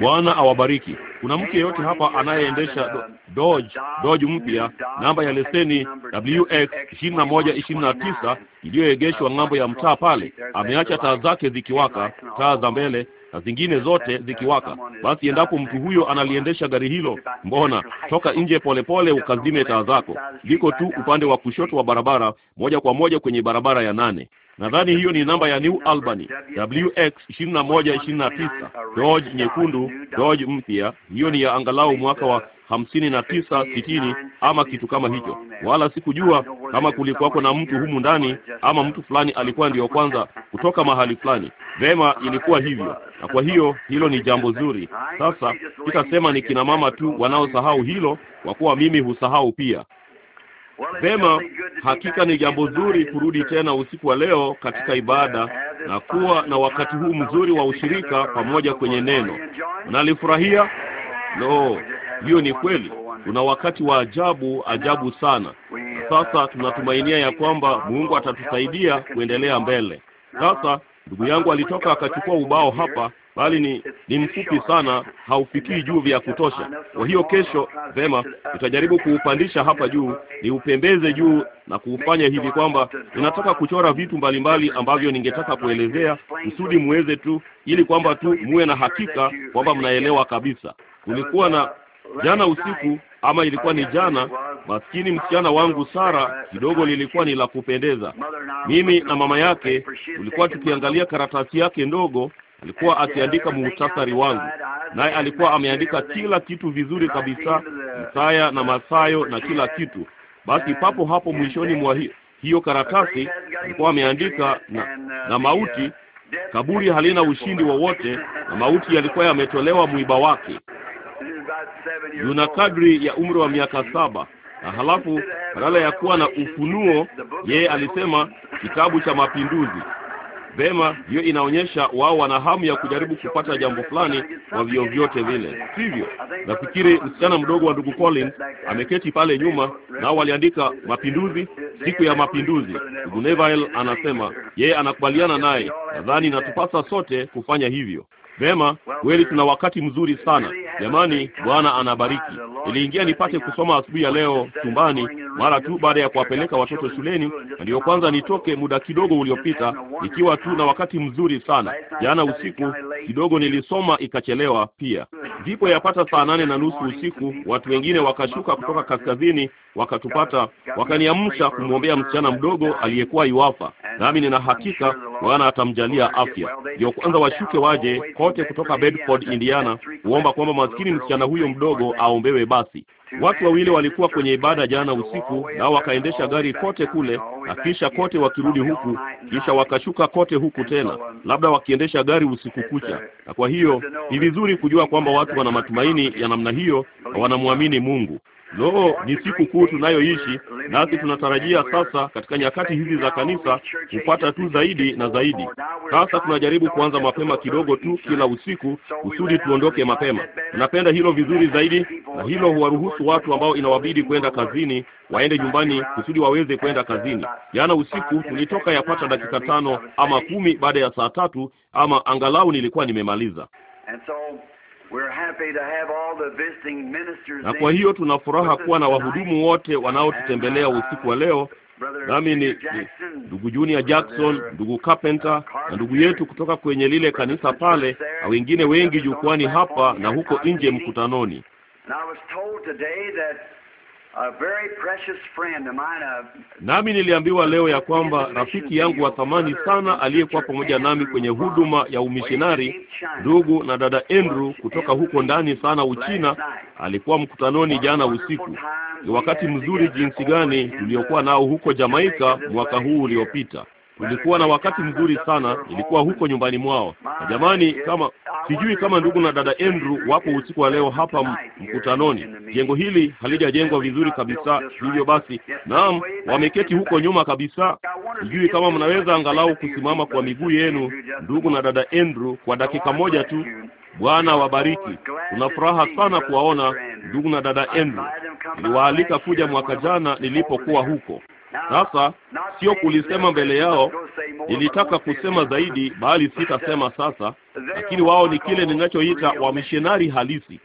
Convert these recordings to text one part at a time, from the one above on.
Bwana awabariki. Kuna mtu yeyote hapa anayeendesha do, Dodge Dodge mpya namba ya leseni WX ishirini na moja ishirini na tisa iliyoegeshwa ng'ambo ya mtaa pale? Ameacha taa zake zikiwaka, taa za mbele na zingine zote zikiwaka. Basi endapo mtu huyo analiendesha gari hilo, mbona toka nje polepole, ukazime taa zako. Liko tu upande wa kushoto wa barabara, moja kwa moja kwenye barabara ya nane. Nadhani hiyo ni namba ya New Albany, WX 2129 George nyekundu, George mpya. Hiyo ni ya angalau mwaka wa hamsini na tisa sitini ama kitu kama hicho. Wala sikujua kama kulikuwako na mtu humu ndani ama mtu fulani alikuwa ndiyo kwanza kutoka mahali fulani. Vema, ilikuwa hivyo, na kwa hiyo hilo ni jambo zuri. Sasa sitasema ni kina mama tu wanaosahau hilo, kwa kuwa mimi husahau pia. Vema, hakika ni jambo zuri kurudi tena usiku wa leo katika uh, ibada na kuwa na wakati huu mzuri wa ushirika pamoja kwenye neno. Unalifurahia? No, hiyo ni kweli. kuna wakati wa ajabu ajabu sana. Uh, sasa tunatumainia ya kwamba Mungu atatusaidia kuendelea mbele. Sasa ndugu yangu alitoka akachukua ubao hapa bali ni ni mfupi sana, haufikii juu vya kutosha. Kwa hiyo kesho, vema, tutajaribu kuupandisha hapa juu, niupembeze juu na kuufanya hivi kwamba ninataka kuchora vitu mbalimbali mbali ambavyo ningetaka kuelezea kusudi muweze tu, ili kwamba tu muwe na hakika kwamba mnaelewa kabisa. Kulikuwa na jana usiku ama ilikuwa ni jana, maskini msichana wangu Sara, kidogo lilikuwa ni la kupendeza. Mimi na mama yake tulikuwa tukiangalia karatasi yake ndogo alikuwa akiandika muhtasari wangu, naye alikuwa ameandika kila kitu vizuri kabisa, Isaya na Mathayo na kila kitu. Basi papo hapo mwishoni mwa hi, hiyo karatasi alikuwa ameandika na, na mauti, kaburi halina ushindi wowote, na mauti yalikuwa yametolewa mwiba wake. Yuna kadri ya umri wa miaka saba na halafu badala ya kuwa na ufunuo, yeye alisema kitabu cha mapinduzi. Vema, hiyo inaonyesha wao wana hamu ya kujaribu kupata jambo fulani kwa vio vyote vile, sivyo? Nafikiri msichana mdogo wa ndugu Collins ameketi pale nyuma, nao waliandika mapinduzi, siku ya mapinduzi. Ndugu Neville anasema yeye anakubaliana naye, nadhani natupasa sote kufanya hivyo. Vema, kweli tuna wakati mzuri sana jamani. Bwana anabariki. Niliingia nipate kusoma asubuhi ya leo chumbani mara tu baada ya kuwapeleka watoto shuleni, na ndiyo kwanza nitoke muda kidogo uliopita, ikiwa tu na wakati mzuri sana. Jana usiku kidogo nilisoma ikachelewa pia. Ndipo yapata saa nane na nusu usiku watu wengine wakashuka kutoka kaskazini wakatupata, wakaniamsha kumwombea msichana mdogo aliyekuwa iwafa, nami nina hakika Bwana atamjalia afya. Ndiyo kwanza washuke waje wote kutoka Bedford, Indiana, huomba kwamba maskini msichana huyo mdogo aombewe. Basi watu wawili walikuwa kwenye ibada jana usiku, nao wakaendesha gari kote kule na kisha kote wakirudi huku, kisha wakashuka kote huku tena, labda wakiendesha gari usiku kucha. Na kwa hiyo ni vizuri kujua kwamba watu wana matumaini ya namna hiyo na wanamwamini Mungu. Loo, ni siku kuu tunayoishi, nasi tunatarajia sasa katika nyakati hizi za kanisa kupata tu zaidi na zaidi. Sasa tunajaribu kuanza mapema kidogo tu kila usiku kusudi tuondoke mapema. Tunapenda hilo vizuri zaidi, na hilo huwaruhusu watu ambao inawabidi kwenda kazini waende nyumbani kusudi waweze kwenda kazini. Jana usiku tulitoka yapata dakika tano ama kumi baada ya saa tatu, ama angalau nilikuwa nimemaliza na kwa hiyo tuna furaha kuwa na wahudumu wote wanaotutembelea uh, usiku wa leo. Nami ni ndugu Junior Jackson, ndugu Carpenter na ndugu yetu kutoka kwenye lile kanisa pale, na wengine wengi jukwani hapa na huko nje mkutanoni. Nami niliambiwa leo ya kwamba rafiki yangu wa thamani sana aliyekuwa pamoja nami kwenye huduma ya umishinari ndugu na dada Andrew kutoka huko ndani sana Uchina, alikuwa mkutanoni jana usiku. Ni wakati mzuri jinsi gani tuliokuwa nao huko Jamaika mwaka huu uliopita. Ulikuwa na wakati mzuri sana, ilikuwa huko nyumbani mwao. Na jamani, kama sijui kama ndugu na dada Andrew wapo usiku wa leo hapa mkutanoni. Jengo hili halijajengwa vizuri kabisa, hivyo basi, naam, wameketi huko nyuma kabisa. Sijui kama mnaweza angalau kusimama kwa miguu yenu, ndugu na dada Andrew, kwa dakika moja tu. Bwana wabariki. Kuna furaha sana kuwaona ndugu na dada Andrew. Niliwaalika kuja mwaka jana nilipokuwa huko. Sasa sio kulisema mbele yao, nilitaka kusema zaidi, bali sitasema sasa, lakini wao ni kile ninachoita wamishonari halisi.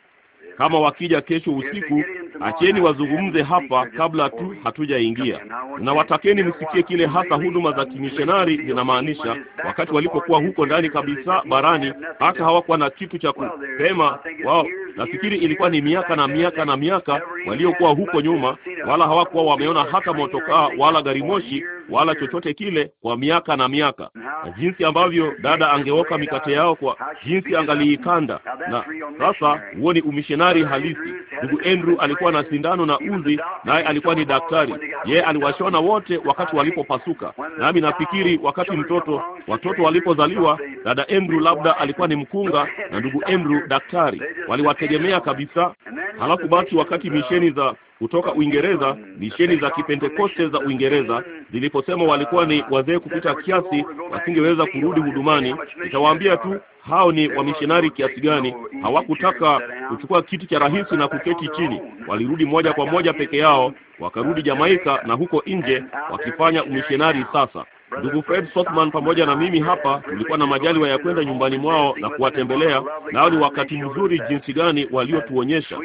Kama wakija kesho usiku, acheni wazungumze hapa kabla tu hatujaingia, na watakeni msikie kile hasa huduma za kimishonari zinamaanisha. Wakati walipokuwa huko ndani kabisa barani, hata hawakuwa na kitu cha kusema wao. Nafikiri ilikuwa ni miaka na miaka na miaka waliokuwa huko nyuma, wala hawakuwa wameona hata motokaa wala gari moshi wala chochote kile kwa miaka na miaka, na jinsi ambavyo dada angeoka mikate yao kwa jinsi angaliikanda. Na sasa huo ni umishonari misionari halisi. Ndugu Andrew alikuwa na sindano na uzi, naye alikuwa ni daktari. Yeye aliwashona wote wakati walipopasuka, nami nafikiri wakati mtoto watoto walipozaliwa, dada Andrew labda alikuwa ni mkunga na ndugu Andrew daktari. Waliwategemea kabisa. Halafu basi wakati misheni za kutoka Uingereza, misheni za Kipentekoste za Uingereza ziliposema walikuwa ni wazee kupita kiasi, wasingeweza kurudi hudumani. Nitawaambia tu hao ni wamishonari kiasi gani. Hawakutaka kuchukua kiti cha rahisi na kuketi chini, walirudi moja kwa moja peke yao, wakarudi Jamaika na huko nje wakifanya umishonari sasa Ndugu Fred Sothman pamoja na mimi hapa tulikuwa na majaliwa ya kwenda nyumbani mwao na kuwatembelea, nao ni wakati mzuri jinsi gani waliotuonyesha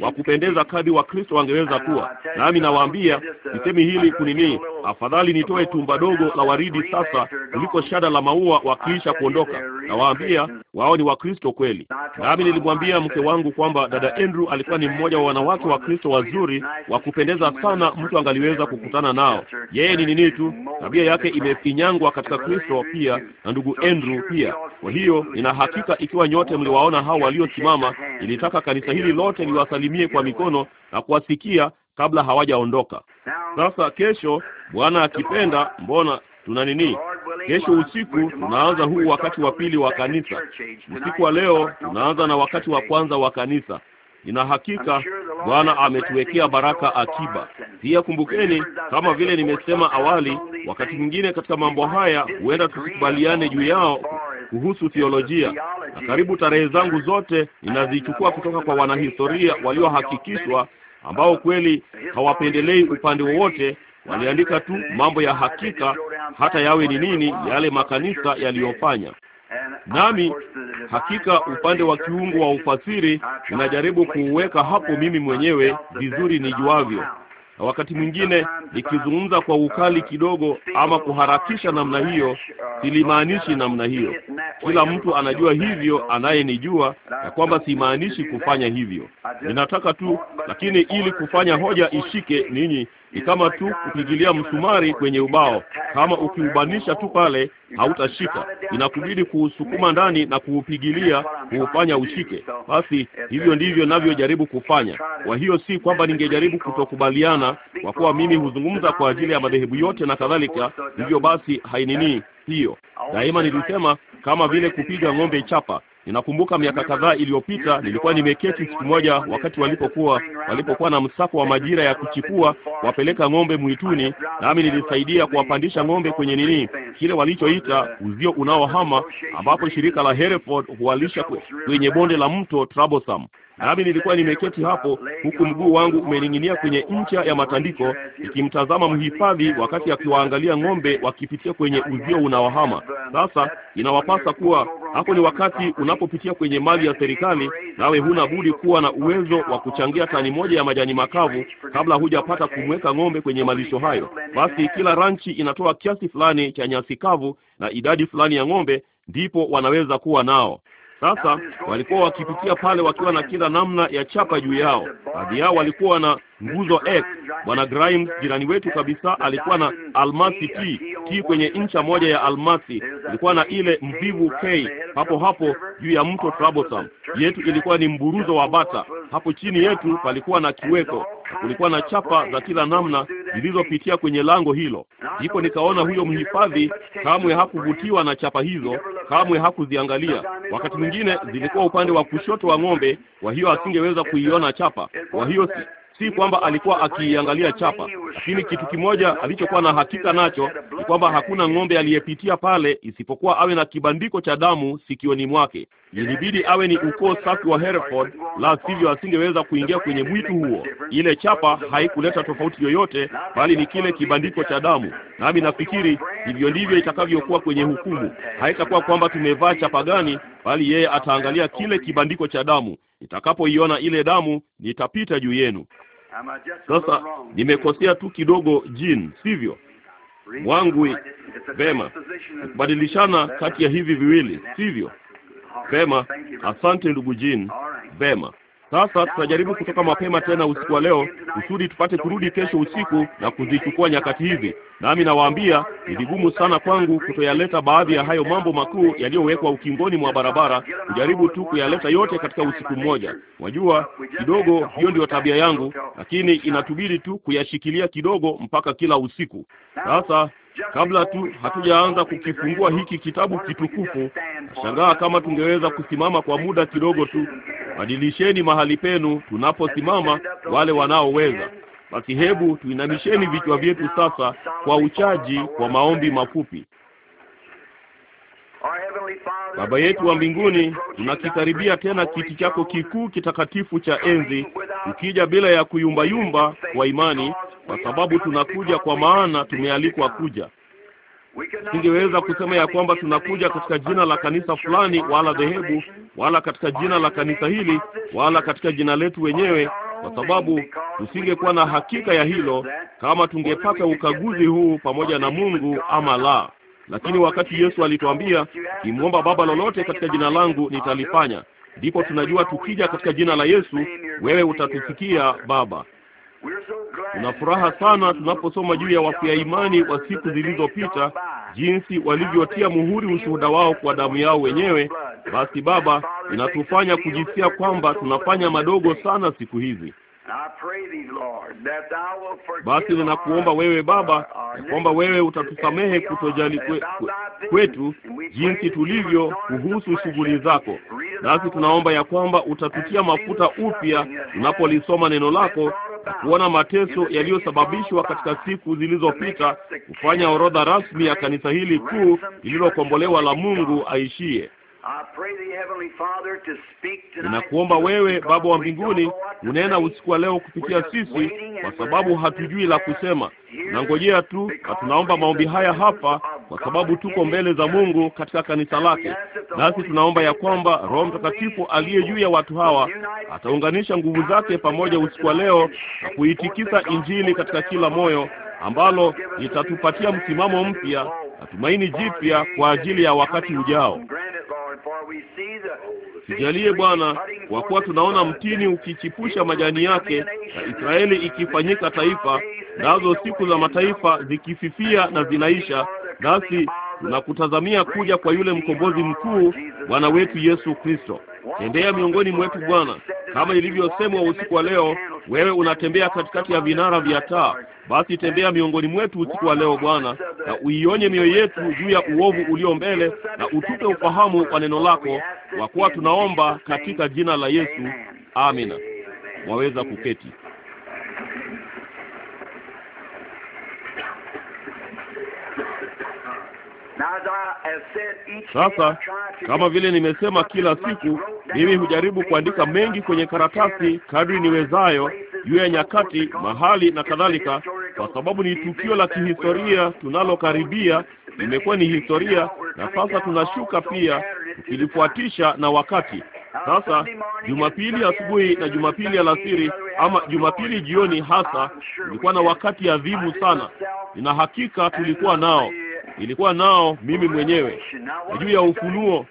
wa kupendeza kadi wa Kristo wangeweza kuwa. Nami nawaambia nisemi hili kunini, afadhali nitoe tumba dogo la waridi sasa kuliko shada la maua wakiisha kuondoka. Nawaambia wao ni Wakristo kweli. Nami nilimwambia mke wangu kwamba dada Andrew alikuwa ni mmoja wa wanawake wa Kristo wazuri wa kupendeza sana, mtu angaliweza kukutana nao. Yeye ni nini tu tabia yake imefinyangwa katika Kristo pia na ndugu Andrew pia. Kwa hiyo nina hakika ikiwa nyote mliwaona hao waliosimama, ilitaka kanisa hili lote liwasalimie kwa mikono na kuwasikia kabla hawajaondoka. Sasa kesho, Bwana akipenda, mbona tuna nini? Kesho usiku tunaanza huu wakati wa pili wa kanisa. Usiku wa leo tunaanza na wakati wa kwanza wa kanisa. Nina hakika Bwana ametuwekea baraka akiba. Pia kumbukeni, kama vile nimesema awali, wakati mwingine katika mambo haya huenda tusikubaliane juu yao kuhusu theolojia, na karibu tarehe zangu zote ninazichukua kutoka kwa wanahistoria waliohakikishwa, ambao uh, kweli hawapendelei upande wowote. Waliandika tu mambo ya hakika, hata yawe ni nini yale makanisa yaliyofanya. Nami hakika upande wa kiungu wa ufasiri ninajaribu kuuweka hapo mimi mwenyewe vizuri nijuavyo, na wakati mwingine uh, nikizungumza kwa ukali uh, kidogo ama kuharakisha namna hiyo, uh, silimaanishi namna hiyo. Kila mtu anajua hivyo, anayenijua, na kwamba simaanishi kufanya hivyo. Ninataka tu, lakini ili kufanya hoja ishike, ninyi ni kama tu kupigilia msumari kwenye ubao. Kama ukiubanisha tu pale, hautashika, inakubidi kuusukuma ndani na kuupigilia, kuufanya ushike. Basi hivyo ndivyo navyojaribu kufanya. Kwa hiyo si kwamba ningejaribu kutokubaliana, kwa kuwa mimi huzungumza kwa ajili ya madhehebu yote na kadhalika. Hivyo basi hainini hiyo. Daima nilisema kama vile kupiga ng'ombe chapa. Ninakumbuka miaka kadhaa iliyopita nilikuwa nimeketi siku moja, wakati walipokuwa walipokuwa na msako wa majira ya kuchipua, wapeleka ng'ombe mwituni, nami nilisaidia kuwapandisha ng'ombe kwenye nini kile walichoita uzio unaohama, ambapo shirika la Hereford huwalisha kwenye bonde la mto Trabosam nami nilikuwa nimeketi hapo, huku mguu wangu umening'inia kwenye ncha ya matandiko, ikimtazama mhifadhi wakati akiwaangalia ng'ombe wakipitia kwenye uzio unaohama. Sasa inawapasa kuwa hapo, ni wakati unapopitia kwenye mali ya serikali, nawe huna budi kuwa na uwezo wa kuchangia tani moja ya majani makavu kabla hujapata kumweka ng'ombe kwenye malisho hayo. Basi kila ranchi inatoa kiasi fulani cha nyasi kavu na idadi fulani ya ng'ombe, ndipo wanaweza kuwa nao. Sasa walikuwa wakipitia pale wakiwa na kila namna ya chapa juu yao. Baadhi yao walikuwa na nguzo X. Bwana Grimes, jirani wetu kabisa, alikuwa na almasi T, T kwenye incha moja ya almasi. Ilikuwa na ile mvivu K hapo hapo juu ya mto Trabosam. Yetu ilikuwa ni mburuzo wa bata. Hapo chini yetu palikuwa na kiweko. Kulikuwa na chapa za kila namna zilizopitia kwenye lango hilo. Ndipo nikaona huyo mhifadhi kamwe hakuvutiwa na chapa hizo, kamwe hakuziangalia. Wakati mwingine zilikuwa upande wa kushoto wa ng'ombe, kwa hiyo asingeweza kuiona chapa. Kwa hiyo si kwamba alikuwa akiiangalia chapa, lakini kitu kimoja alichokuwa na hakika nacho ni kwamba hakuna ng'ombe aliyepitia pale isipokuwa awe na kibandiko cha damu sikioni mwake. Ilibidi awe ni ukoo safi wa Hereford, la sivyo asingeweza kuingia kwenye mwitu huo. Ile chapa haikuleta tofauti yoyote, bali ni kile kibandiko cha damu. Nami nafikiri hivyo ndivyo itakavyokuwa kwenye hukumu. Haitakuwa kwamba tumevaa chapa gani, bali yeye ataangalia kile kibandiko cha damu. Nitakapoiona ile damu, nitapita juu yenu. Sasa nimekosea tu kidogo, Jin, sivyo? Mwangwi, vema, kubadilishana kati ya hivi viwili, sivyo? Vema, asante ndugu Jin, vema. Sasa tutajaribu kutoka mapema tena usiku wa leo kusudi tupate kurudi kesho usiku na kuzichukua nyakati hizi. Nami nawaambia ni vigumu sana kwangu kutoyaleta baadhi ya hayo mambo makuu yaliyowekwa ukingoni mwa barabara, kujaribu tu kuyaleta yote katika usiku mmoja. Wajua, kidogo hiyo ndiyo tabia yangu, lakini inatubidi tu kuyashikilia kidogo mpaka kila usiku. Sasa Kabla tu hatujaanza kukifungua hiki kitabu kitukufu, nashangaa kama tungeweza kusimama kwa muda kidogo tu. Badilisheni mahali penu tunaposimama, wale wanaoweza. Basi hebu tuinamisheni vichwa vyetu sasa kwa uchaji wa maombi mafupi. Baba yetu wa mbinguni, tunakikaribia tena kiti chako kikuu kitakatifu cha enzi, ukija bila ya kuyumbayumba kwa imani, kwa sababu tunakuja kwa maana tumealikwa kuja. tusingeweza kusema ya kwamba tunakuja katika jina la kanisa fulani, wala dhehebu, wala katika jina la kanisa hili, wala katika jina letu wenyewe, kwa sababu tusingekuwa na hakika ya hilo kama tungepata ukaguzi huu pamoja na Mungu ama la. Lakini wakati Yesu alituambia kimwomba Baba lolote katika jina langu nitalifanya, ndipo tunajua tukija katika jina la Yesu wewe utatufikia Baba. Tuna furaha sana tunaposoma juu ya wafia imani wa siku zilizopita, jinsi walivyotia muhuri ushuhuda wao kwa damu yao wenyewe. Basi Baba, inatufanya kujisikia kwamba tunafanya madogo sana siku hizi. Basi ninakuomba wewe uh, Baba ya kwamba wewe utatusamehe kutojali kwe, kwe, kwetu jinsi tulivyo kuhusu shughuli uh, zako, nasi tunaomba ya kwamba utatutia mafuta upya tunapolisoma neno lako na kuona mateso yaliyosababishwa katika siku zilizopita, kufanya orodha rasmi ya kanisa hili kuu lililokombolewa la Mungu aishie. Ninakuomba wewe Baba wa mbinguni unena usiku wa leo kupitia sisi, kwa sababu hatujui la kusema. Tunangojea tu na tunaomba maombi haya hapa, kwa sababu tuko mbele za Mungu katika kanisa lake, nasi tunaomba ya kwamba Roho Mtakatifu aliye juu ya watu hawa ataunganisha nguvu zake pamoja usiku wa leo na kuitikisa Injili katika kila moyo, ambalo litatupatia msimamo mpya na tumaini jipya kwa ajili ya wakati ujao. Tujalie Bwana, kwa kuwa tunaona mtini ukichipusha majani yake na Israeli ikifanyika taifa, nazo siku za mataifa zikififia na zinaisha, nasi tunakutazamia kuja kwa yule mkombozi mkuu, Bwana wetu Yesu Kristo. Tembea miongoni mwetu Bwana, kama ilivyosemwa usiku wa leo, wewe unatembea katikati ya vinara vya taa. Basi tembea miongoni mwetu usiku wa leo Bwana, na uionye mioyo yetu juu ya uovu ulio mbele, na utupe ufahamu kwa neno lako, kwa kuwa tunaomba katika jina la Yesu, amina. Waweza kuketi. Uh, sasa kama vile nimesema kila siku, mimi hujaribu kuandika mengi kwenye karatasi kadri niwezayo juu ya nyakati, mahali na kadhalika, kwa sababu ni tukio la kihistoria tunalokaribia. Imekuwa ni historia, na sasa tunashuka pia, tukilifuatisha na wakati uh, sasa Jumapili asubuhi na Jumapili alasiri ama Jumapili jioni hasa, tulikuwa na wakati adhimu sana. Nina hakika tulikuwa nao, ilikuwa nao mimi mwenyewe juu ya ufunuo.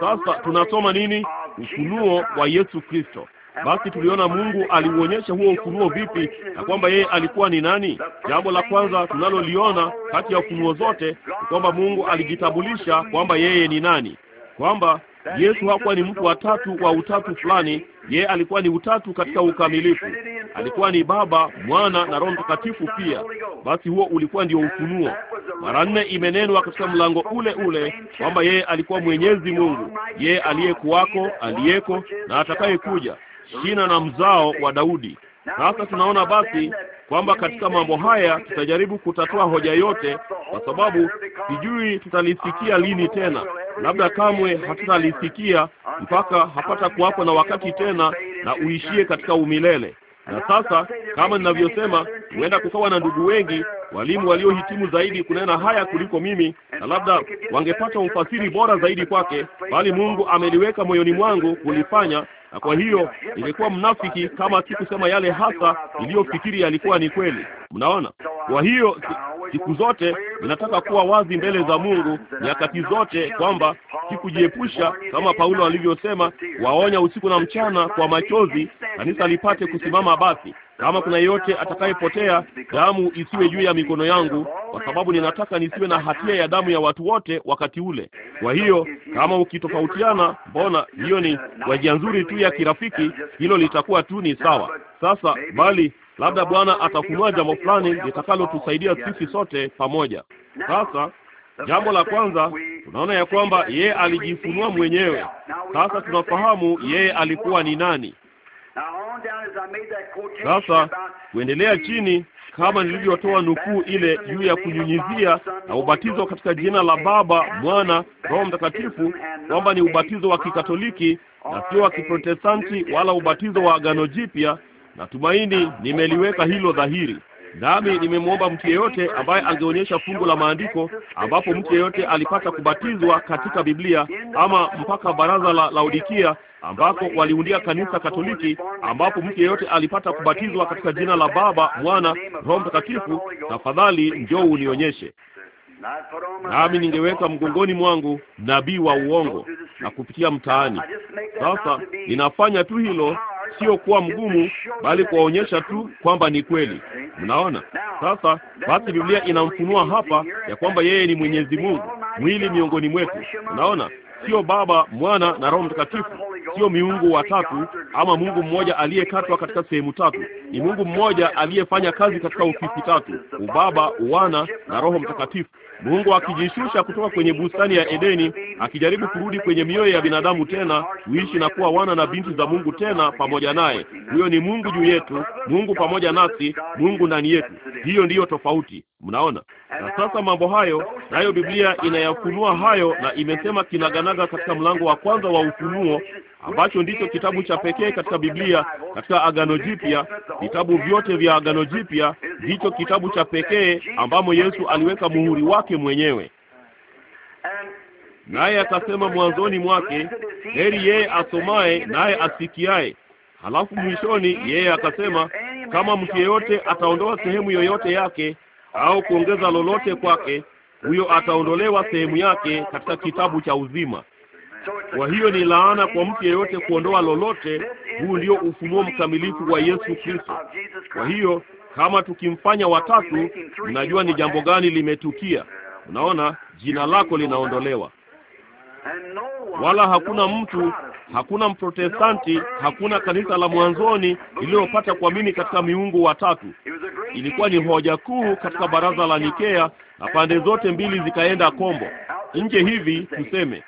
Sasa tunasoma nini? Ufunuo wa Yesu Kristo. Basi tuliona Mungu aliuonyesha huo ufunuo vipi, na kwamba yeye alikuwa ni nani. Jambo la kwanza tunaloliona kati ya ufunuo zote ni kwamba Mungu alijitambulisha kwamba yeye ni nani, kwamba Yesu hakuwa ni mtu wa tatu wa utatu fulani. Yeye alikuwa ni utatu katika ukamilifu. Alikuwa ni Baba, Mwana na Roho Mtakatifu pia. Basi huo ulikuwa ndio ufunuo. Mara nne imenenwa katika mlango ule ule kwamba yeye alikuwa Mwenyezi Mungu, yeye aliyekuwako, aliyeko na atakayekuja, shina na mzao wa Daudi. Sasa tunaona basi kwamba katika mambo haya tutajaribu kutatua hoja yote, kwa sababu sijui tutalisikia lini tena, labda kamwe hatutalisikia mpaka hapata kuwapo na wakati tena na uishie katika umilele. Na sasa kama ninavyosema, huenda kukawa na ndugu wengi walimu waliohitimu zaidi kunena haya kuliko mimi, na labda wangepata ufasiri bora zaidi kwake, bali Mungu ameliweka moyoni mwangu kulifanya, na kwa hiyo ilikuwa mnafiki kama sikusema yale hasa niliyofikiri yalikuwa ni kweli. Mnaona? Kwa hiyo siku zote ninataka kuwa wazi mbele za Mungu nyakati zote, kwamba sikujiepusha kama Paulo alivyosema, waonya usiku na mchana kwa machozi, kanisa lipate kusimama. Basi kama kuna yeyote atakayepotea, damu isiwe juu ya mikono yangu, kwa sababu ninataka nisiwe na hatia ya damu ya watu wote wakati ule. Kwa hiyo kama ukitofautiana, mbona hiyo ni kwa njia nzuri tu ya kirafiki, hilo litakuwa tu ni sawa. Sasa bali Labda Bwana atafunua jambo fulani litakalotusaidia sisi sote pamoja. Sasa jambo la kwanza tunaona ya kwamba yeye alijifunua mwenyewe. Sasa tunafahamu yeye alikuwa ni nani. Sasa kuendelea chini, kama nilivyotoa nukuu ile juu ya kunyunyizia na ubatizo katika jina la Baba, Mwana, Roho Mtakatifu, kwamba ni ubatizo wa Kikatoliki na sio wa Kiprotestanti wala ubatizo wa Agano Jipya Natumaini nimeliweka hilo dhahiri. Nami nimemwomba mtu yeyote ambaye angeonyesha fungu la maandiko ambapo mtu yeyote alipata kubatizwa katika Biblia ama mpaka baraza la Laodikia ambako waliundia kanisa Katoliki, ambapo mtu yeyote alipata kubatizwa katika jina la Baba, Mwana, Roho Mtakatifu, tafadhali njoo unionyeshe. Nami ningeweka mgongoni mwangu nabii wa uongo na kupitia mtaani. Sasa ninafanya tu hilo sio kuwa mgumu, bali kuwaonyesha tu kwamba ni kweli. Mnaona sasa? Basi Biblia inamfunua hapa ya kwamba yeye ni Mwenyezi Mungu mwili miongoni mwetu. Mnaona, sio Baba, Mwana na Roho Mtakatifu, sio miungu watatu ama Mungu mmoja aliyekatwa katika sehemu tatu. Ni Mungu mmoja aliyefanya kazi katika ofisi tatu: Ubaba, Uwana na Roho Mtakatifu. Mungu akijishusha kutoka kwenye bustani ya Edeni, akijaribu kurudi kwenye mioyo ya binadamu tena, kuishi na kuwa wana na binti za Mungu tena pamoja naye. Huyo ni Mungu juu yetu, Mungu pamoja nasi, Mungu ndani yetu. Hiyo ndiyo tofauti, mnaona? Na sasa mambo hayo nayo Biblia inayafunua hayo, na imesema kinaganaga katika mlango wa kwanza wa Ufunuo, ambacho ndicho kitabu cha pekee katika Biblia, katika Agano Jipya, vitabu vyote vya Agano Jipya, ndicho kitabu cha pekee ambamo Yesu aliweka muhuri wake mwenyewe. Naye akasema mwanzoni mwake, heri yeye asomaye naye asikiaye. Halafu mwishoni yeye akasema, kama mtu yeyote ataondoa sehemu yoyote yake au kuongeza lolote kwake, huyo ataondolewa sehemu yake katika kitabu cha uzima. Kwa hiyo ni laana kwa mtu yeyote kuondoa lolote. Huu ndio ufunuo mkamilifu wa Yesu Kristo. Kwa hiyo kama tukimfanya watatu, mnajua ni jambo gani limetukia. Unaona, jina lako linaondolewa, wala hakuna mtu hakuna Mprotestanti, hakuna kanisa la mwanzoni lililopata kuamini katika miungu watatu. Ilikuwa ni hoja kuu katika baraza la Nikea, na pande zote mbili zikaenda kombo nje. Hivi tuseme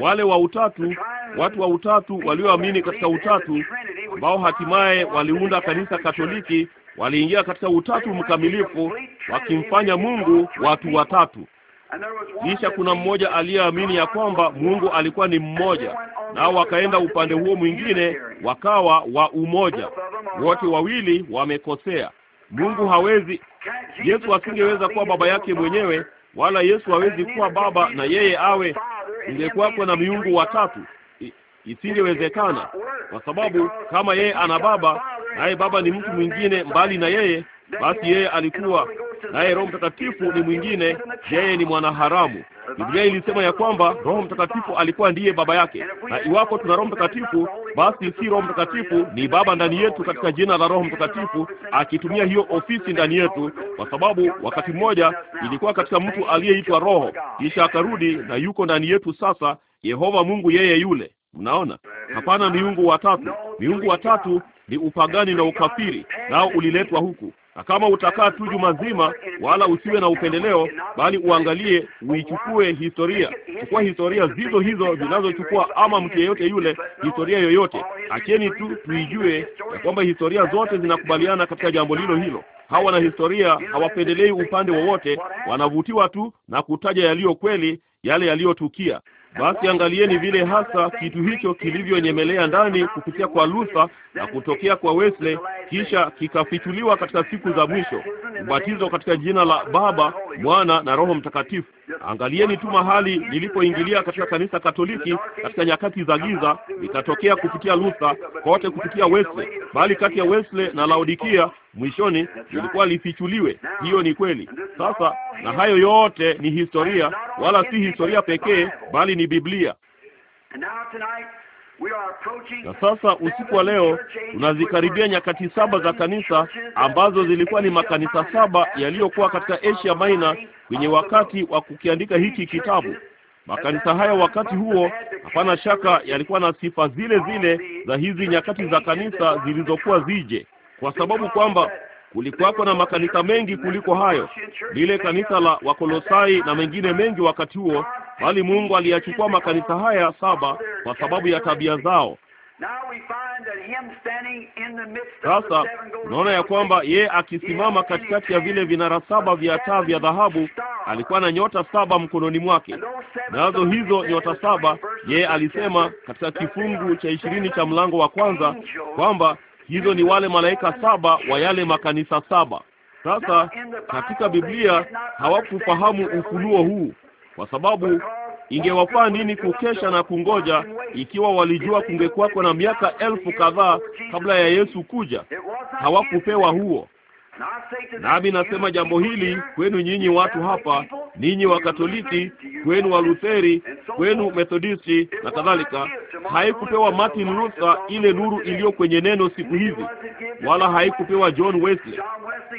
wale wa utatu, watu wa utatu walioamini katika utatu, ambao hatimaye waliunda kanisa Katoliki, waliingia katika utatu mkamilifu, wakimfanya Mungu watu watatu. Kisha kuna mmoja aliyeamini ya kwamba Mungu alikuwa ni mmoja, nao wakaenda upande huo mwingine, wakawa wa umoja. Wote wawili wamekosea. Mungu hawezi, Yesu asingeweza kuwa baba yake mwenyewe, wala Yesu hawezi kuwa baba na yeye awe. Ingekuwako na miungu watatu, isingewezekana, kwa sababu kama yeye ana baba naye baba ni mtu mwingine mbali na yeye, basi yeye alikuwa naye Roho Mtakatifu ni mwingine, yeye ni mwanaharamu. Biblia ilisema ya kwamba Roho Mtakatifu alikuwa ndiye baba yake, na iwapo tuna Roho Mtakatifu, basi si Roho Mtakatifu ni baba ndani yetu katika jina la Roho Mtakatifu, akitumia hiyo ofisi ndani yetu, kwa sababu wakati mmoja ilikuwa katika mtu aliyeitwa Roho, kisha akarudi na yuko ndani yetu sasa. Yehova Mungu yeye yule. Mnaona, hapana miungu watatu. Miungu watatu ni upagani na ukafiri, nao uliletwa huku na kama utakaa tu juma zima, wala usiwe na upendeleo, bali uangalie, uichukue historia. Chukua historia zizo hizo zinazochukua ama mtu yeyote yule, historia yoyote. Acheni tu tuijue ya kwamba historia zote zinakubaliana katika jambo lilo hilo. Hawa wanahistoria hawapendelei upande wowote, wanavutiwa tu na kutaja yaliyo kweli, yale yaliyotukia. Basi angalieni vile hasa kitu hicho kilivyonyemelea ndani kupitia kwa Luther na kutokea kwa Wesley, kisha kikafichuliwa katika siku za mwisho, ubatizo katika jina la Baba, Mwana na Roho Mtakatifu. Angalieni tu mahali lilipoingilia katika kanisa Katoliki katika nyakati za giza, likatokea kupitia Luther, kote kupitia Wesley, bali kati ya Wesley na Laodikia mwishoni lilikuwa lifichuliwe. Hiyo ni kweli. Sasa na hayo yote ni historia, wala si historia pekee, bali ni Biblia. Na sasa usiku wa leo tunazikaribia nyakati saba za kanisa ambazo zilikuwa ni makanisa saba yaliyokuwa katika Asia Minor kwenye wakati wa kukiandika hiki kitabu. Makanisa haya wakati huo, hapana shaka, yalikuwa na sifa zile zile za hizi nyakati za kanisa zilizokuwa zije kwa sababu kwamba kulikuwako na makanisa mengi kuliko hayo, lile kanisa la Wakolosai na mengine mengi wakati huo, bali Mungu aliyachukua makanisa haya saba kwa sababu ya tabia zao. Sasa unaona ya kwamba ye akisimama katikati ya vile vinara saba vya taa vya dhahabu alikuwa na nyota saba mkononi mwake, nazo hizo nyota saba ye alisema katika kifungu cha ishirini cha mlango wa kwanza kwamba Hizo ni wale malaika saba wa yale makanisa saba. Sasa katika Biblia hawakufahamu ufunuo huu, kwa sababu ingewafaa nini kukesha na kungoja ikiwa walijua kungekuwako na miaka elfu kadhaa kabla ya Yesu kuja? Hawakupewa huo. Nami nasema jambo hili kwenu nyinyi watu hapa, ninyi Wakatoliki, kwenu Walutheri, kwenu Methodisti na kadhalika. Haikupewa Martin Luther ile nuru iliyo kwenye neno siku hizi, wala haikupewa John Wesley.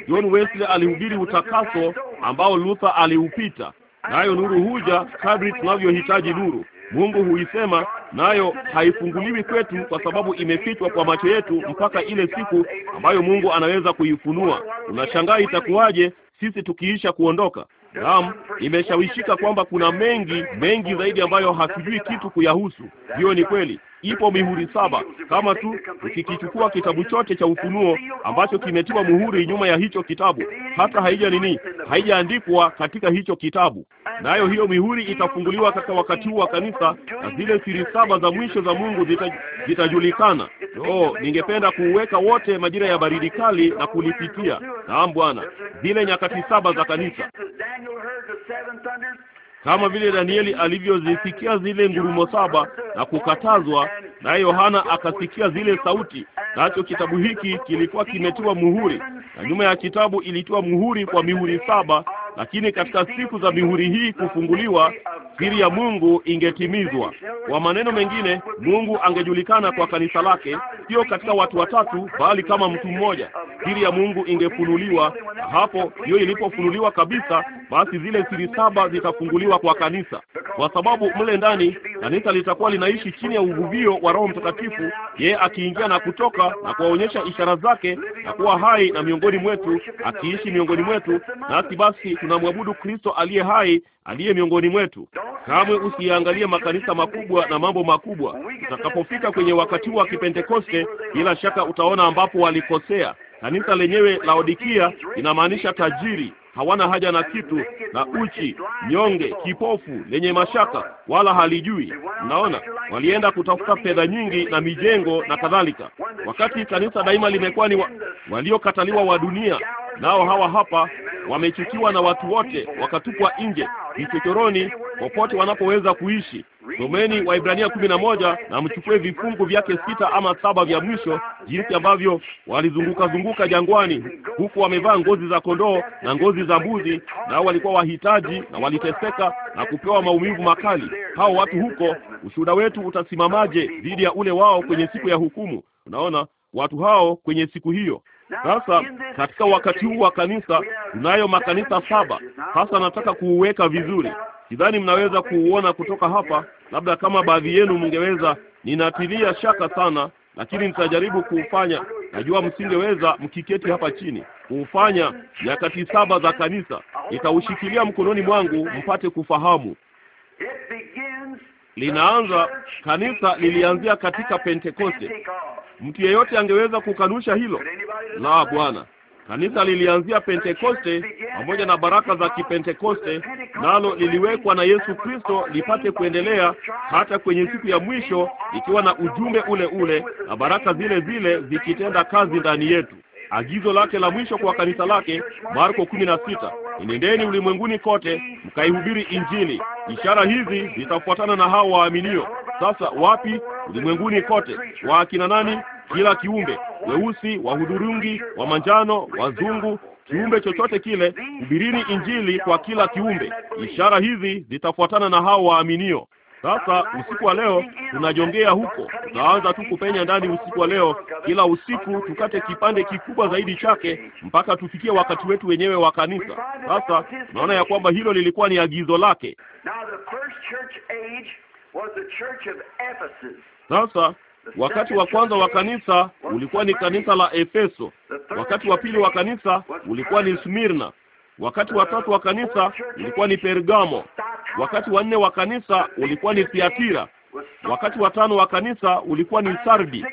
John Wesley alihubiri utakaso ambao Luther aliupita, nayo nuru huja kadri tunavyohitaji nuru. Mungu huisema nayo haifunguliwi kwetu, kwa sababu imefichwa kwa macho yetu mpaka ile siku ambayo Mungu anaweza kuifunua. Unashangaa itakuwaje sisi tukiisha kuondoka? Naam, imeshawishika kwamba kuna mengi mengi zaidi ambayo hatujui kitu kuyahusu. Hiyo ni kweli ipo mihuri saba. Kama tu ukikichukua kitabu chote cha Ufunuo ambacho kimetiwa muhuri nyuma ya hicho kitabu, hata haija nini, haijaandikwa katika hicho kitabu, nayo hiyo mihuri itafunguliwa katika wakati huu wa kanisa, na zile siri saba za mwisho za Mungu zitajulikana. Oh, ningependa kuuweka wote majira ya baridi kali na kulipitia. Naam Bwana, zile nyakati saba za kanisa kama vile Danieli alivyozisikia zile ngurumo saba na kukatazwa, naye Yohana akasikia zile sauti. Nacho kitabu hiki kilikuwa kimetiwa muhuri, na nyuma ya kitabu ilitiwa muhuri kwa mihuri saba. Lakini katika siku za mihuri hii kufunguliwa, siri ya Mungu ingetimizwa. Kwa maneno mengine, Mungu angejulikana kwa kanisa lake, sio katika watu watatu, bali kama mtu mmoja. Siri ya Mungu ingefunuliwa, na hapo hiyo ilipofunuliwa kabisa, basi zile siri saba zitafunguliwa kwa kanisa, kwa sababu mle ndani kanisa litakuwa linaishi chini ya uvuvio wa Roho Mtakatifu, yeye akiingia na kutoka na kuwaonyesha ishara zake na kuwa hai na miongoni mwetu, akiishi miongoni mwetu, nasi basi tunamwabudu Kristo aliye hai aliye miongoni mwetu. Kamwe usiangalie makanisa makubwa na mambo makubwa. Utakapofika kwenye wakati wa Kipentekoste, bila shaka utaona ambapo walikosea Kanisa lenyewe Laodikia inamaanisha tajiri, hawana haja na kitu, na uchi, nyonge, kipofu, lenye mashaka, wala halijui. unaona walienda kutafuta fedha nyingi na mijengo na kadhalika, wakati kanisa daima limekuwa ni wa... waliokataliwa wa dunia. Nao hawa hapa wamechukiwa na watu wote, wakatupwa nje vichochoroni, popote wanapoweza kuishi. Someni Waibrania kumi na moja na mchukue vifungu vyake sita ama saba vya mwisho, jinsi ambavyo walizunguka zunguka jangwani, huku wamevaa ngozi za kondoo na ngozi za mbuzi, nao walikuwa wahitaji na waliteseka na kupewa maumivu makali. Hao watu huko, ushuhuda wetu utasimamaje dhidi ya ule wao kwenye siku ya hukumu? Unaona watu hao kwenye siku hiyo. Sasa katika wakati huu wa kanisa tunayo makanisa saba. Sasa nataka kuuweka vizuri, sidhani mnaweza kuuona kutoka hapa, Labda kama baadhi yenu mngeweza, ninatilia shaka sana, lakini nitajaribu kuufanya. Najua msingeweza mkiketi hapa chini kuufanya. Nyakati saba za kanisa nitaushikilia mkononi mwangu mpate kufahamu. Linaanza, kanisa lilianzia katika Pentekoste. Mtu yeyote angeweza kukanusha hilo? La, Bwana. Kanisa lilianzia Pentekoste pamoja na baraka za Kipentekoste, nalo liliwekwa na Yesu Kristo lipate kuendelea hata kwenye siku ya mwisho, ikiwa na ujumbe ule ule na baraka zile zile zikitenda kazi ndani yetu. Agizo lake la mwisho kwa kanisa lake, Marko kumi na sita, inendeni ulimwenguni kote mkaihubiri Injili. Ishara hizi zitafuatana na hao waaminio. Sasa wapi? Ulimwenguni kote. akina nani? kila kiumbe weusi, wa hudhurungi, wa manjano, wazungu, kiumbe chochote kile, hubirini Injili kwa kila kiumbe. Ishara hizi zitafuatana na hao waaminio. Sasa usiku wa leo tunajongea huko, tunaanza tu kupenya ndani usiku wa leo, kila usiku tukate kipande kikubwa zaidi chake mpaka tufikie wakati wetu wenyewe wa kanisa. Sasa tunaona ya kwamba hilo lilikuwa ni agizo lake. Sasa Wakati wa kwanza wa kanisa ulikuwa ni kanisa la Efeso. Wakati wa pili wa kanisa ulikuwa ni Smirna. Wakati wa tatu wa kanisa ulikuwa ni Pergamo. Wakati wa nne wa kanisa ulikuwa ni Thiatira. Wakati wa tano wa kanisa ulikuwa ni Sardi,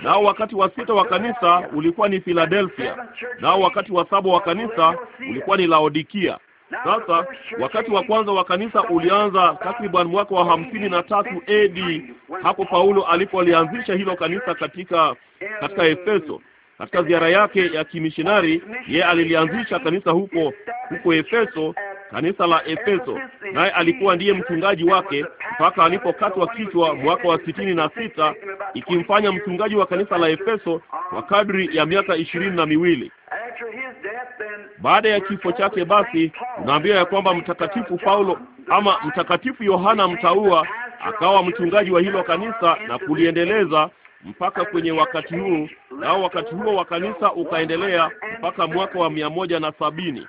nao wakati wa sita wa kanisa ulikuwa ni Philadelphia, nao wakati wa saba wa kanisa ulikuwa ni Laodikia. Sasa wakati wa kwanza wa kanisa ulianza takriban mwaka wa hamsini na tatu AD, hapo Paulo alipolianzisha hilo kanisa katika katika Efeso. Katika ziara yake ya kimishinari, yeye alilianzisha kanisa huko huko Efeso, kanisa la Efeso, naye alikuwa ndiye mchungaji wake mpaka alipokatwa kichwa mwaka wa sitini na sita, ikimfanya mchungaji wa kanisa la Efeso kwa kadri ya miaka ishirini na miwili. Baada ya kifo chake, basi tunaambiwa ya kwamba mtakatifu Paulo ama mtakatifu Yohana mtaua akawa mchungaji wa hilo kanisa na kuliendeleza mpaka kwenye wakati huu, nao wakati huo wa kanisa ukaendelea mpaka mwaka wa mia moja na sabini.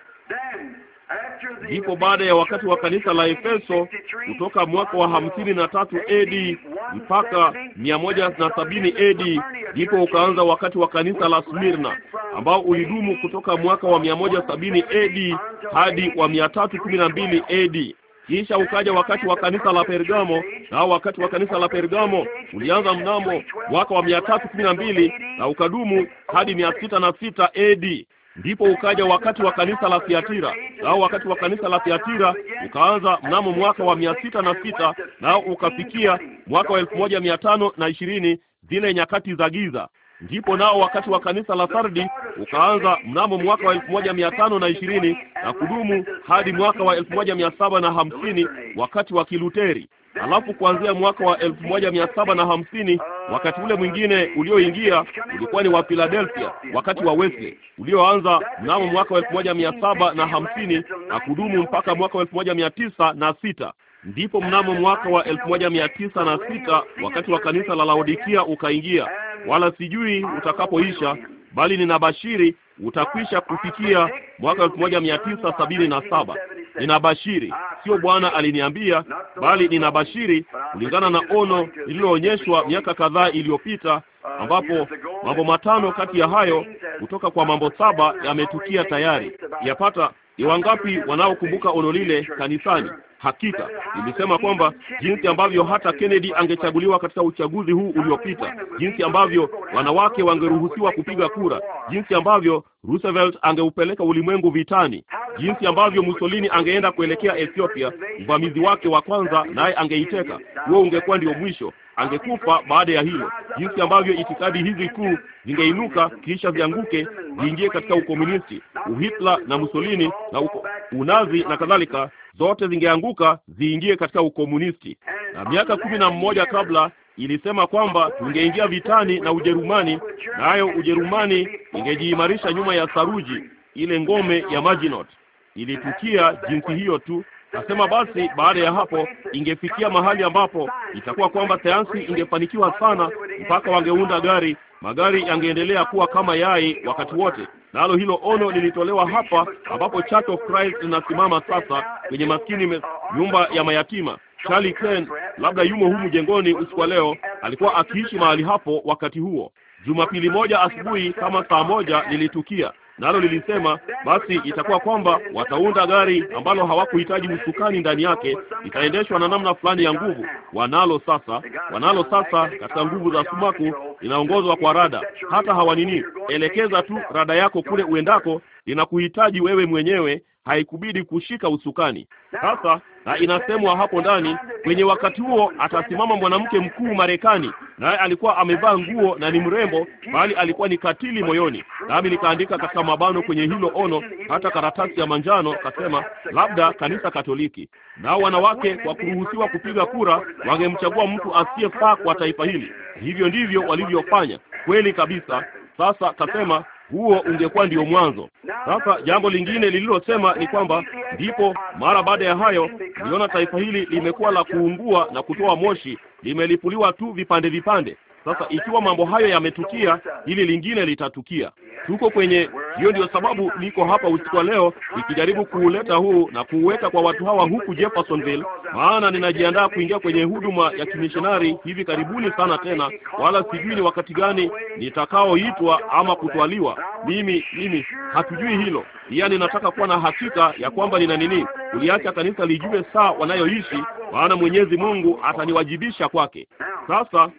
Ndipo baada ya wakati wa kanisa la Efeso kutoka mwaka wa hamsini na tatu AD mpaka mia moja na sabini AD, ndipo ukaanza wakati wa kanisa la Smyrna ambao ulidumu kutoka mwaka wa mia moja sabini AD hadi wa mia tatu kumi na mbili AD. Kisha ukaja wakati wa kanisa la Pergamo, na wakati wa kanisa la Pergamo ulianza mnamo mwaka wa mia tatu kumi na mbili na ukadumu hadi mia sita na sita AD. Ndipo ukaja wakati wa kanisa la Thiatira, nao wakati wa kanisa la Thiatira ukaanza mnamo mwaka wa mia sita na sita nao ukafikia mwaka wa elfu moja mia tano na ishirini zile nyakati za giza. Ndipo nao wakati wa kanisa la Sardi ukaanza mnamo mwaka wa elfu moja mia tano na ishirini na kudumu hadi mwaka wa elfu moja mia saba na hamsini wakati wa Kiluteri. Alafu kuanzia mwaka wa elfu moja mia saba na hamsini wakati ule mwingine ulioingia ulikuwa ni wa Philadelphia, wakati wa Wesley ulioanza mnamo mwaka wa elfu moja mia saba na hamsini na kudumu mpaka mwaka wa elfu moja mia tisa na sita ndipo mnamo mwaka wa elfu moja mia tisa na sita wakati wa kanisa la Laodikia ukaingia, wala sijui utakapoisha, bali ninabashiri utakwisha ah, kufikia mwaka elfu moja mia tisa sabini na saba. Ninabashiri, sio Bwana aliniambia, bali ninabashiri ah, kulingana na ono lililoonyeshwa miaka kadhaa iliyopita, ah, ambapo mambo matano kati ya hayo kutoka kwa mambo saba yametukia tayari yapata ni wangapi wanaokumbuka ono lile kanisani? Hakika nilisema kwamba jinsi ambavyo hata Kennedy angechaguliwa katika uchaguzi huu uliopita, jinsi ambavyo wanawake wangeruhusiwa kupiga kura, jinsi ambavyo Roosevelt angeupeleka ulimwengu vitani, jinsi ambavyo Mussolini angeenda kuelekea Ethiopia, mvamizi wake wa kwanza, naye angeiteka. Huo ungekuwa ndio mwisho, angekufa baada ya hilo, jinsi ambavyo itikadi hizi kuu zingeinuka kisha zianguke ziingie katika ukomunisti, uhitla na Mussolini na uko, unazi na kadhalika, zote zingeanguka ziingie katika ukomunisti. Na miaka kumi na mmoja kabla ilisema kwamba tungeingia vitani na Ujerumani, nayo na Ujerumani ingejiimarisha nyuma ya saruji, ile ngome ya Maginot. Ilitukia jinsi hiyo tu. Nasema basi, baada ya hapo ingefikia mahali ambapo itakuwa kwamba sayansi ingefanikiwa sana mpaka wangeunda gari, magari yangeendelea kuwa kama yai wakati wote. Nalo hilo ono lilitolewa hapa, ambapo Church of Christ linasimama sasa kwenye maskini nyumba ya mayatima. Charlie Ken labda yumo humu jengoni usiku wa leo, alikuwa akiishi mahali hapo wakati huo. Jumapili moja asubuhi kama saa moja lilitukia nalo lilisema, basi itakuwa kwamba wataunda gari ambalo hawakuhitaji usukani ndani yake, itaendeshwa na namna fulani ya nguvu. Wanalo sasa, wanalo sasa katika nguvu za sumaku, linaongozwa kwa rada. Hata hawanini, elekeza tu rada yako kule uendako, linakuhitaji wewe mwenyewe, haikubidi kushika usukani. Sasa na inasemwa hapo ndani, kwenye wakati huo atasimama mwanamke mkuu Marekani, naye alikuwa amevaa nguo na ni mrembo, bali alikuwa ni katili moyoni. Nami nikaandika katika mabano kwenye hilo ono, hata karatasi ya manjano, kasema labda kanisa Katoliki. Nao wanawake kwa kuruhusiwa kupiga kura wangemchagua mtu asiyefaa kwa taifa hili. Hivyo ndivyo walivyofanya, kweli kabisa. Sasa kasema huo ungekuwa ndiyo mwanzo. Sasa jambo lingine lililosema ni kwamba ndipo mara baada ya hayo niliona taifa hili limekuwa la kuungua na kutoa moshi, limelipuliwa tu vipande vipande. Sasa ikiwa mambo hayo yametukia, hili lingine litatukia. Tuko kwenye hiyo, ndio sababu niko hapa usiku wa leo nikijaribu kuuleta huu na kuuweka kwa watu hawa huku Jeffersonville, maana ninajiandaa kuingia kwenye huduma ya kimishonari hivi karibuni sana tena, wala sijui ni wakati gani nitakaoitwa ama kutwaliwa. Mimi mimi hatujui hilo, yaani nataka kuwa na hakika ya kwamba nina nini. Uliacha kanisa lijue saa wanayoishi, maana Mwenyezi Mungu ataniwajibisha kwake. Sasa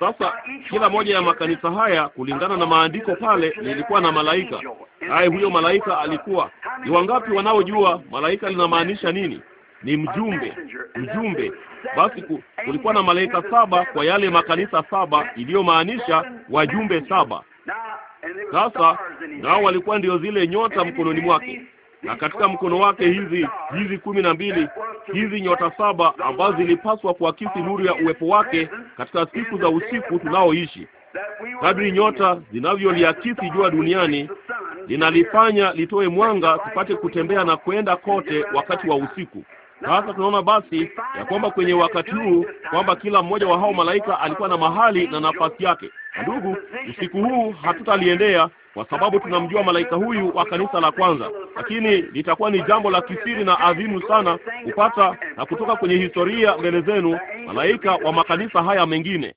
sasa kila moja ya makanisa haya kulingana na maandiko pale lilikuwa na malaika. Hai, huyo malaika alikuwa ni wangapi wanaojua malaika linamaanisha nini? Ni mjumbe, mjumbe. Basi kulikuwa na malaika saba kwa yale makanisa saba, iliyomaanisha wajumbe saba. Sasa nao walikuwa ndio zile nyota mkononi mwake, na katika mkono wake hizi hizi kumi na mbili hizi nyota saba ambazo zilipaswa kuakisi nuru ya uwepo wake katika siku za usiku tunaoishi. Kadri nyota zinavyoliakisi jua duniani, linalifanya litoe mwanga, tupate kutembea na kwenda kote wakati wa usiku. Sasa tunaona basi ya kwamba kwenye wakati huu kwamba kila mmoja wa hao malaika alikuwa na mahali na nafasi yake. Ndugu, usiku huu hatutaliendea kwa sababu tunamjua malaika huyu wa kanisa la kwanza, lakini litakuwa ni jambo la kisiri na adhimu sana kupata na kutoka kwenye historia mbele zenu malaika wa makanisa haya mengine.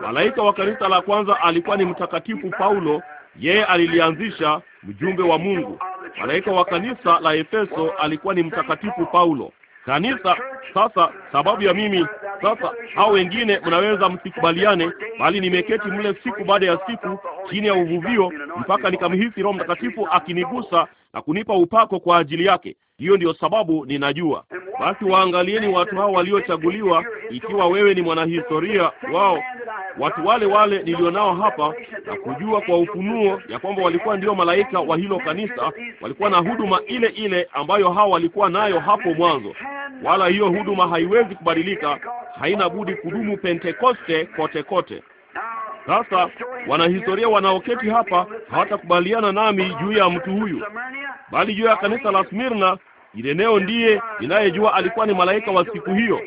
Malaika wa kanisa la kwanza alikuwa ni mtakatifu Paulo, yeye alilianzisha, mjumbe wa Mungu. Malaika wa kanisa la Efeso alikuwa ni mtakatifu Paulo kanisa. Sasa sababu ya mimi sasa, hao wengine mnaweza msikubaliane, bali nimeketi mle siku baada ya siku chini ya uvuvio mpaka nikamhisi Roho Mtakatifu akinigusa na kunipa upako kwa ajili yake. Hiyo ndiyo sababu ninajua. Basi waangalieni watu hao waliochaguliwa. Ikiwa wewe ni mwanahistoria wao, watu wale wale nilionao hapa, na kujua kwa ufunuo ya kwamba walikuwa ndio malaika wa hilo kanisa, walikuwa na huduma ile ile ambayo hao walikuwa nayo hapo mwanzo, wala hiyo huduma haiwezi kubadilika, haina budi kudumu Pentekoste kote kote. Sasa wanahistoria wanaoketi hapa hawatakubaliana nami juu ya mtu huyu, bali juu ya kanisa la Smirna, Ireneo ndiye inayejua alikuwa ni malaika wa siku hiyo.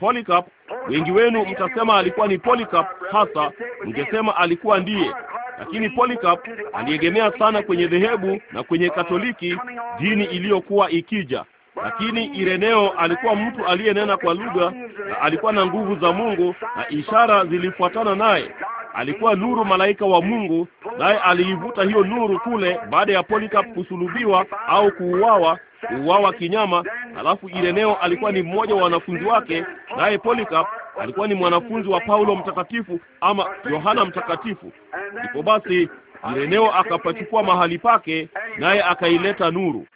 Polycarp, wengi wenu mtasema alikuwa ni Polycarp hasa, mngesema alikuwa ndiye, lakini Polycarp aliegemea sana kwenye dhehebu na kwenye Katoliki, dini iliyokuwa ikija lakini Ireneo alikuwa mtu aliyenena kwa lugha na alikuwa na nguvu za Mungu na ishara zilifuatana naye alikuwa nuru, malaika wa Mungu, naye aliivuta hiyo nuru kule baada ya Polycarp kusulubiwa au kuuawa, kuuawa kinyama. Halafu Ireneo alikuwa ni mmoja wa wanafunzi wake, naye Polycarp alikuwa ni mwanafunzi wa Paulo mtakatifu ama Yohana mtakatifu. Ndipo basi Ireneo akapachukua mahali pake, naye akaileta nuru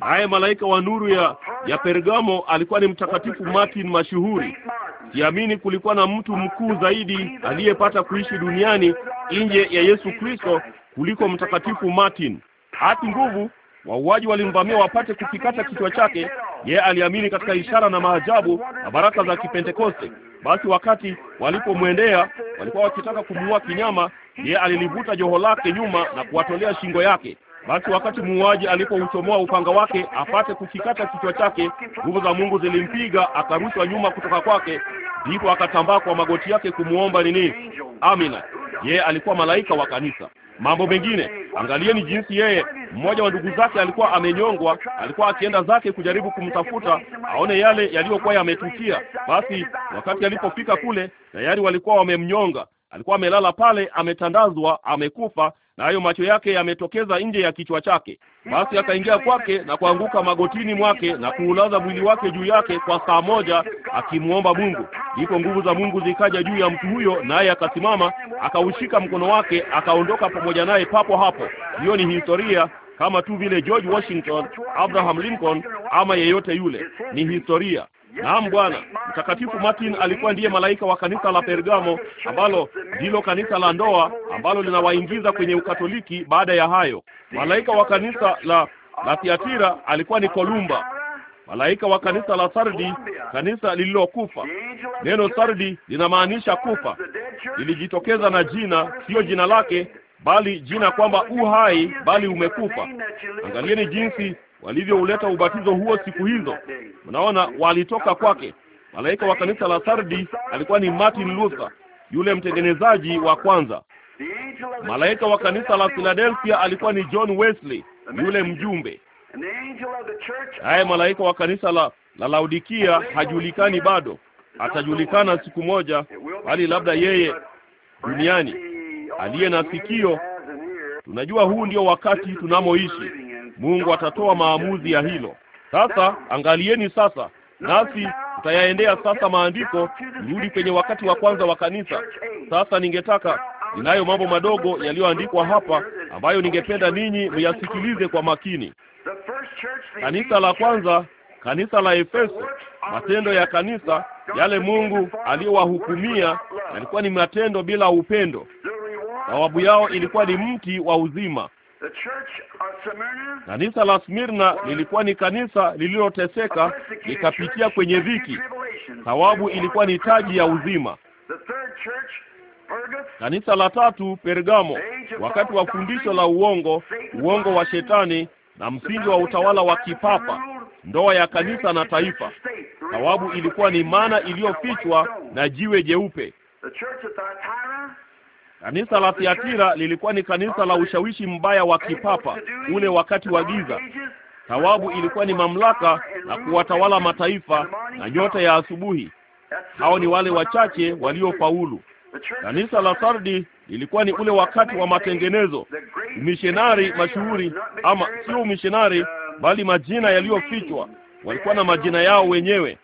Naye malaika wa nuru ya ya Pergamo alikuwa ni mtakatifu Martin mashuhuri. Siamini kulikuwa na mtu mkuu zaidi aliyepata kuishi duniani nje ya Yesu Kristo kuliko mtakatifu Martin. Hati nguvu wauaji walimvamia wapate kukikata kichwa chake. Yeye aliamini katika ishara na maajabu na baraka za Kipentekoste. Basi wakati walipomwendea walikuwa wakitaka kumuua kinyama, yeye alilivuta joho lake nyuma na kuwatolea shingo yake. Basi wakati muuaji alipouchomoa upanga wake apate kukikata kichwa chake, nguvu za Mungu zilimpiga akarushwa nyuma kutoka kwake, ndipo akatambaa kwa magoti yake kumuomba nini? Amina. Yeye alikuwa malaika wa kanisa. Mambo mengine, angalieni jinsi yeye, mmoja wa ndugu zake alikuwa amenyongwa, alikuwa akienda zake kujaribu kumtafuta aone yale yaliyokuwa yametukia. Basi wakati alipofika kule, tayari walikuwa wamemnyonga, alikuwa amelala pale, ametandazwa, amekufa nayo macho yake yametokeza nje ya kichwa chake. Basi akaingia kwake na kuanguka magotini mwake na kuulaza mwili wake juu yake kwa saa moja, akimwomba Mungu. Ndipo nguvu za Mungu zikaja juu ya mtu huyo, naye akasimama, akaushika mkono wake, akaondoka pamoja naye papo hapo. Hiyo ni historia kama tu vile George Washington, Abraham Lincoln ama yeyote yule, ni historia. Naam Bwana. Mtakatifu Martin alikuwa ndiye malaika wa kanisa la Pergamo ambalo ndilo kanisa la ndoa ambalo linawaingiza kwenye Ukatoliki. Baada ya hayo, malaika wa kanisa la la Thiatira alikuwa ni Kolumba, malaika wa kanisa la Sardi, kanisa lililokufa. Neno Sardi linamaanisha kufa, lilijitokeza na jina, siyo jina lake bali jina kwamba u hai bali umekufa. Angalieni jinsi walivyouleta ubatizo huo siku hizo. Unaona, walitoka kwake. Malaika wa kanisa la Sardi alikuwa ni Martin Luther, yule mtengenezaji wa kwanza. Malaika wa kanisa la Philadelphia alikuwa ni John Wesley, yule mjumbe. Naye malaika wa kanisa la, la Laodikia hajulikani bado, atajulikana siku moja, bali labda yeye duniani aliye na sikio. Tunajua huu ndio wakati tunamoishi. Mungu atatoa maamuzi ya hilo. Sasa angalieni sasa, nasi tutayaendea sasa maandiko. Rudi kwenye wakati wa kwanza wa kanisa. Sasa ningetaka, ninayo mambo madogo yaliyoandikwa hapa ambayo ningependa ninyi muyasikilize kwa makini. Kanisa la kwanza, kanisa la Efeso, matendo ya kanisa yale Mungu aliyowahukumia yalikuwa ni matendo bila upendo. Thawabu yao ilikuwa ni mti wa uzima. Kanisa la Smirna lilikuwa ni kanisa lililoteseka likapitia kwenye dhiki. sababu ilikuwa ni taji ya uzima. Kanisa la tatu Pergamo, wakati wa fundisho la uongo, uongo wa shetani na msingi wa utawala wa kipapa, ndoa ya kanisa na taifa. sababu ilikuwa ni mana iliyofichwa na jiwe jeupe. Kanisa la Thiatira lilikuwa ni kanisa la ushawishi mbaya wa kipapa ule wakati wa giza. Thawabu ilikuwa ni mamlaka na kuwatawala mataifa na nyota ya asubuhi. Hao ni wale wachache waliofaulu. Kanisa la Sardi lilikuwa ni ule wakati wa matengenezo, umishonari mashuhuri, ama sio umishonari, um, bali majina yaliyofichwa. Walikuwa na majina yao wenyewe,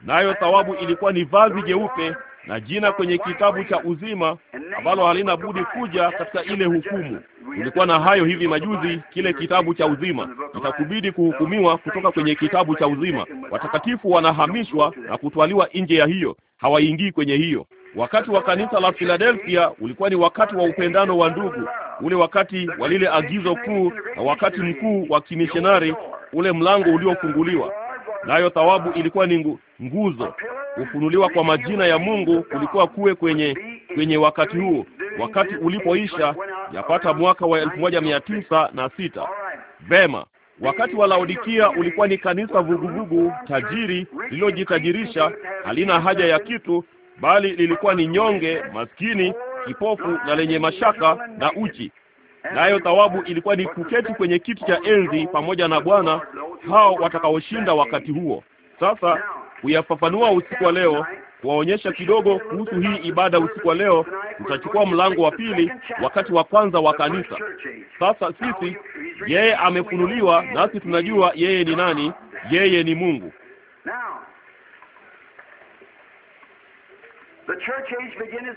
nayo thawabu ilikuwa ni vazi jeupe na jina kwenye kitabu cha uzima ambalo halina budi kuja katika ile hukumu. kulikuwa na hayo hivi majuzi, kile kitabu cha uzima. Itakubidi kuhukumiwa kutoka kwenye kitabu cha uzima. Watakatifu wanahamishwa na kutwaliwa nje ya hiyo, hawaingii kwenye hiyo. Wakati wa kanisa la Filadelfia ulikuwa ni wakati wa upendano wa ndugu, ule wakati wa lile agizo kuu na wakati mkuu wa kimishonari, ule mlango uliofunguliwa nayo thawabu ilikuwa ni nguzo. Kufunuliwa kwa majina ya Mungu kulikuwa kuwe kwenye kwenye wakati huo, wakati ulipoisha yapata mwaka wa elfu moja mia tisa na sita. Vema, wakati wa Laodikia ulikuwa ni kanisa vuguvugu tajiri lililojitajirisha, halina haja ya kitu, bali lilikuwa ni nyonge, maskini, kipofu na lenye mashaka na uchi nayo thawabu ilikuwa ni kuketi kwenye kiti cha enzi pamoja na Bwana hao watakaoshinda wakati huo. Sasa huyafafanua usiku wa leo, kuwaonyesha kidogo kuhusu hii ibada usiku wa leo. Tutachukua mlango wa pili, wakati wa kwanza wa kanisa. Sasa sisi, yeye amefunuliwa nasi tunajua yeye ni nani. Yeye ni Mungu.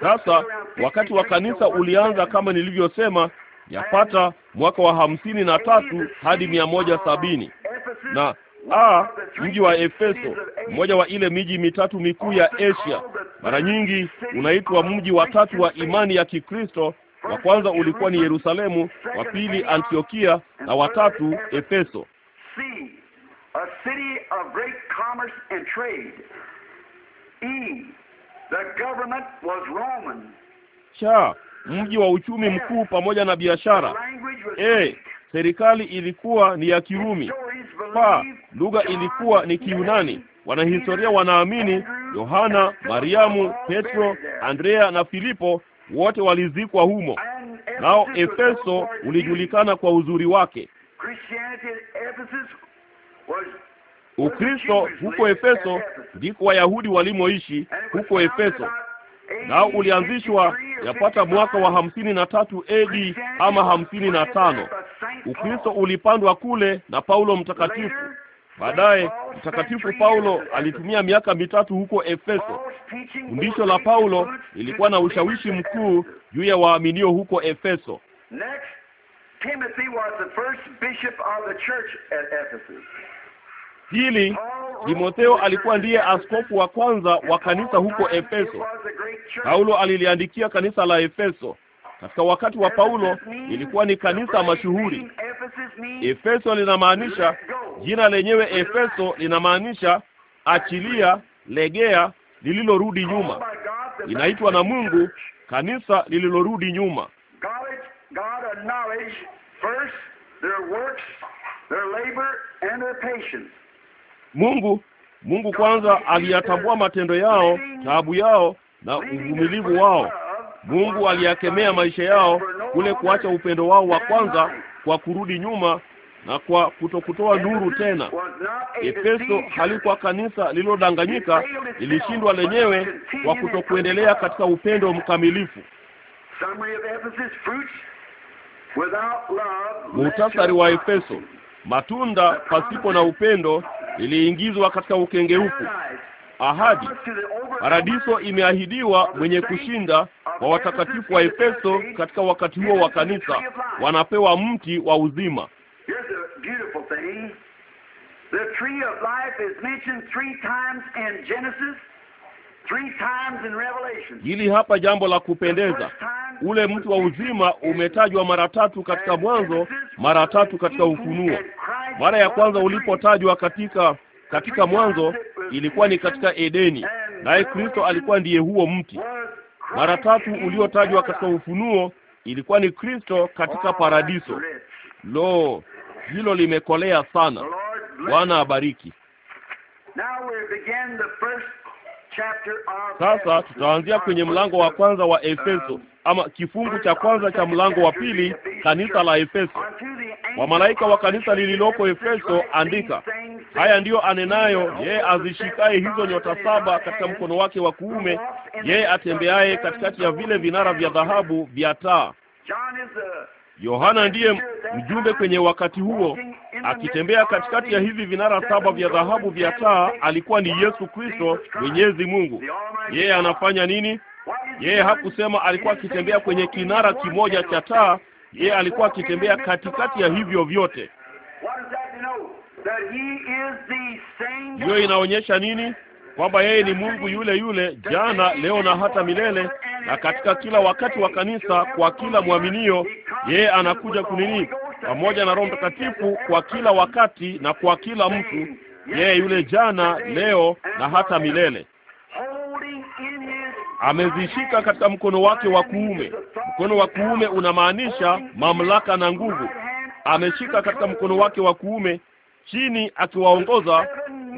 Sasa wakati wa kanisa ulianza kama nilivyosema yapata mwaka wa hamsini na tatu hadi mia moja sabini na a mji wa Efeso, mmoja wa ile miji mitatu mikuu ya Asia, mara nyingi unaitwa mji wa tatu wa imani ya Kikristo. Wa kwanza ulikuwa ni Yerusalemu, wa pili Antiokia, na wa tatu Efeso. Cha mji wa uchumi mkuu pamoja na biashara. E, serikali ilikuwa ni ya Kirumi. Pa, lugha ilikuwa ni kiunani Wanahistoria wanaamini Yohana, Mariamu, Petro, Andrea na Filipo wote walizikwa humo. Nao Efeso ulijulikana kwa uzuri wake. Ukristo huko Efeso ndiko Wayahudi walimoishi huko Efeso, nao ulianzishwa yapata mwaka wa hamsini na tatu AD ama hamsini na tano. Ukristo ulipandwa kule na Paulo mtakatifu. Baadaye mtakatifu Paulo alitumia miaka mitatu huko Efeso. Fundisho la Paulo lilikuwa na ushawishi mkuu juu ya waaminio huko Efeso. Next, Timothy was the first bishop of the church at Ephesus. Pili, Timotheo alikuwa ndiye askofu wa kwanza wa kanisa huko Efeso. Paulo aliliandikia kanisa la Efeso. Katika wakati wa Paulo ilikuwa ni kanisa mashuhuri. Efeso linamaanisha, jina lenyewe Efeso linamaanisha achilia, legea, lililorudi nyuma. Inaitwa na Mungu kanisa lililorudi nyuma. Mungu Mungu kwanza aliyatambua matendo yao, taabu yao na uvumilivu wao. Mungu aliyakemea maisha yao, kule kuacha upendo wao wa kwanza kwa kurudi nyuma na kwa kutokutoa nuru tena. Efeso halikuwa kanisa lililodanganyika, lilishindwa lenyewe kwa kutokuendelea katika upendo mkamilifu. Muhtasari wa Efeso: matunda pasipo na upendo liliingizwa katika ukengeufu. Ahadi paradiso imeahidiwa mwenye kushinda kwa watakatifu wa Efeso katika wakati huo wa kanisa, wanapewa mti wa uzima. Hili hapa jambo la kupendeza. Ule mti wa uzima umetajwa mara tatu katika Mwanzo, mara tatu katika Ufunuo, mara ya kwanza ulipotajwa katika katika Mwanzo ilikuwa ni katika Edeni, naye Kristo alikuwa ndiye huo mti. Mara tatu uliotajwa katika Ufunuo ilikuwa ni Kristo katika paradiso. Lo, hilo limekolea sana. Bwana abariki. Sasa tutaanzia kwenye mlango wa kwanza wa um, Efeso, ama kifungu cha kwanza cha mlango wa pili, kanisa la Efeso. Wa malaika wa kanisa lililoko Efeso andika: haya ndiyo anenayo yeye azishikaye hizo nyota saba katika mkono wake wa kuume, yeye atembeaye katikati ya vile vinara vya dhahabu vya taa. Yohana ndiye mjumbe kwenye wakati huo, akitembea katikati ya hivi vinara saba vya dhahabu vya taa. Alikuwa ni Yesu Kristo, Mwenyezi Mungu. Yeye anafanya nini? Yeye hakusema alikuwa akitembea kwenye kinara kimoja cha taa. Yeye alikuwa akitembea katikati ya hivyo vyote. Hiyo inaonyesha nini? kwamba yeye ni Mungu yule yule jana, leo na hata milele, na katika kila wakati wa kanisa, kwa kila mwaminio, yeye anakuja kunini, pamoja na Roho Mtakatifu kwa kila wakati na kwa kila mtu, yeye yule jana, leo na hata milele amezishika katika mkono wake wa kuume. Mkono wa kuume unamaanisha mamlaka na nguvu. Ameshika katika mkono wake wa kuume chini akiwaongoza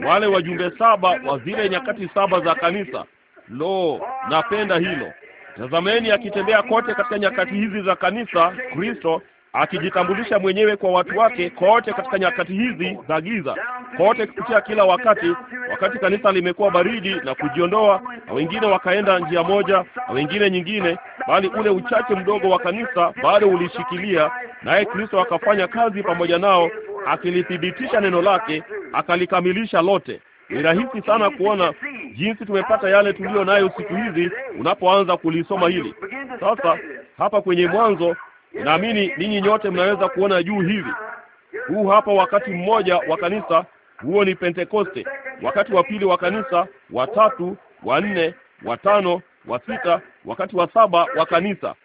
wale wajumbe saba wa zile nyakati saba za kanisa. Lo, napenda hilo. Tazameni akitembea kote katika nyakati hizi za kanisa, Kristo akijitambulisha mwenyewe kwa watu wake kote katika nyakati hizi za giza, kote kupitia kila wakati, wakati kanisa limekuwa baridi na kujiondoa, na wengine wakaenda njia moja na wengine nyingine, bali ule uchache mdogo wa kanisa bado ulishikilia, naye Kristo akafanya kazi pamoja nao, akilithibitisha neno lake, akalikamilisha lote. Ni rahisi sana kuona jinsi tumepata yale tuliyo nayo siku hizi unapoanza kulisoma hili. Sasa hapa kwenye Mwanzo Naamini ninyi nyote mnaweza kuona juu hivi. Huu hapa wakati mmoja wa kanisa, huo ni Pentekoste. Wakati wa pili wa kanisa, wa tatu, wa nne, wa tano, wa sita, wakati wa saba wa kanisa.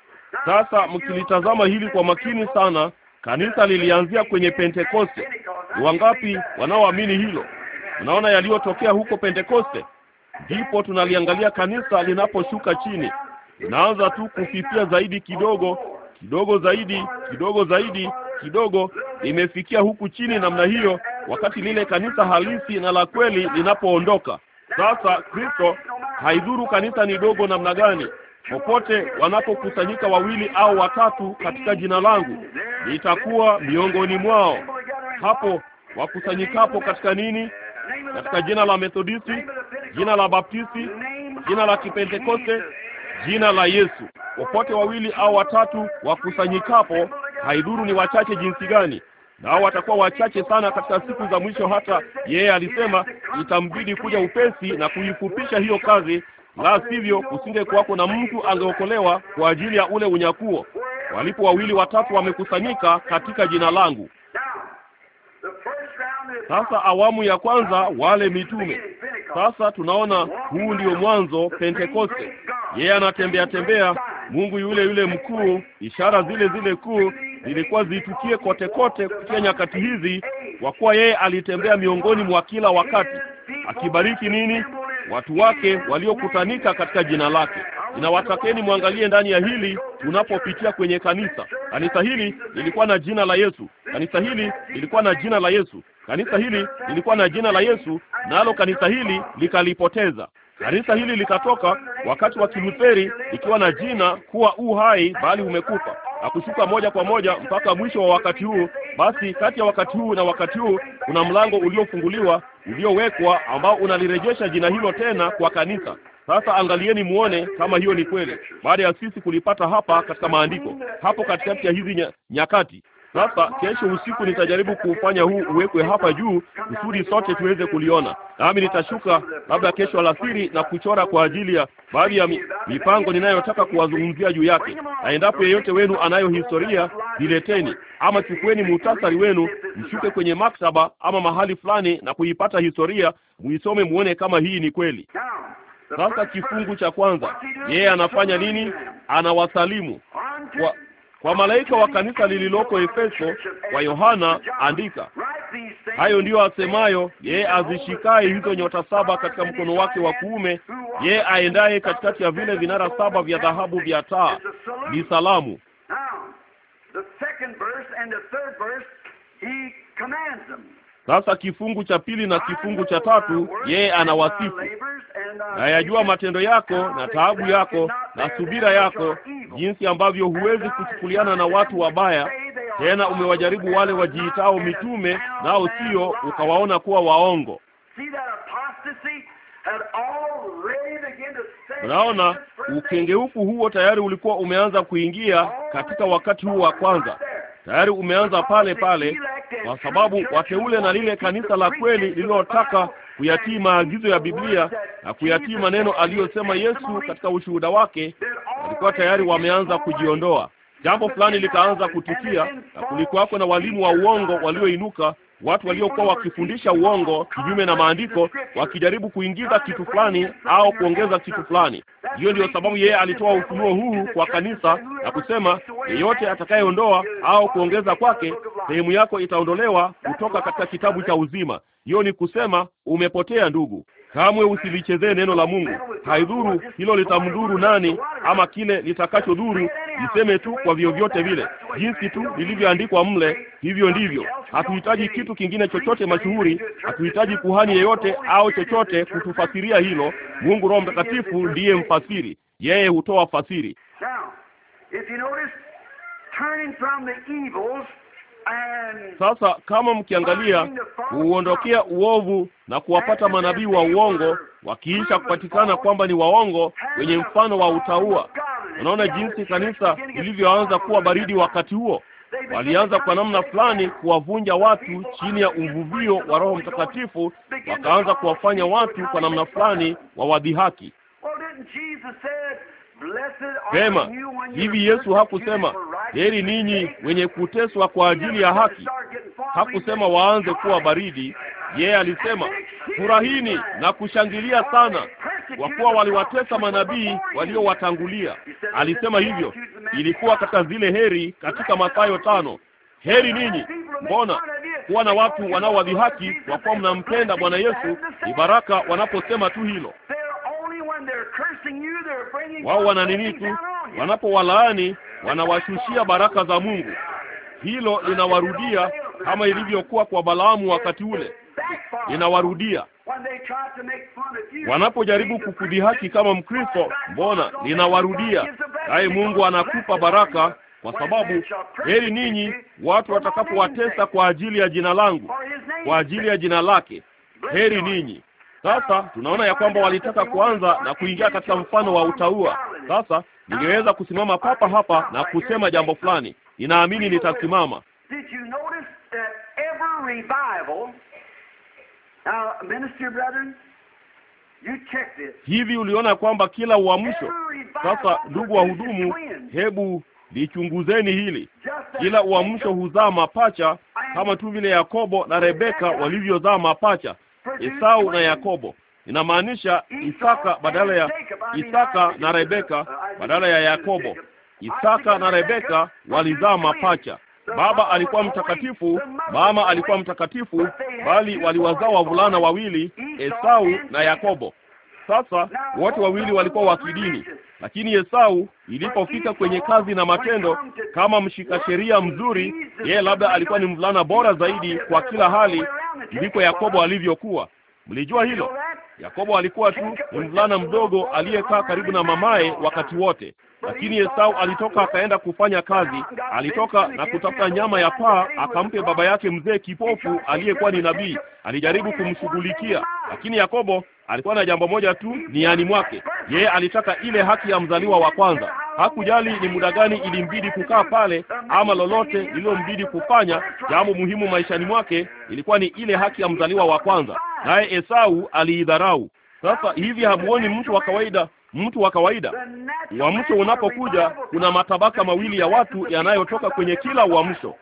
Sasa mkilitazama hili kwa makini sana, kanisa lilianzia kwenye Pentekoste. Ni wangapi wanaoamini hilo? Unaona yaliyotokea huko Pentekoste? Ndipo tunaliangalia kanisa linaposhuka chini, linaanza tu kufifia zaidi kidogo kidogo zaidi, kidogo zaidi, kidogo, imefikia huku chini namna hiyo, wakati lile kanisa halisi na la kweli linapoondoka. Sasa Kristo, haidhuru kanisa ni dogo namna gani, popote wanapokusanyika wawili au watatu katika jina langu, nitakuwa miongoni mwao. Hapo wakusanyikapo katika nini? Katika jina la Methodisti, jina la Baptisti, jina la Kipentekoste, jina la Yesu. Popote wawili au watatu wakusanyikapo, haidhuru ni wachache jinsi gani, nao watakuwa wachache sana katika siku za mwisho. Hata yeye alisema itambidi kuja upesi na kuifupisha hiyo kazi, la sivyo kusingekuwako na mtu angeokolewa kwa ajili ya ule unyakuo. Walipo wawili watatu wamekusanyika katika jina langu. Sasa awamu ya kwanza wale mitume. Sasa tunaona huu ndio mwanzo Pentekoste. Yeye yeah, anatembea tembea, Mungu yule yule mkuu, ishara zile zile kuu zilikuwa zitukie kote kote kupitia nyakati hizi, kwa kuwa yeye alitembea miongoni mwa kila wakati akibariki nini? watu wake waliokutanika katika jina lake. Ninawatakeni mwangalie ndani ya hili tunapopitia kwenye kanisa. Kanisa hili lilikuwa na jina la Yesu. Kanisa hili lilikuwa na jina la Yesu. Kanisa hili lilikuwa na jina la Yesu, nalo na kanisa hili likalipoteza. Kanisa hili likatoka wakati wa Kilutheri likiwa na jina kuwa u hai, bali umekufa, na kushuka moja kwa moja mpaka mwisho wa wakati huu basi kati ya wakati huu na wakati huu kuna mlango uliofunguliwa uliowekwa, ambao unalirejesha jina hilo tena kwa kanisa. Sasa angalieni muone kama hiyo ni kweli, baada ya sisi kulipata hapa katika maandiko hapo katikati ya hizi nyakati. Sasa kesho usiku nitajaribu kuufanya huu uwekwe hapa juu kusudi sote tuweze kuliona, nami nitashuka labda kesho alasiri na kuchora kwa ajili ya baadhi ya mipango ninayotaka kuwazungumzia juu yake, na endapo yeyote wenu anayo historia nileteni, ama chukueni muhtasari wenu, mshuke kwenye maktaba ama mahali fulani na kuipata historia, muisome muone kama hii ni kweli. Sasa kifungu cha kwanza, yeye anafanya nini? Anawasalimu kwa kwa malaika wa kanisa lililoko Efeso, kwa Yohana andika, hayo ndiyo asemayo yeye azishikaye hizo nyota saba katika mkono wake wa kuume, yeye aendaye katikati ya vile vinara saba vya dhahabu vya taa. Ni salamu. Now, the sasa kifungu cha pili na kifungu cha tatu, yeye anawasifu na yajua matendo yako na taabu yako na subira yako, jinsi ambavyo huwezi kuchukuliana na watu wabaya, tena umewajaribu wale wajiitao mitume, nao sio, ukawaona kuwa waongo. Unaona, ukengeufu huo tayari ulikuwa umeanza kuingia katika wakati huu wa kwanza tayari umeanza pale pale, kwa sababu wateule na lile kanisa la kweli lililotaka kuyatii maagizo ya Biblia na kuyatii maneno aliyosema Yesu katika ushuhuda wake walikuwa tayari wameanza kujiondoa. Jambo fulani likaanza kutukia, na kulikuwako na walimu wa uongo walioinuka watu waliokuwa wakifundisha uongo kinyume na maandiko, wakijaribu kuingiza kitu fulani au kuongeza kitu fulani. Hiyo ndiyo sababu yeye alitoa ufunuo huu kwa kanisa na kusema, yeyote atakayeondoa au kuongeza kwake, sehemu yako itaondolewa kutoka katika kitabu cha uzima. Hiyo ni kusema umepotea, ndugu. Kamwe usilichezee neno la Mungu. Haidhuru hilo litamdhuru nani ama kile litakachodhuru, mseme tu kwa vyovyote vile, jinsi tu lilivyoandikwa mle, hivyo ndivyo. Hatuhitaji kitu kingine chochote mashuhuri, hatuhitaji kuhani yeyote au chochote kutufasiria hilo. Mungu Roho Mtakatifu ndiye mfasiri, yeye hutoa fasiri. Now, sasa kama mkiangalia kuuondokea uovu na kuwapata manabii wa uongo, wakiisha kupatikana kwamba ni waongo wenye mfano wa utaua. Unaona jinsi kanisa lilivyoanza kuwa baridi wakati huo walianza kwa namna fulani kuwavunja watu chini ya uvuvio wa Roho Mtakatifu, wakaanza kuwafanya watu kwa namna fulani wa wadhihaki Sema hivi, Yesu hakusema heri ninyi wenye kuteswa kwa ajili ya haki. Hakusema waanze kuwa baridi. Yeye yeah, alisema furahini na kushangilia sana, kwa kuwa waliwatesa manabii waliowatangulia. Alisema hivyo, ilikuwa katika zile heri katika Mathayo tano. Heri ninyi, mbona kuwa na watu wanaowadhihaki kwa kuwa mnampenda Bwana Yesu. Ni baraka wanaposema tu hilo. Wao tu wanapowalaani wanawashushia baraka za Mungu. Hilo linawarudia kama ilivyokuwa kwa Balaamu wakati ule, linawarudia wanapojaribu kukudhihaki kama Mkristo. Mbona linawarudia, naye Mungu anakupa baraka kwa sababu heri ninyi watu watakapowatesa kwa ajili ya jina langu, kwa ajili ya jina lake, heri ninyi. Sasa tunaona ya kwamba walitaka kuanza na kuingia katika mfano wa utaua. Sasa ningeweza kusimama papa hapa na kusema jambo fulani, ninaamini nitasimama. Uh, Hivi uliona kwamba kila uamsho. Sasa ndugu wa hudumu hebu lichunguzeni hili. Kila uamsho huzaa mapacha kama tu vile Yakobo na Rebeka walivyozaa mapacha. Esau na Yakobo, inamaanisha Isaka badala ya Isaka na Rebeka badala ya Yakobo. Isaka na Rebeka walizaa mapacha. Baba alikuwa mtakatifu, mama alikuwa mtakatifu, bali waliwazaa wavulana wawili, Esau na Yakobo. Sasa wote wawili walikuwa wa kidini, lakini Esau ilipofika kwenye kazi na matendo, kama mshika sheria mzuri, yeye labda alikuwa ni mvulana bora zaidi kwa kila hali kuliko Yakobo alivyokuwa. Mlijua hilo? Yakobo alikuwa tu ni mvulana mdogo aliyekaa karibu na mamaye wakati wote, lakini Esau alitoka akaenda kufanya kazi, alitoka na kutafuta nyama ya paa, akampe baba yake mzee kipofu aliyekuwa ni nabii. Alijaribu kumshughulikia, lakini Yakobo alikuwa na jambo moja tu niani mwake, yeye alitaka ile haki ya mzaliwa wa kwanza. Hakujali ni muda gani ilimbidi kukaa pale ama lolote lililombidi kufanya. Jambo muhimu maishani mwake ilikuwa ni ile haki ya mzaliwa wa kwanza, naye Esau aliidharau dharau. Sasa hivi hamuoni mtu wa kawaida, mtu wa kawaida. Uamsho unapokuja kuna matabaka mawili ya watu yanayotoka kwenye kila uamsho.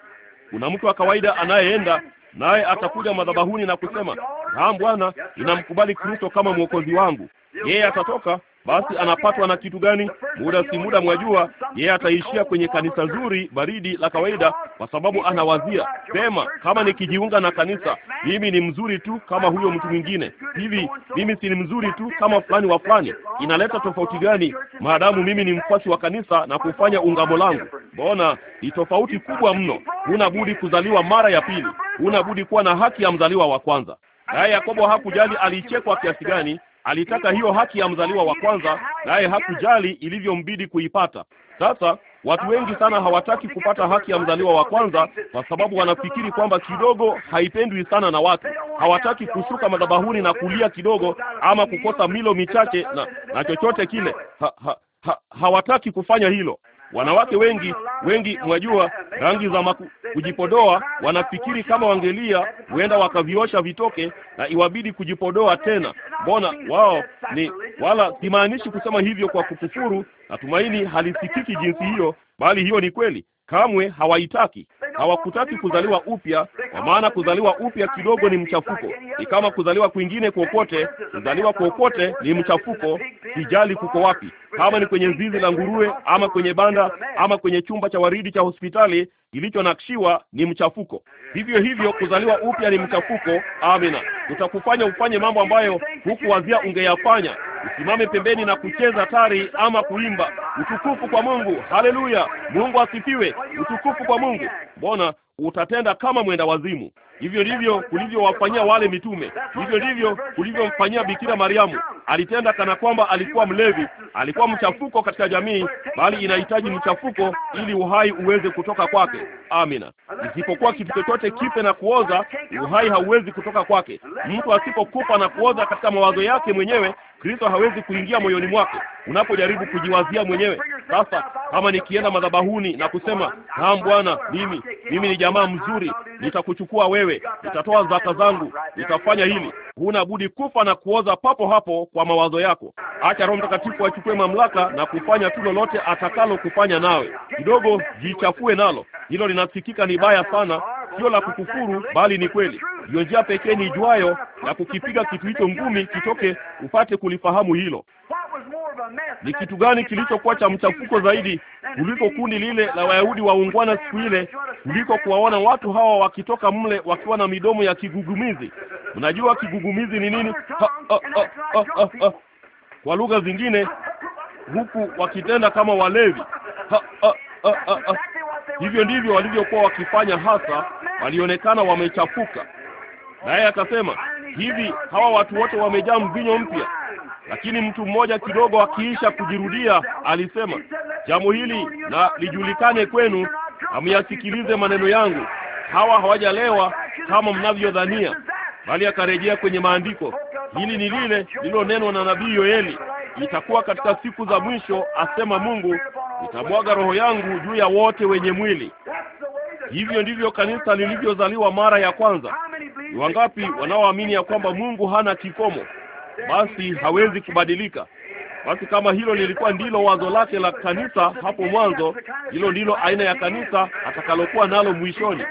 Kuna mtu wa kawaida anayeenda naye atakuja madhabahuni na kusema naam, Bwana, ninamkubali Kristo kama mwokozi wangu. Yeye atatoka basi anapatwa na kitu gani? Muda si muda, mwajua yeye ataishia kwenye kanisa zuri baridi la kawaida, kwa sababu anawazia sema, kama nikijiunga na kanisa, mimi ni mzuri tu kama huyo mtu mwingine hivi, mimi si mzuri tu kama fulani wa fulani. Inaleta tofauti gani maadamu mimi ni mfuasi wa kanisa na kufanya ungamo langu? Mbona ni tofauti kubwa mno. Huna budi kuzaliwa mara ya pili, huna budi kuwa na haki ya mzaliwa wa kwanza. Naye Yakobo hakujali alichekwa kiasi gani Alitaka hiyo haki ya mzaliwa wa kwanza, naye hakujali ilivyombidi kuipata. Sasa watu wengi sana hawataki kupata haki ya mzaliwa wa kwanza kwa sababu wanafikiri kwamba kidogo haipendwi sana na watu. Hawataki kushuka madhabahuni na kulia kidogo, ama kukosa milo michache na, na chochote kile ha, ha, ha, hawataki kufanya hilo. Wanawake wengi wengi, mwajua rangi za maku, kujipodoa, wanafikiri kama wangelia huenda wakaviosha vitoke na iwabidi kujipodoa tena. Mbona wao ni wala, simaanishi kusema hivyo kwa kukufuru, natumaini halisikiki jinsi hiyo, bali hiyo ni kweli. Kamwe hawaitaki hawakutaki kuzaliwa upya, kwa maana kuzaliwa upya kidogo ni mchafuko, ni kama kuzaliwa kwingine kokote. Kuzaliwa kokote ni mchafuko, sijali kuko wapi, kama ni kwenye zizi la nguruwe ama kwenye banda ama kwenye chumba cha waridi cha hospitali kilichonakshiwa ni mchafuko. Vivyo hivyo kuzaliwa upya ni mchafuko. Amina, utakufanya ufanye mambo ambayo hukuwazia ungeyafanya. Usimame pembeni na kucheza tari ama kuimba. Utukufu kwa Mungu! Haleluya! Mungu asifiwe! Utukufu kwa Mungu! Mbona utatenda kama mwenda wazimu. Hivyo ndivyo kulivyowafanyia wale mitume, hivyo ndivyo kulivyomfanyia Bikira Mariamu. Alitenda kana kwamba alikuwa mlevi, alikuwa mchafuko katika jamii, bali inahitaji mchafuko ili uhai uweze kutoka kwake. Amina. Isipokuwa kitu chochote kipe na kuoza, uhai hauwezi kutoka kwake. Mtu asipokufa na kuoza katika mawazo yake mwenyewe, Kristo hawezi kuingia moyoni mwako unapojaribu kujiwazia mwenyewe. Sasa kama nikienda madhabahuni na kusema naam, Bwana, mimi mimi ni jamaa mzuri, nitakuchukua wewe, nitatoa zaka zangu, nitafanya hili, huna budi kufa na kuoza papo hapo kwa mawazo yako. Acha Roho Mtakatifu achukue mamlaka na kufanya tu lolote atakalo kufanya nawe. Kidogo jichafue nalo, hilo linasikika ni baya sana, sio la kukufuru, bali ni kweli. Ndiyo njia pekee ni juayo ya kukipiga kitu hicho ngumi kitoke upate kuli kulifahamu hilo. Ni kitu gani kilichokuwa cha mchafuko zaidi kuliko kundi lile la Wayahudi waungwana siku ile, kuliko kuwaona watu hawa wakitoka mle wakiwa na midomo ya kigugumizi? Mnajua kigugumizi ni nini? Ha, ha, ha, ha, ha, Kwa lugha zingine, huku wakitenda kama walevi. Ha, ha, ha, ha, ha. Hivyo ndivyo walivyokuwa wakifanya hasa, walionekana wamechafuka. Naye akasema hivi, hawa watu wote wamejaa mvinyo mpya lakini mtu mmoja kidogo akiisha kujirudia alisema, jambo hili na lijulikane kwenu, myasikilize maneno yangu, hawa hawajalewa kama mnavyodhania, bali akarejea kwenye maandiko. Hili ni lile lililonenwa na nabii Yoeli, itakuwa katika siku za mwisho, asema Mungu, nitamwaga roho yangu juu ya wote wenye mwili. Hivyo ndivyo kanisa lilivyozaliwa mara ya kwanza. Ni wangapi wanaoamini ya kwamba Mungu hana kikomo? basi hawezi kubadilika. Basi kama hilo lilikuwa ndilo wazo lake la kanisa hapo mwanzo, hilo ndilo aina ya kanisa atakalokuwa nalo mwishoni.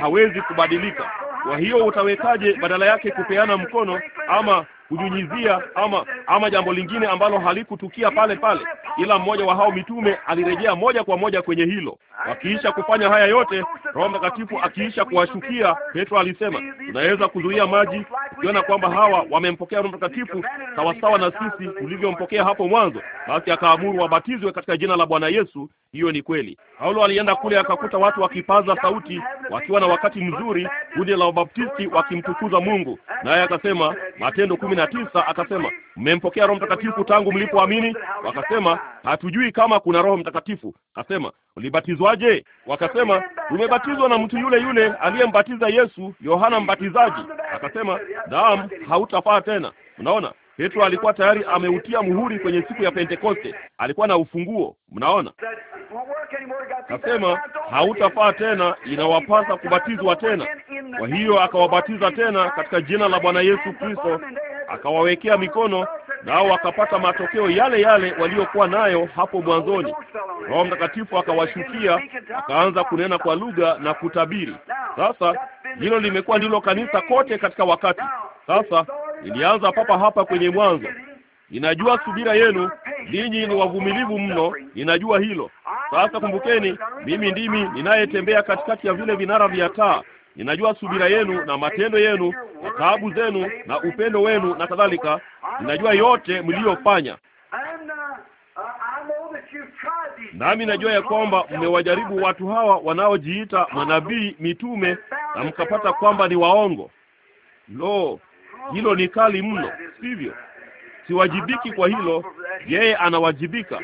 Hawezi kubadilika. Kwa hiyo utawekaje badala yake kupeana mkono ama kujunyizia ama ama jambo lingine ambalo halikutukia pale pale, ila mmoja wa hao mitume alirejea moja kwa moja kwenye hilo. Wakiisha kufanya haya yote, Roho Mtakatifu akiisha kuwashukia, Petro alisema tunaweza kuzuia maji, ukiona kwamba hawa wamempokea Roho Mtakatifu sawasawa na sisi tulivyompokea hapo mwanzo, basi akaamuru wabatizwe katika jina la Bwana Yesu. Hiyo ni kweli. Paulo alienda kule akakuta watu wakipaza sauti, wakiwa na wakati mzuri, kundi la wabaptisti wakimtukuza Mungu, naye akasema Matendo kumi na tisa akasema, mmempokea Roho Mtakatifu tangu mlipoamini? Wakasema, hatujui kama kuna Roho Mtakatifu. Akasema, ulibatizwaje? Wakasema, tumebatizwa na mtu yule yule aliyembatiza Yesu, Yohana Mbatizaji. Akasema, naam, hautafaa tena. Mnaona, Petro alikuwa tayari ameutia muhuri kwenye siku ya Pentekoste, alikuwa na ufunguo. Mnaona, akasema hautafaa tena, inawapasa kubatizwa tena. Kwa hiyo akawabatiza tena katika jina la Bwana Yesu Kristo akawawekea mikono, nao wakapata matokeo yale yale waliokuwa nayo hapo mwanzoni. Roho Mtakatifu akawashukia, akaanza kunena kwa lugha na kutabiri. Sasa hilo limekuwa ndilo kanisa kote katika wakati. Sasa nilianza papa hapa kwenye mwanzo. Ninajua subira yenu, ninyi ni wavumilivu mno, ninajua hilo. Sasa kumbukeni, mimi ndimi ninayetembea katikati ya vile vinara vya taa Ninajua subira yenu na matendo yenu na taabu zenu na upendo wenu na kadhalika. Ninajua yote mliyofanya, nami najua ya kwamba mmewajaribu watu hawa wanaojiita manabii, mitume, na mkapata kwamba ni waongo. Lo, hilo ni kali mno, sivyo? Siwajibiki kwa hilo, yeye anawajibika.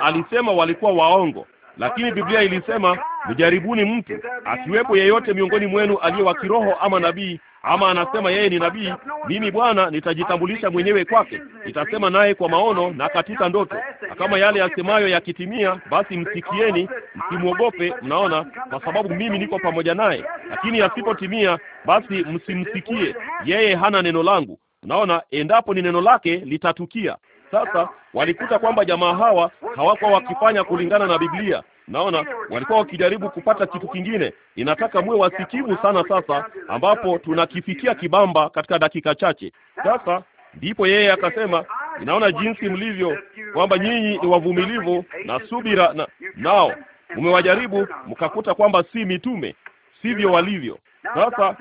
Alisema walikuwa waongo lakini Biblia ilisema mjaribuni mtu akiwepo yeyote miongoni mwenu aliye wa kiroho ama nabii ama anasema yeye ni nabii, mimi Bwana nitajitambulisha mwenyewe kwake, nitasema naye kwa maono na katika ndoto, na kama yale yasemayo yakitimia, basi msikieni, msimwogope. Mnaona, kwa sababu mimi niko pamoja naye. Lakini yasipotimia, basi msimsikie, yeye hana neno langu. Mnaona, endapo ni neno lake litatukia. Sasa walikuta kwamba jamaa hawa hawakuwa wakifanya kulingana na Biblia. Naona walikuwa wakijaribu kupata kitu kingine. Inataka muwe wasikivu sana, sasa ambapo tunakifikia kibamba katika dakika chache. Sasa ndipo yeye akasema, inaona jinsi mlivyo, kwamba nyinyi ni wavumilivu na subira, na nao mmewajaribu mkakuta kwamba si mitume, sivyo walivyo. Sasa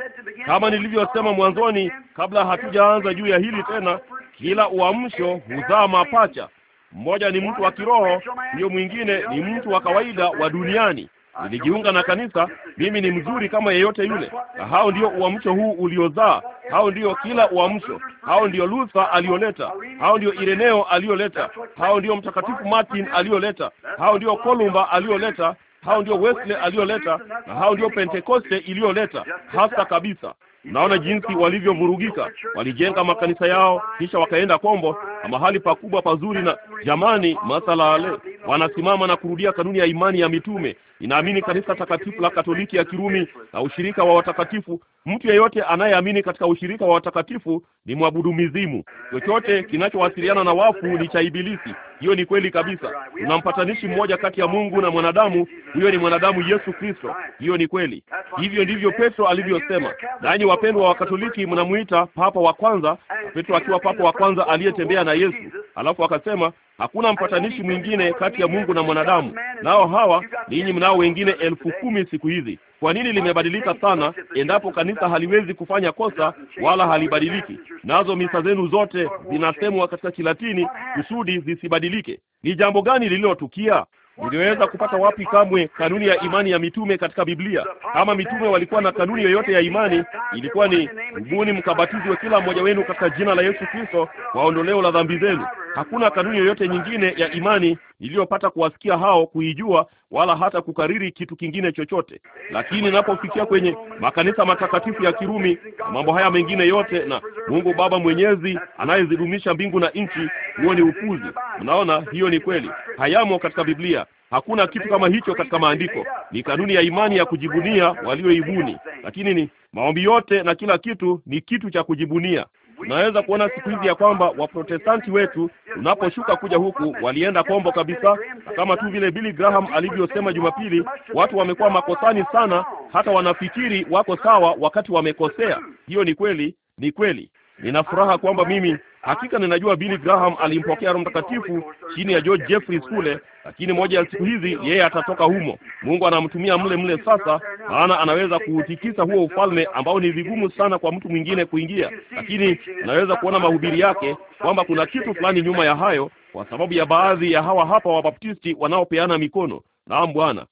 kama nilivyosema mwanzoni, kabla hatujaanza juu ya hili tena, kila uamsho huzaa mapacha. Mmoja ni mtu wa kiroho, ndiyo mwingine ni mtu wa kawaida wa duniani. Nilijiunga na kanisa, mimi ni mzuri kama yeyote yule, na hao ndio uamsho huu uliozaa. Hao ndio kila uamsho, hao ndio Luther aliyoleta, hao ndio Ireneo aliyoleta, hao ndio mtakatifu Martin aliyoleta, hao ndio Kolumba aliyoleta, hao ndio Wesley aliyoleta, na hao ndio Pentekoste iliyoleta hasa kabisa. Mnaona jinsi walivyovurugika, walijenga makanisa yao, kisha wakaenda Kombo na mahali pakubwa pazuri, na jamani, masalale, wanasimama na kurudia kanuni ya imani ya mitume inaamini kanisa takatifu la Katoliki ya Kirumi na ushirika wa watakatifu. Mtu yeyote anayeamini katika ushirika wa watakatifu ni mwabudu mizimu. Chochote kinachowasiliana na wafu ni cha Ibilisi. Hiyo ni kweli kabisa. Kuna mpatanishi mmoja kati ya Mungu na mwanadamu, huyo ni mwanadamu Yesu Kristo. Hiyo ni kweli. Hivyo ndivyo Petro alivyosema. Nanyi wapendwa wa Katoliki, mnamuita papa wa kwanza, Petro akiwa papa wa kwanza aliyetembea na Yesu. Alafu akasema hakuna mpatanishi mwingine kati ya Mungu na mwanadamu, nao hawa ninyi walinao wengine elfu kumi siku hizi. Kwa nini limebadilika sana, endapo kanisa haliwezi kufanya kosa wala halibadiliki? Nazo misa zenu zote zinasemwa katika Kilatini kusudi zisibadilike. Ni jambo gani lililotukia? Niliweza kupata wapi kamwe kanuni ya imani ya mitume katika Biblia? Kama mitume walikuwa na kanuni yoyote ya imani, ilikuwa ni Mbuni mkabatizwe kila mmoja wenu katika jina la Yesu Kristo kwa ondoleo la dhambi zenu. Hakuna kanuni yoyote nyingine ya imani iliyopata kuwasikia hao kuijua wala hata kukariri kitu kingine chochote. Lakini napofikia kwenye makanisa matakatifu ya Kirumi na mambo haya mengine yote, na Mungu Baba mwenyezi anayezidumisha mbingu na nchi, huo ni upuzi. Mnaona, hiyo ni kweli, hayamo katika Biblia. Hakuna kitu kama hicho katika maandiko. Ni kanuni ya imani ya kujibunia walioibuni, lakini ni maombi yote na kila kitu ni kitu cha kujibunia. Tunaweza kuona siku hizi ya kwamba Waprotestanti wetu tunaposhuka kuja huku walienda kombo kabisa, na kama tu vile Billy Graham alivyosema Jumapili, watu wamekuwa makosani sana, hata wanafikiri wako sawa wakati wamekosea. Hiyo ni kweli, ni kweli. Nina furaha kwamba mimi hakika ninajua Billy Graham alimpokea Roho Mtakatifu chini ya George Jeffries kule, lakini moja ya siku hizi yeye atatoka humo. Mungu anamtumia mle mle sasa, maana anaweza kuutikisa huo ufalme ambao ni vigumu sana kwa mtu mwingine kuingia, lakini naweza kuona mahubiri yake kwamba kuna kitu fulani nyuma ya hayo, kwa sababu ya baadhi ya hawa hapa wabaptisti wanaopeana mikono. Naam Bwana.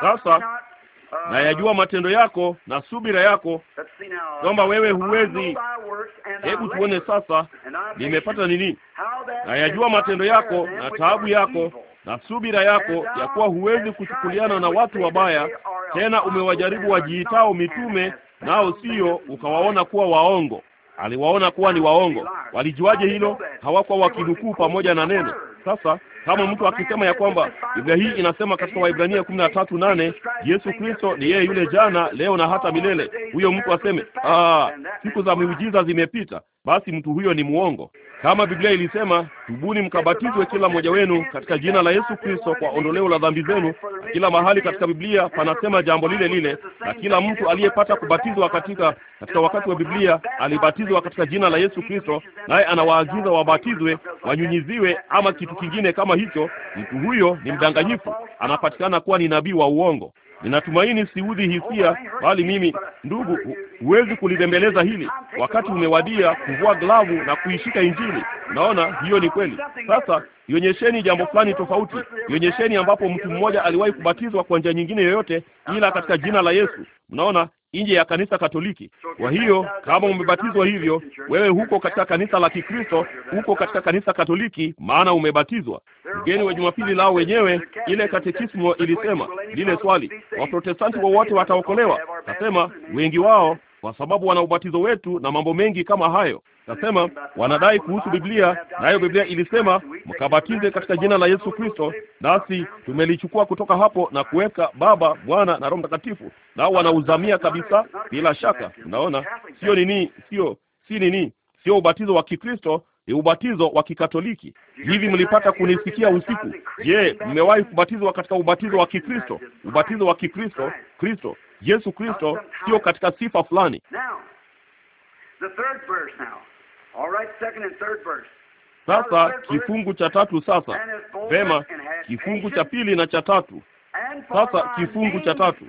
Sasa Ah. na yajua matendo yako na subira yako, kwamba wewe huwezi. Hebu tuone sasa, nimepata nini? Na yajua matendo yako na taabu yako na subira yako, ya kuwa huwezi kuchukuliana na watu wabaya, tena umewajaribu wajiitao mitume, nao sio, ukawaona kuwa waongo. Aliwaona kuwa ni waongo. Walijuaje hilo? Hawakuwa wakinukuu pamoja na neno. Sasa kama mtu akisema ya kwamba Biblia hii inasema katika Waibrania kumi na tatu nane Yesu Kristo ni yeye yule jana leo na hata milele, huyo mtu aseme ah, siku za miujiza zimepita, basi mtu huyo ni muongo. Kama Biblia ilisema, tubuni mkabatizwe kila mmoja wenu katika jina la Yesu Kristo kwa ondoleo la dhambi zenu, na kila mahali katika Biblia panasema jambo lile lile, na kila mtu aliyepata kubatizwa katika katika wakati wa Biblia alibatizwa katika jina la Yesu Kristo, naye anawaagiza wabatizwe, wanyunyiziwe ama kitu kingine kama kama hicho, mtu huyo ni mdanganyifu, anapatikana kuwa ni nabii wa uongo. Ninatumaini siudhi hisia, bali mimi ndugu, huwezi kulibembeleza hili. Wakati umewadia kuvua glavu na kuishika Injili. Naona hiyo ni kweli. Sasa ionyesheni jambo fulani tofauti, ionyesheni ambapo mtu mmoja aliwahi kubatizwa kwa njia nyingine yoyote ila katika jina la Yesu. Mnaona nje ya kanisa Katoliki. Kwa hiyo kama umebatizwa hivyo, wewe huko katika kanisa la Kikristo, huko katika kanisa Katoliki, maana umebatizwa. Mgeni wa Jumapili lao wenyewe, ile katekismo ilisema lile swali, Waprotestanti wowote wa wataokolewa? Nasema wengi wao, kwa sababu wana ubatizo wetu na mambo mengi kama hayo. Nasema wanadai kuhusu Biblia, nayo Biblia ilisema mkabatize katika jina la Yesu Kristo, nasi tumelichukua kutoka hapo na kuweka Baba, Bwana na Roho Mtakatifu, nao wanauzamia kabisa, bila shaka. Unaona, sio nini, sio si nini, sio ubatizo wa Kikristo, ni ubatizo wa Kikatoliki. Hivi mlipata kunisikia usiku? Je, mmewahi kubatizwa katika ubatizo wa Kikristo? Ubatizo wa Kikristo, Kristo Yesu Kristo, sio katika sifa fulani. Sasa kifungu cha tatu sasa. Vema, kifungu cha pili na cha tatu. Sasa kifungu cha tatu.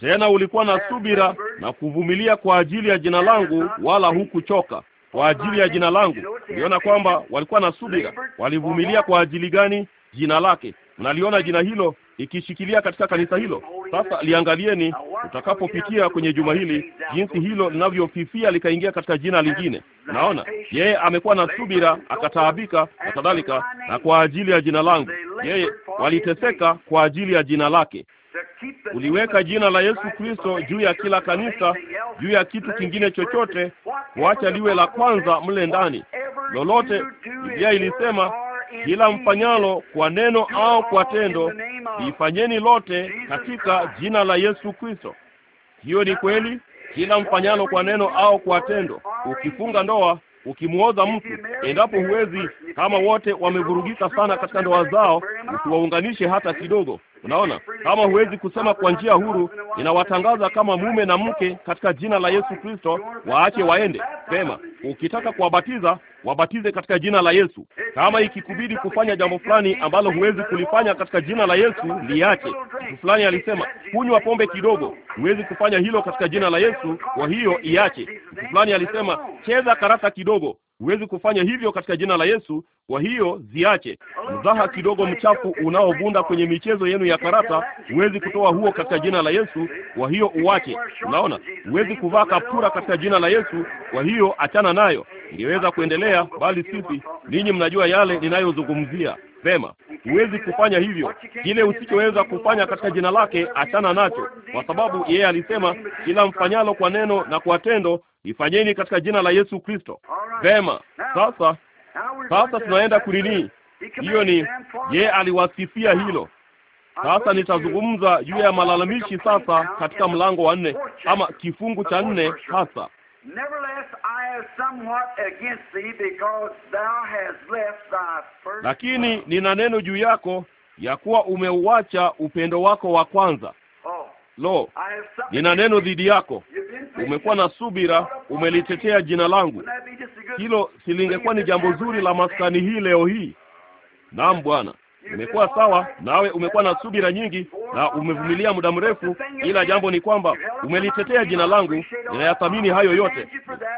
Tena ulikuwa na subira na kuvumilia kwa ajili ya jina langu, wala hukuchoka kwa ajili ya jina langu. Uliona kwamba walikuwa na subira, walivumilia kwa ajili gani? Jina lake. Mnaliona jina hilo ikishikilia katika kanisa hilo. Sasa liangalieni utakapopitia kwenye juma hili, jinsi hilo linavyofifia likaingia katika jina lingine. Naona yeye amekuwa na subira, akataabika na kadhalika, na kwa ajili ya jina langu yeye waliteseka kwa ajili ya jina lake. Uliweka jina la Yesu Kristo juu ya kila kanisa, juu ya kitu kingine chochote, kuacha liwe la kwanza mle ndani. Lolote Biblia ilisema kila mfanyalo kwa neno au kwa tendo, ifanyeni lote katika jina la Yesu Kristo. Hiyo ni kweli, kila mfanyalo kwa neno au kwa tendo. Ukifunga ndoa, ukimwoza mtu, endapo huwezi, kama wote wamevurugika sana katika ndoa zao, usiwaunganishe hata kidogo. Unaona, kama huwezi kusema kwa njia huru, inawatangaza kama mume na mke katika jina la Yesu Kristo, waache waende. Pema, ukitaka kuwabatiza wabatize katika jina la Yesu. Kama ikikubidi kufanya jambo fulani ambalo huwezi kulifanya katika jina la Yesu, liache. Mtu fulani alisema kunywa pombe kidogo, huwezi kufanya hilo katika jina la Yesu, kwa hiyo iache. Mtu fulani alisema cheza karata kidogo, Huwezi kufanya hivyo katika jina la Yesu. Kwa hiyo ziache mzaha kidogo mchafu unaovunda kwenye michezo yenu ya karata. Huwezi kutoa huo katika jina la Yesu, kwa hiyo uache. Unaona, huwezi kuvaa kapura katika jina la Yesu, kwa hiyo achana nayo. Ningeweza kuendelea, bali sisi ninyi mnajua yale ninayozungumzia. Vema, huwezi kufanya hivyo. Kile usichoweza kufanya katika jina lake achana nacho, kwa sababu yeye alisema kila mfanyalo kwa neno na kwa tendo ifanyeni katika jina la Yesu Kristo. Vema, sasa sasa tunaenda kunini? Hiyo ni yeye aliwasifia hilo. Sasa nitazungumza juu ya malalamishi sasa katika mlango wa nne ama kifungu cha nne hasa lakini nina neno juu yako ya kuwa umeuacha upendo wako wa kwanza. Oh, Lo, nina neno dhidi yako. Umekuwa na subira, umelitetea jina langu. Hilo silingekuwa ni jambo zuri la maskani hii leo hii? Naam, Bwana. Imekuwa sawa nawe, umekuwa na subira nyingi na umevumilia muda mrefu, ila jambo ni kwamba umelitetea jina langu. Ninayathamini hayo yote,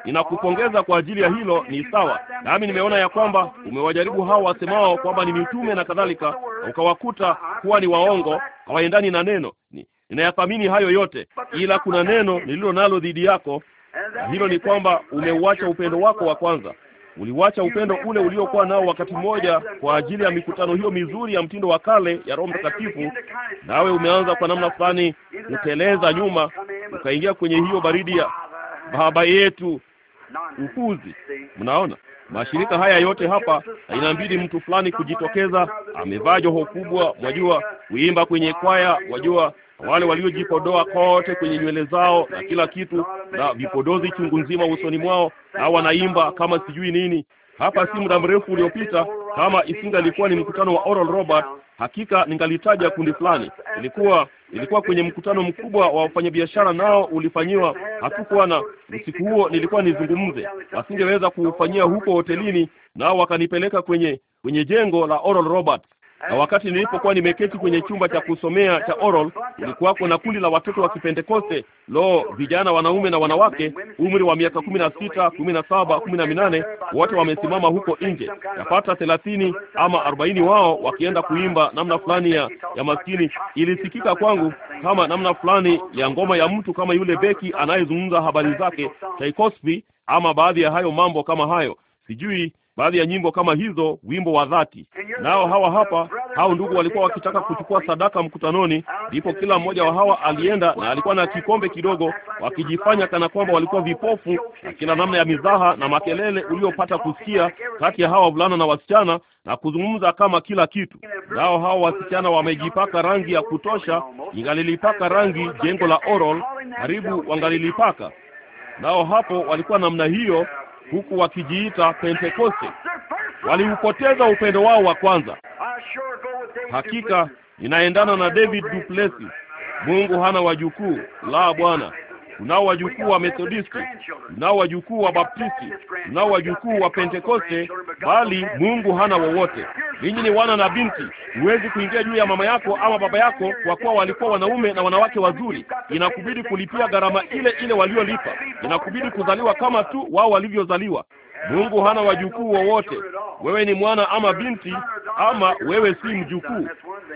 ninakupongeza kwa ajili ya hilo. Ni sawa nami, nimeona ya kwamba umewajaribu hao wasemao kwamba ni mitume na kadhalika, na ukawakuta kuwa ni waongo, hawaendani na neno. Ninayathamini hayo yote, ila kuna neno nililo nalo dhidi yako, na hilo ni kwamba umeuacha upendo wako wa kwanza uliwacha upendo ule uliokuwa nao wakati mmoja kwa ajili ya mikutano hiyo mizuri ya mtindo wa kale ya Roho Mtakatifu, nawe umeanza kwa namna fulani kuteleza nyuma, ukaingia kwenye hiyo baridi ya baba yetu upuzi Mnaona mashirika haya yote hapa, inabidi mtu fulani kujitokeza, amevaa joho kubwa, mwajua, kuimba kwenye kwaya, wajua wale waliojipodoa kote kwenye nywele zao na kila kitu na vipodozi chungu nzima usoni mwao, na wanaimba kama sijui nini. Hapa si muda mrefu uliopita, kama isingalikuwa ni mkutano wa Oral Robert, hakika ningalitaja kundi fulani. Ilikuwa ilikuwa kwenye mkutano mkubwa wa wafanyabiashara, nao ulifanyiwa. hakukuwa na usiku huo, nilikuwa nizungumze, wasingeweza kuufanyia huko hotelini, nao wakanipeleka kwenye kwenye jengo la Oral Robert na wakati nilipokuwa nimeketi kwenye chumba cha kusomea cha oral, kulikuwako na kundi la watoto wa Kipentekoste. Lo, vijana wanaume na wanawake umri wa miaka kumi na sita, kumi na saba, kumi na minane, wote wamesimama huko nje, yapata thelathini ama arobaini wao wakienda kuimba namna fulani ya, ya maskini. Ilisikika kwangu kama namna fulani ya ngoma ya mtu kama yule beki anayezungumza habari zake Tchaikovsky ama baadhi ya hayo mambo kama hayo, sijui baadhi ya nyimbo kama hizo, wimbo wa dhati. Nao hawa hapa, hao ndugu walikuwa wakitaka kuchukua sadaka mkutanoni, ndipo kila mmoja wa hawa alienda na alikuwa na kikombe kidogo, wakijifanya kana kwamba walikuwa vipofu, na kila namna ya mizaha na makelele uliopata kusikia kati ya hawa wavulana na wasichana na kuzungumza kama kila kitu. Nao hao wasichana wamejipaka rangi ya kutosha, ingalilipaka rangi jengo la Oral karibu wangalilipaka. Nao hapo walikuwa namna hiyo huku wakijiita Pentekoste. Waliupoteza upendo wao wa kwanza. Hakika inaendana na David Duplessis. Mungu hana wajukuu, la bwana tunao wajukuu wa Methodisti, tunao wajukuu wa Baptisti, tunao wajukuu wa Pentekoste, bali Mungu hana wowote. Ninyi ni wana na binti. Huwezi kuingia juu ya mama yako ama baba yako, kwa kuwa walikuwa wanaume na wanawake wazuri. Inakubidi kulipia gharama ile ile waliolipa. Inakubidi kuzaliwa kama tu wao walivyozaliwa. Mungu hana wajukuu wowote. Wewe ni mwana ama binti, ama wewe si mjukuu.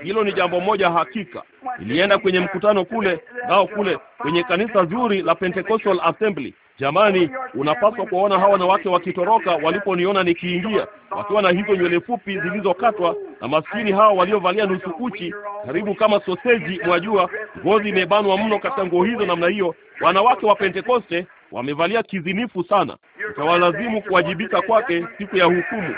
Hilo ni jambo moja hakika. Nilienda kwenye mkutano kule, nao kule kwenye kanisa zuri la Pentecostal Assembly. Jamani, unapaswa kuwaona hawa wanawake wakitoroka waliponiona nikiingia, wakiwa na hizo nywele fupi zilizokatwa na maskini hawa waliovalia nusu uchi, karibu kama soseji. Mwajua, ngozi imebanwa mno katika nguo hizo namna hiyo. Wanawake wa Pentekoste wamevalia kizinifu sana, utawalazimu kuwajibika kwake siku ya hukumu.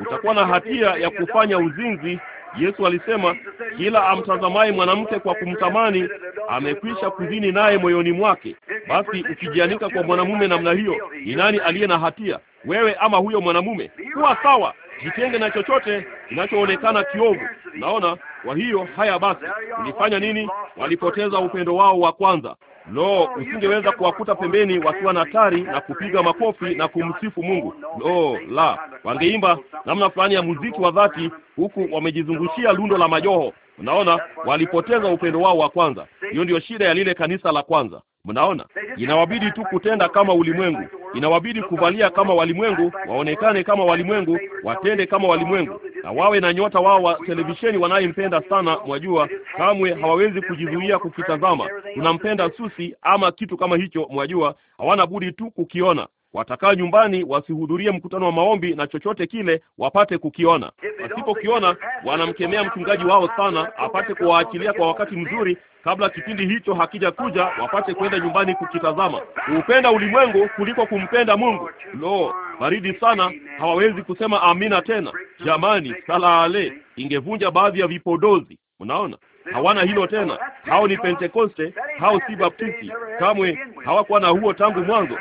Utakuwa na hatia ya kufanya uzinzi. Yesu alisema kila amtazamaye mwanamke kwa kumtamani amekwisha kuzini naye moyoni mwake. Basi ukijianika kwa mwanamume namna hiyo, ni nani aliye na hatia? Wewe ama huyo mwanamume? Kuwa sawa, jitenge na chochote kinachoonekana kiovu. Naona. Kwa hiyo haya basi, ulifanya nini? Walipoteza upendo wao wa kwanza. Lo, oh, usingeweza kuwakuta pembeni wakiwa na tari na kupiga makofi na kumsifu Mungu. Lo la, wangeimba namna fulani ya muziki wa dhati, huku wamejizungushia lundo la majoho. Mnaona, walipoteza upendo wao wa kwanza. Hiyo ndiyo shida ya lile kanisa la kwanza. Mnaona, inawabidi tu kutenda kama ulimwengu, inawabidi kuvalia kama walimwengu, waonekane kama walimwengu, watende kama walimwengu, na wawe na nyota wao wa televisheni wanayempenda sana. Mwajua, kamwe hawawezi kujizuia kukitazama. Unampenda Susi ama kitu kama hicho, mwajua, hawana budi tu kukiona watakaa nyumbani wasihudhurie mkutano wa maombi na chochote kile wapate kukiona. Wasipokiona wanamkemea mchungaji wao sana, apate kuwaachilia kwa wakati mzuri kabla kipindi hicho hakija kuja, wapate kwenda nyumbani kukitazama. Kuupenda ulimwengu kuliko kumpenda Mungu. Lo, baridi sana, hawawezi kusema amina tena. Jamani, salaale ingevunja baadhi ya vipodozi. Mnaona, hawana hilo tena. Hao ni Pentekoste, hao si Baptisti, kamwe hawakuwa na huo tangu mwanzo.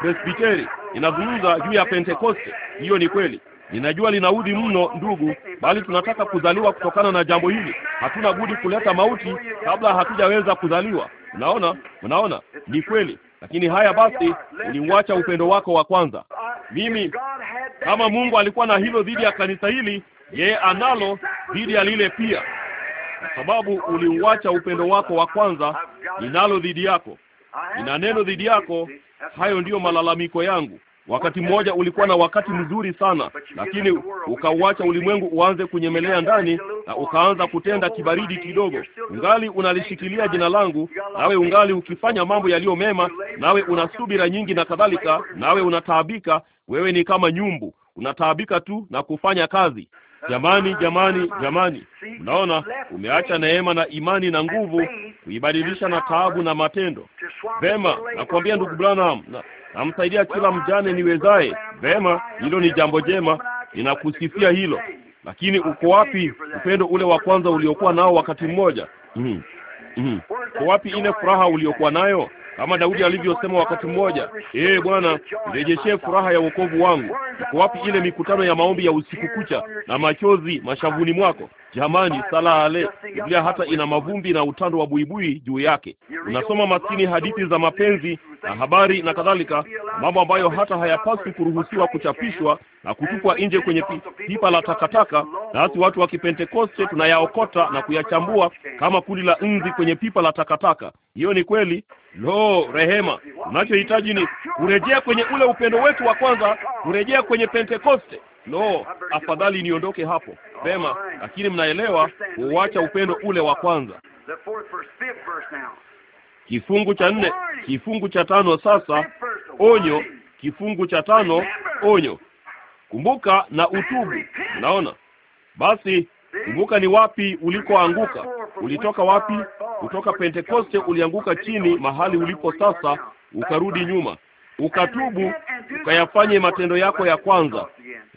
Presbiteri inazungumza juu ya Pentekoste, hiyo ni kweli. Ninajua linaudhi mno ndugu, bali tunataka kuzaliwa kutokana na jambo hili. Hatuna budi kuleta mauti kabla hatujaweza kuzaliwa. Unaona, unaona, ni kweli. Lakini haya basi, ulimwacha upendo wako wa kwanza. Mimi kama Mungu alikuwa na hilo dhidi ya kanisa hili, yeye analo dhidi ya lile pia sababu uliuacha upendo wako wa kwanza. Ninalo dhidi yako, nina neno dhidi yako. Hayo ndiyo malalamiko yangu. Wakati mmoja ulikuwa na wakati mzuri sana, lakini ukauacha ulimwengu uanze kunyemelea ndani, na ukaanza kutenda kibaridi kidogo. Ungali unalishikilia jina langu, nawe ungali ukifanya mambo yaliyo mema, nawe una subira nyingi na kadhalika, nawe unataabika. Wewe ni kama nyumbu, unataabika tu na kufanya kazi. Jamani, jamani, jamani, unaona, umeacha neema na imani na nguvu kuibadilisha na taabu na matendo. Vema, nakwambia ndugu Branham, namsaidia na kila mjane niwezaye. Vema, hilo ni jambo jema, ninakusifia hilo, lakini uko wapi upendo ule wa kwanza uliokuwa nao wakati mmoja? mm -hmm. Mm -hmm. Uko wapi ile furaha uliokuwa nayo? kama Daudi alivyosema wakati mmoja, ee Bwana, nirejeshee furaha ya wokovu wangu. Iko wapi ile mikutano ya maombi ya usiku kucha na machozi mashavuni mwako? Jamani, sala ale Biblia hata ina mavumbi na utando wa buibui juu yake. Unasoma maskini hadithi za mapenzi na habari na kadhalika, mambo ambayo hata hayapaswi kuruhusiwa kuchapishwa na kutupwa nje kwenye pipa la takataka, nasi watu wa Kipentekoste tunayaokota na kuyachambua kama kundi la nzi kwenye pipa la takataka. Hiyo ni kweli? Lo, rehema! Unachohitaji ni kurejea kwenye ule upendo wetu wa kwanza, kurejea kwenye Pentekoste. Lo, afadhali niondoke hapo. pema lakini mnaelewa, kuuacha upendo ule wa kwanza. Kifungu cha nne, kifungu cha tano. Sasa onyo, kifungu cha tano, onyo: kumbuka na utubu. Naona basi, kumbuka ni wapi ulikoanguka. Ulitoka wapi? Kutoka Pentekoste ulianguka chini mahali ulipo sasa, ukarudi nyuma, ukatubu, ukayafanye matendo yako ya kwanza.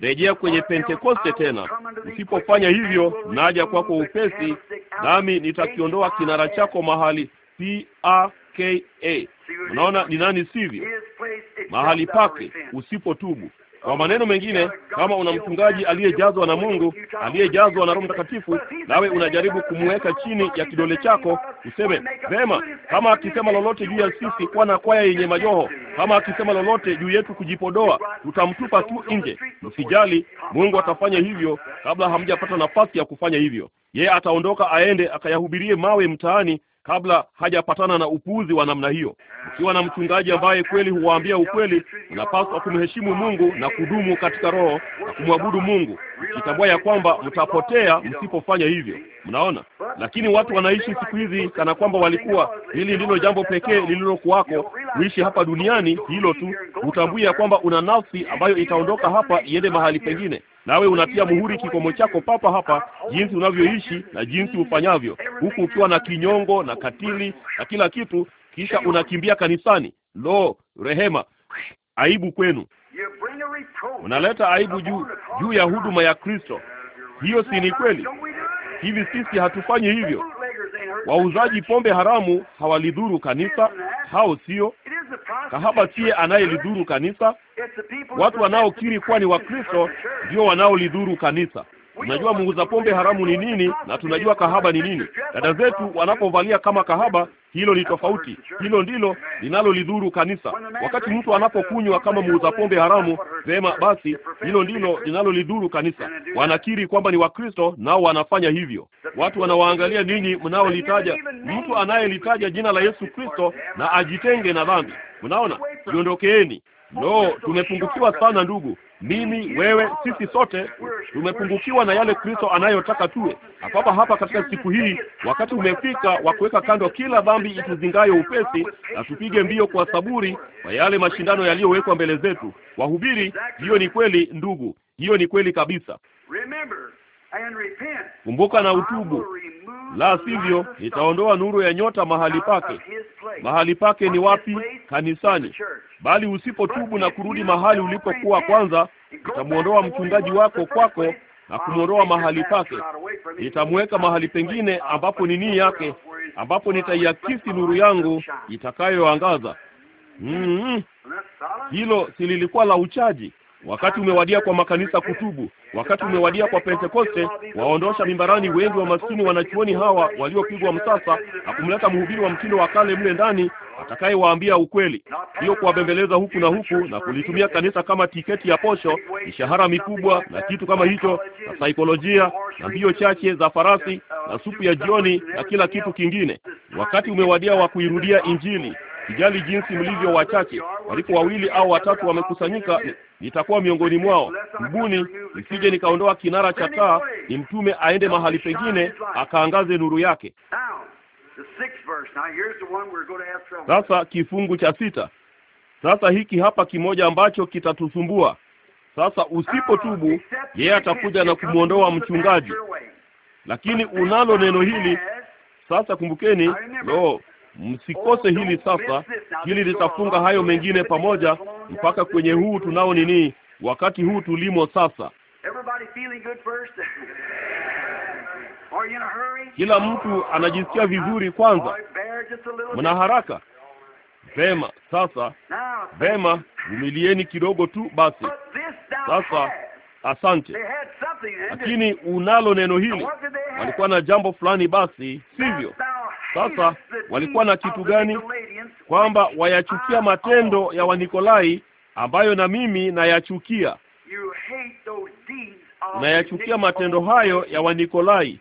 Rejea kwenye Pentekoste tena. Usipofanya hivyo, naja kwako upesi, nami nitakiondoa kinara chako mahali C A K A. Unaona ni nani sivyo? Mahali pake usipotubu. Kwa maneno mengine, kama una mchungaji aliyejazwa na Mungu, aliyejazwa na Roho Mtakatifu, nawe unajaribu kumweka chini ya kidole chako, useme vema, kama akisema lolote juu ya sisi kuwa na kwaya yenye majoho, kama akisema lolote juu yetu kujipodoa, tutamtupa tu nje. Msijali, Mungu atafanya hivyo kabla hamjapata nafasi ya kufanya hivyo. Yeye ataondoka aende akayahubirie mawe mtaani kabla hajapatana na upuuzi wa namna hiyo. Ukiwa na mchungaji ambaye kweli huwaambia ukweli, unapaswa kumheshimu Mungu na kudumu katika roho na kumwabudu Mungu, ukitambua ya kwamba mtapotea msipofanya hivyo. Mnaona? Lakini watu wanaishi siku hizi kana kwamba walikuwa, hili ndilo jambo pekee lililokuwako kuishi hapa duniani, hilo tu. Hutambui ya kwamba una nafsi ambayo itaondoka hapa iende mahali pengine nawe unatia muhuri kikomo chako papa hapa, jinsi unavyoishi na jinsi ufanyavyo, huku ukiwa na kinyongo na katili na kila kitu, kisha unakimbia kanisani. Lo, rehema! Aibu kwenu! Unaleta aibu juu juu ya huduma ya Kristo. Hiyo si ni kweli? Hivi sisi hatufanyi hivyo? Wauzaji pombe haramu hawalidhuru kanisa, hao sio kahaba. sie anayelidhuru kanisa. Watu wanaokiri kuwa ni Wakristo ndio wanaolidhuru kanisa. Tunajua muuza pombe haramu ni nini na tunajua kahaba ni nini. Dada zetu wanapovalia kama kahaba, hilo ni tofauti. Hilo ndilo linalolidhuru kanisa. Wakati mtu anapokunywa kama muuza pombe haramu, sema basi, hilo ndilo linalolidhuru kanisa. Wanakiri kwamba ni Wakristo nao wanafanya hivyo. Watu wanawaangalia ninyi mnaolitaja, mtu anayelitaja jina la Yesu Kristo na ajitenge na dhambi. Mnaona, jiondokeeni. No, tumepungukiwa sana ndugu mimi, wewe, sisi sote tumepungukiwa na yale Kristo anayotaka tuwe. Na hapa katika siku hii, wakati umefika wa kuweka kando kila dhambi ituzingayo upesi, na tupige mbio kwa saburi kwa yale mashindano yaliyowekwa mbele zetu. Wahubiri, hiyo ni kweli ndugu, hiyo ni kweli kabisa. Kumbuka na utubu, la sivyo nitaondoa nuru ya nyota mahali pake. Mahali pake ni wapi? Kanisani bali usipotubu na kurudi mahali ulipokuwa kwanza, nitamwondoa mchungaji wako kwako na kumwondoa mahali pake, nitamweka mahali pengine ambapo ni nini yake, ambapo nitaiakisi nuru yangu itakayoangaza. Mm-hmm. Hilo sililikuwa la uchaji. Wakati umewadia kwa makanisa kutubu. Wakati umewadia kwa Pentekoste, waondosha mimbarani wengi wa maskini wanachuoni hawa waliopigwa msasa na kumleta mhubiri wa mtindo wa kale mle ndani atakayewaambia ukweli, hiyo kuwabembeleza huku na huku na kulitumia kanisa kama tiketi ya posho, mishahara mikubwa na kitu kama hicho, na saikolojia na mbio chache za farasi na supu ya jioni na kila kitu kingine. Wakati umewadia wa kuirudia Injili. Sijali jinsi mlivyo wachache, walipo wawili au watatu wamekusanyika, nitakuwa miongoni mwao. Mbuni nisije nikaondoa kinara cha taa, ni mtume aende mahali pengine akaangaze nuru yake. Sasa kifungu cha sita. Sasa hiki hapa kimoja ambacho kitatusumbua sasa. Usipotubu, yeye atakuja na kumwondoa mchungaji, lakini unalo neno hili sasa. Kumbukeni, lo no. Msikose hili oh, sasa, hili litafunga hayo mengine pamoja mpaka kwenye huu tunao nini, wakati huu tulimo sasa. Kila mtu anajisikia vizuri kwanza, mna haraka vema. Sasa vema, vumilieni kidogo tu basi. Sasa asante, lakini unalo neno hili. Walikuwa na jambo fulani, basi sivyo? Sasa walikuwa na kitu gani? Kwamba wayachukia matendo ya Wanikolai ambayo na mimi nayachukia. Nayachukia matendo hayo ya Wanikolai.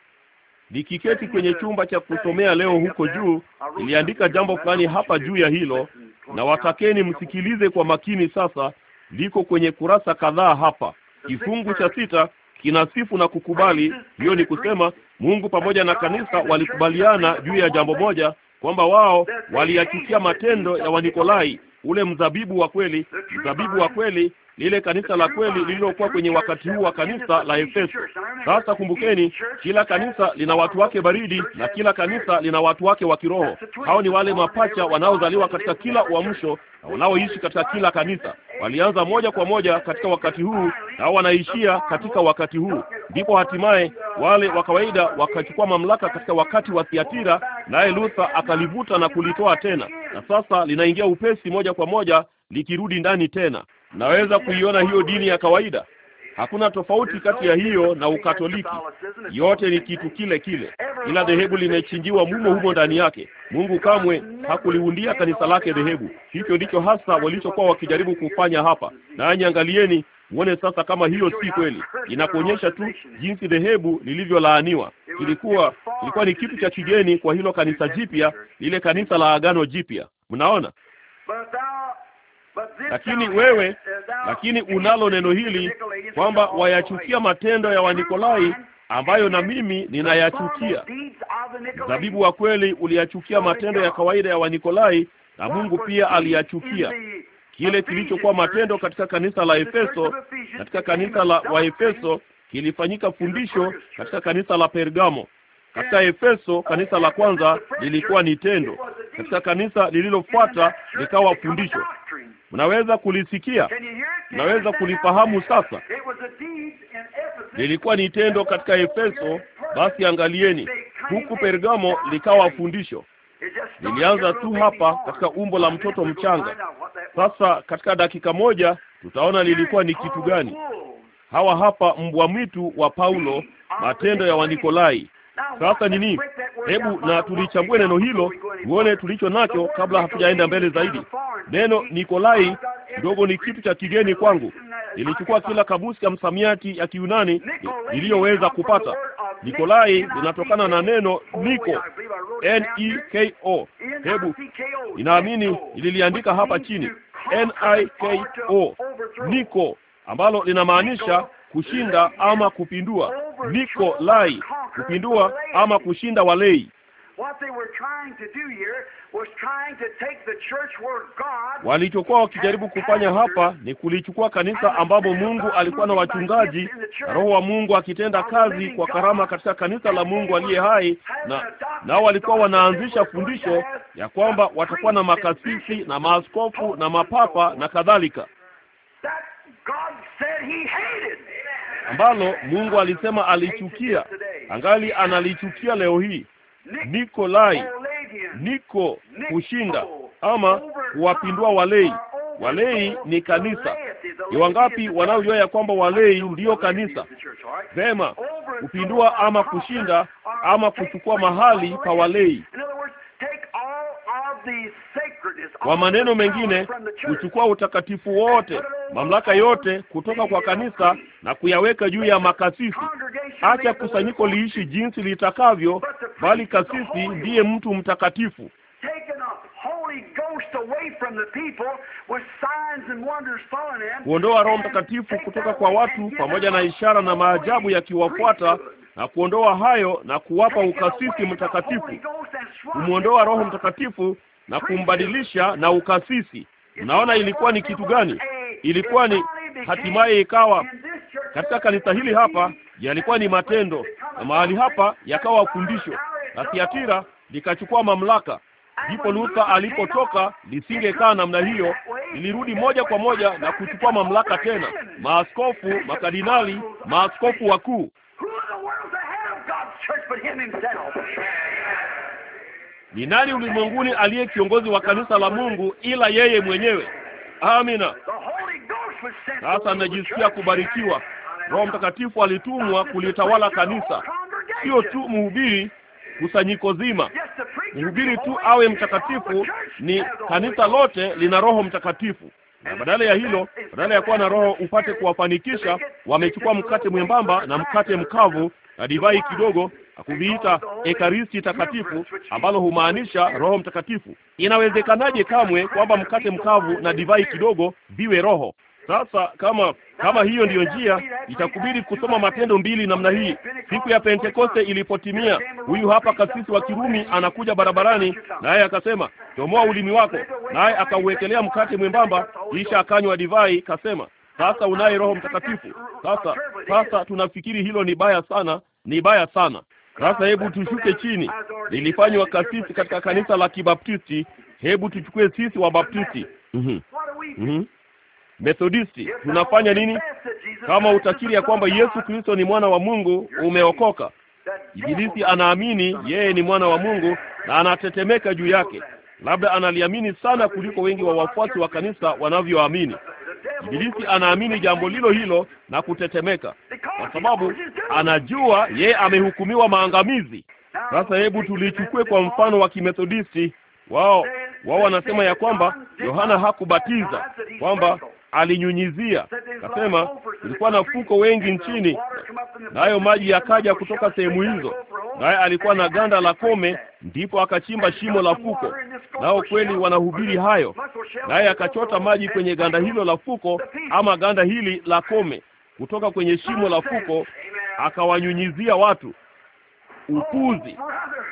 Nikiketi kwenye chumba cha kusomea leo huko juu, niliandika jambo fulani hapa juu ya hilo, na watakeni msikilize kwa makini. Sasa liko kwenye kurasa kadhaa hapa. Kifungu cha sita kinasifu na kukubali. Hiyo ni kusema Mungu pamoja na kanisa walikubaliana juu ya jambo moja, kwamba wao waliyachukia matendo ya Wanikolai, ule mzabibu wa kweli, mzabibu wa kweli lile kanisa la kweli lililokuwa kwenye wakati huu wa kanisa la Efeso. Sasa kumbukeni, kila kanisa lina watu wake baridi na kila kanisa lina watu wake wa kiroho. Hao ni wale mapacha wanaozaliwa katika kila uamsho na wanaoishi katika kila kanisa. Walianza moja kwa moja katika wakati huu na wanaishia katika wakati huu. Ndipo hatimaye wale wa kawaida wakachukua mamlaka katika wakati wa Thiatira, naye Luther akalivuta na kulitoa tena, na sasa linaingia upesi moja kwa moja likirudi ndani tena. Mnaweza kuiona hiyo dini ya kawaida. Hakuna tofauti kati ya hiyo na Ukatoliki. Yote ni kitu kile kile, ila dhehebu limechinjiwa mumo humo ndani yake. Mungu kamwe hakuliundia kanisa lake dhehebu. Hicho ndicho hasa walichokuwa wakijaribu kufanya hapa, nanyi angalieni muone sasa kama hiyo si kweli. Inakuonyesha tu jinsi dhehebu lilivyolaaniwa. Ilikuwa ilikuwa ni kitu cha kigeni kwa hilo kanisa jipya, lile kanisa la agano jipya. Mnaona? lakini wewe, lakini unalo neno hili kwamba wayachukia matendo ya Wanikolai ambayo na mimi ninayachukia. Zabibu wa kweli uliyachukia matendo ya kawaida ya Wanikolai, na Mungu pia aliyachukia kile kilichokuwa matendo katika kanisa la Efeso. Katika kanisa la Waefeso kilifanyika fundisho katika kanisa la Pergamo. Katika Efeso kanisa la kwanza lilikuwa ni tendo, katika kanisa lililofuata likawa fundisho. Mnaweza kulisikia, mnaweza kulifahamu sasa. Lilikuwa ni tendo katika Efeso, basi angalieni huku Pergamo likawa fundisho. Lilianza tu hapa katika umbo la mtoto mchanga. Sasa katika dakika moja tutaona lilikuwa ni kitu gani. Hawa hapa mbwa mwitu wa Paulo, matendo ya Wanikolai sasa nini? Hebu na tulichambue neno hilo tuone tulicho nacho kabla hatujaenda mbele zaidi. Neno Nikolai kidogo ni kitu cha kigeni kwangu. Nilichukua kila kabusi ya msamiati ya kiunani iliyoweza kupata. Nikolai linatokana na neno Niko, N E K O. Hebu inaamini nililiandika hapa chini, N I K O, Niko, ambalo linamaanisha kushinda ama kupindua, liko lai kupindua ama kushinda walei. Walichokuwa wakijaribu kufanya hapa ni kulichukua kanisa ambapo Mungu alikuwa na wachungaji na Roho wa Mungu akitenda kazi kwa karama katika kanisa la Mungu aliye hai, na nao walikuwa wanaanzisha fundisho ya kwamba watakuwa na makasisi na maaskofu na mapapa na kadhalika ambalo Mungu alisema alichukia, angali analichukia leo hii. Nikolai, niko kushinda ama kuwapindua walei. Walei ni kanisa. Ni wangapi wanaojua ya kwamba walei ndiyo kanisa? Vema, kupindua ama kushinda ama kuchukua mahali pa walei kwa maneno mengine, kuchukua utakatifu wote, mamlaka yote kutoka kwa kanisa na kuyaweka juu ya makasisi. Acha kusanyiko liishi jinsi litakavyo, bali kasisi ndiye mtu mtakatifu. Kuondoa Roho Mtakatifu kutoka kwa watu pamoja na ishara na maajabu yakiwafuata na kuondoa hayo na kuwapa ukasisi mtakatifu. Kumwondoa Roho Mtakatifu na kumbadilisha na ukasisi. Mnaona ilikuwa ni kitu gani? Ilikuwa ni hatimaye ikawa katika kanisa hili hapa yalikuwa ni matendo, na mahali hapa yakawa fundisho, na Thiatira likachukua mamlaka. Ndipo Luka alipotoka, lisingekaa namna hiyo, lilirudi moja kwa moja na kuchukua mamlaka tena, maaskofu, makadinali maaskofu wakuu ni nani ulimwenguni aliye kiongozi wa kanisa la Mungu ila yeye mwenyewe? Amina. Sasa najisikia kubarikiwa. Roho Mtakatifu alitumwa kulitawala kanisa, sio tu mhubiri, kusanyiko zima. Mhubiri tu awe mtakatifu, ni kanisa lote lina Roho Mtakatifu. Na badala ya hilo, badala ya kuwa na roho upate kuwafanikisha, wamechukua mkate mwembamba na mkate mkavu na divai kidogo akuviita kuviita Ekaristi Takatifu, ambalo humaanisha Roho Mtakatifu. Inawezekanaje kamwe kwamba mkate mkavu na divai kidogo viwe roho? Sasa kama kama hiyo ndiyo njia, itakubidi kusoma Matendo mbili namna hii. Siku ya Pentekoste ilipotimia, huyu hapa kasisi wa Kirumi anakuja barabarani, naye akasema, chomoa ulimi wako, naye akauwekelea mkate mwembamba, kisha akanywa divai, kasema sasa unaye Roho Mtakatifu. Sasa sasa tunafikiri hilo ni baya sana, ni baya sana. Sasa hebu tushuke chini. Nilifanywa kasisi katika kanisa la Kibaptisti. Hebu tuchukue sisi Wabaptisti, mm-hmm. mm-hmm. Methodisti, tunafanya nini? Kama utakiri ya kwamba Yesu Kristo ni mwana wa Mungu, umeokoka. Ibilisi anaamini yeye ni mwana wa Mungu na anatetemeka juu yake. Labda analiamini sana kuliko wengi wa wafuasi wa kanisa wanavyoamini. Ibilisi anaamini jambo lilo hilo na kutetemeka, kwa sababu anajua yeye amehukumiwa maangamizi. Sasa hebu tulichukue kwa mfano wa Kimethodisti. Wao wao wanasema ya kwamba Yohana hakubatiza, kwamba alinyunyizia. Kasema kulikuwa na fuko wengi nchini, nayo maji yakaja kutoka sehemu hizo, naye alikuwa na ganda la kome, ndipo akachimba shimo la fuko, nao kweli wanahubiri hayo, naye akachota maji kwenye ganda hilo la fuko, ama ganda hili la kome, kutoka kwenye shimo la fuko akawanyunyizia watu. Oh, Upuzi!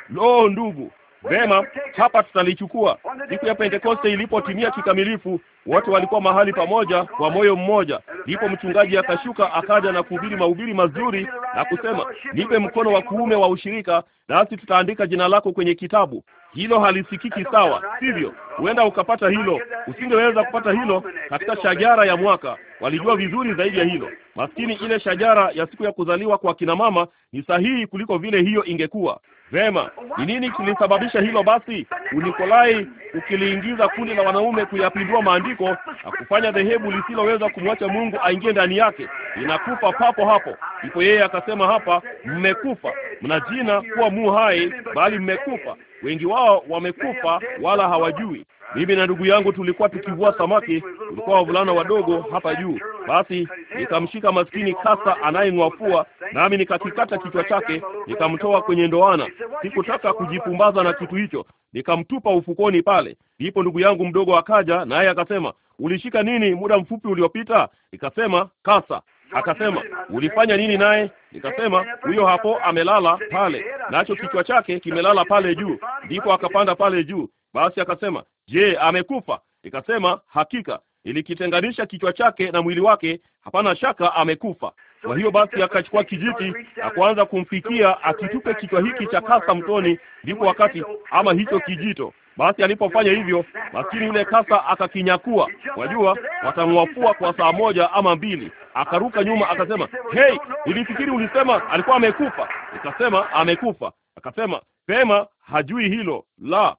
Lo, ndugu Vema, hapa tutalichukua. Siku ya Pentekoste ilipotimia kikamilifu, wote walikuwa mahali pamoja kwa moyo mmoja. Ndipo mchungaji akashuka akaja na kuhubiri mahubiri mazuri na kusema, nipe mkono wa kuume wa ushirika, nasi tutaandika jina lako kwenye kitabu. Hilo halisikiki sawa, sivyo? Huenda ukapata hilo, usingeweza kupata hilo katika shajara ya mwaka. Walijua vizuri zaidi ya hilo. Maskini, ile shajara ya siku ya kuzaliwa kwa kina mama ni sahihi kuliko vile hiyo ingekuwa. Vema, ni nini kilisababisha hilo? Basi Unikolai ukiliingiza kundi la wanaume kuyapindua maandiko na kufanya dhehebu lisiloweza kumwacha Mungu aingie ndani yake, inakufa papo hapo. Ndipo yeye akasema hapa, mmekufa, mna jina kuwa mu hai, bali mmekufa. Wengi wao wamekufa wala hawajui. Mimi na ndugu yangu tulikuwa tukivua samaki, tulikuwa wavulana wadogo hapa juu. Basi nikamshika maskini kasa anayeng'wafua, nami nikakikata kichwa chake, nikamtoa kwenye ndoana. Sikutaka kujipumbaza na kitu hicho, nikamtupa ufukoni pale. Ndipo ndugu yangu mdogo akaja, naye akasema, ulishika nini muda mfupi uliopita? Nikasema, kasa. Akasema, ulifanya nini naye? Nikasema, huyo hapo amelala pale, nacho kichwa chake kimelala pale juu. Ndipo akapanda pale juu. Basi akasema, je, amekufa? Nikasema, hakika ilikitenganisha kichwa chake na mwili wake, hapana shaka amekufa. Kwa hiyo basi akachukua kijiti na kuanza kumfikia akitupe kichwa hiki cha kasa mtoni, ndipo wakati ama hicho kijito basi alipofanya hivyo, maskini yule kasa akakinyakua. Wajua, watamwafua kwa saa moja ama mbili, akaruka nyuma akasema, hey, nilifikiri ulisema alikuwa amekufa. Nikasema amekufa. Akasema sema, hajui hilo la.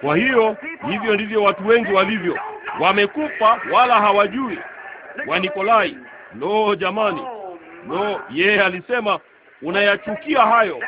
Kwa hiyo hivyo ndivyo watu wengi walivyo, wamekufa wala hawajui. Wa Nikolai, lo jamani, lo, yeye alisema unayachukia hayo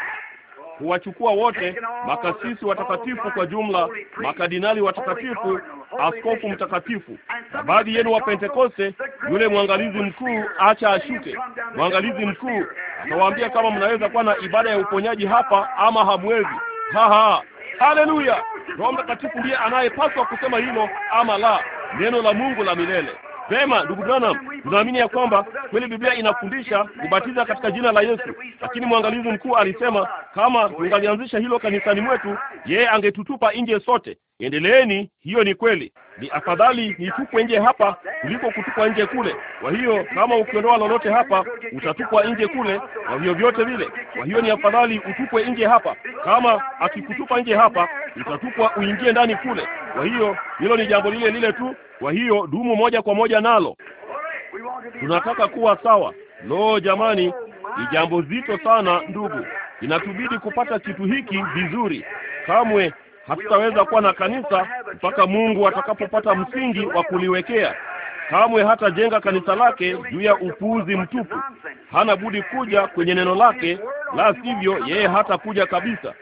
huwachukua wote, makasisi watakatifu kwa jumla, makadinali watakatifu, askofu mtakatifu, na baadhi yenu wa Pentekoste, yule mwangalizi mkuu acha ashute. Mwangalizi mkuu atawaambia kama mnaweza kuwa na ibada ya uponyaji hapa ama hamwezi. Ha ha, haleluya! Roho Mtakatifu ndiye anayepaswa kusema hilo ama la, neno la Mungu la milele. Vema, ndugu Branham, tunaamini ya kwamba kweli Biblia inafundisha kubatiza katika jina la Yesu, lakini mwangalizi mkuu alisema kama tungalianzisha hilo kanisani mwetu, yeye angetutupa nje sote. Endeleeni, hiyo ni kweli. Ni afadhali nitupwe nje hapa kuliko kutupwa nje kule. Kwa hiyo kama ukiondoa lolote hapa, utatupwa nje kule, kwa hiyo vyote vile. Kwa hiyo ni afadhali utupwe nje hapa. Kama akikutupa nje hapa, utatupwa uingie ndani kule. Kwa hiyo hilo ni jambo lile lile tu. Kwa hiyo dumu moja kwa moja nalo. Tunataka kuwa sawa. Lo, jamani, ni jambo zito sana ndugu. Inatubidi kupata kitu hiki vizuri. Kamwe hatutaweza kuwa na kanisa mpaka Mungu atakapopata msingi wa kuliwekea. Kamwe hatajenga kanisa lake juu ya upuuzi mtupu. Hana budi kuja kwenye neno lake, la sivyo yeye hatakuja kabisa,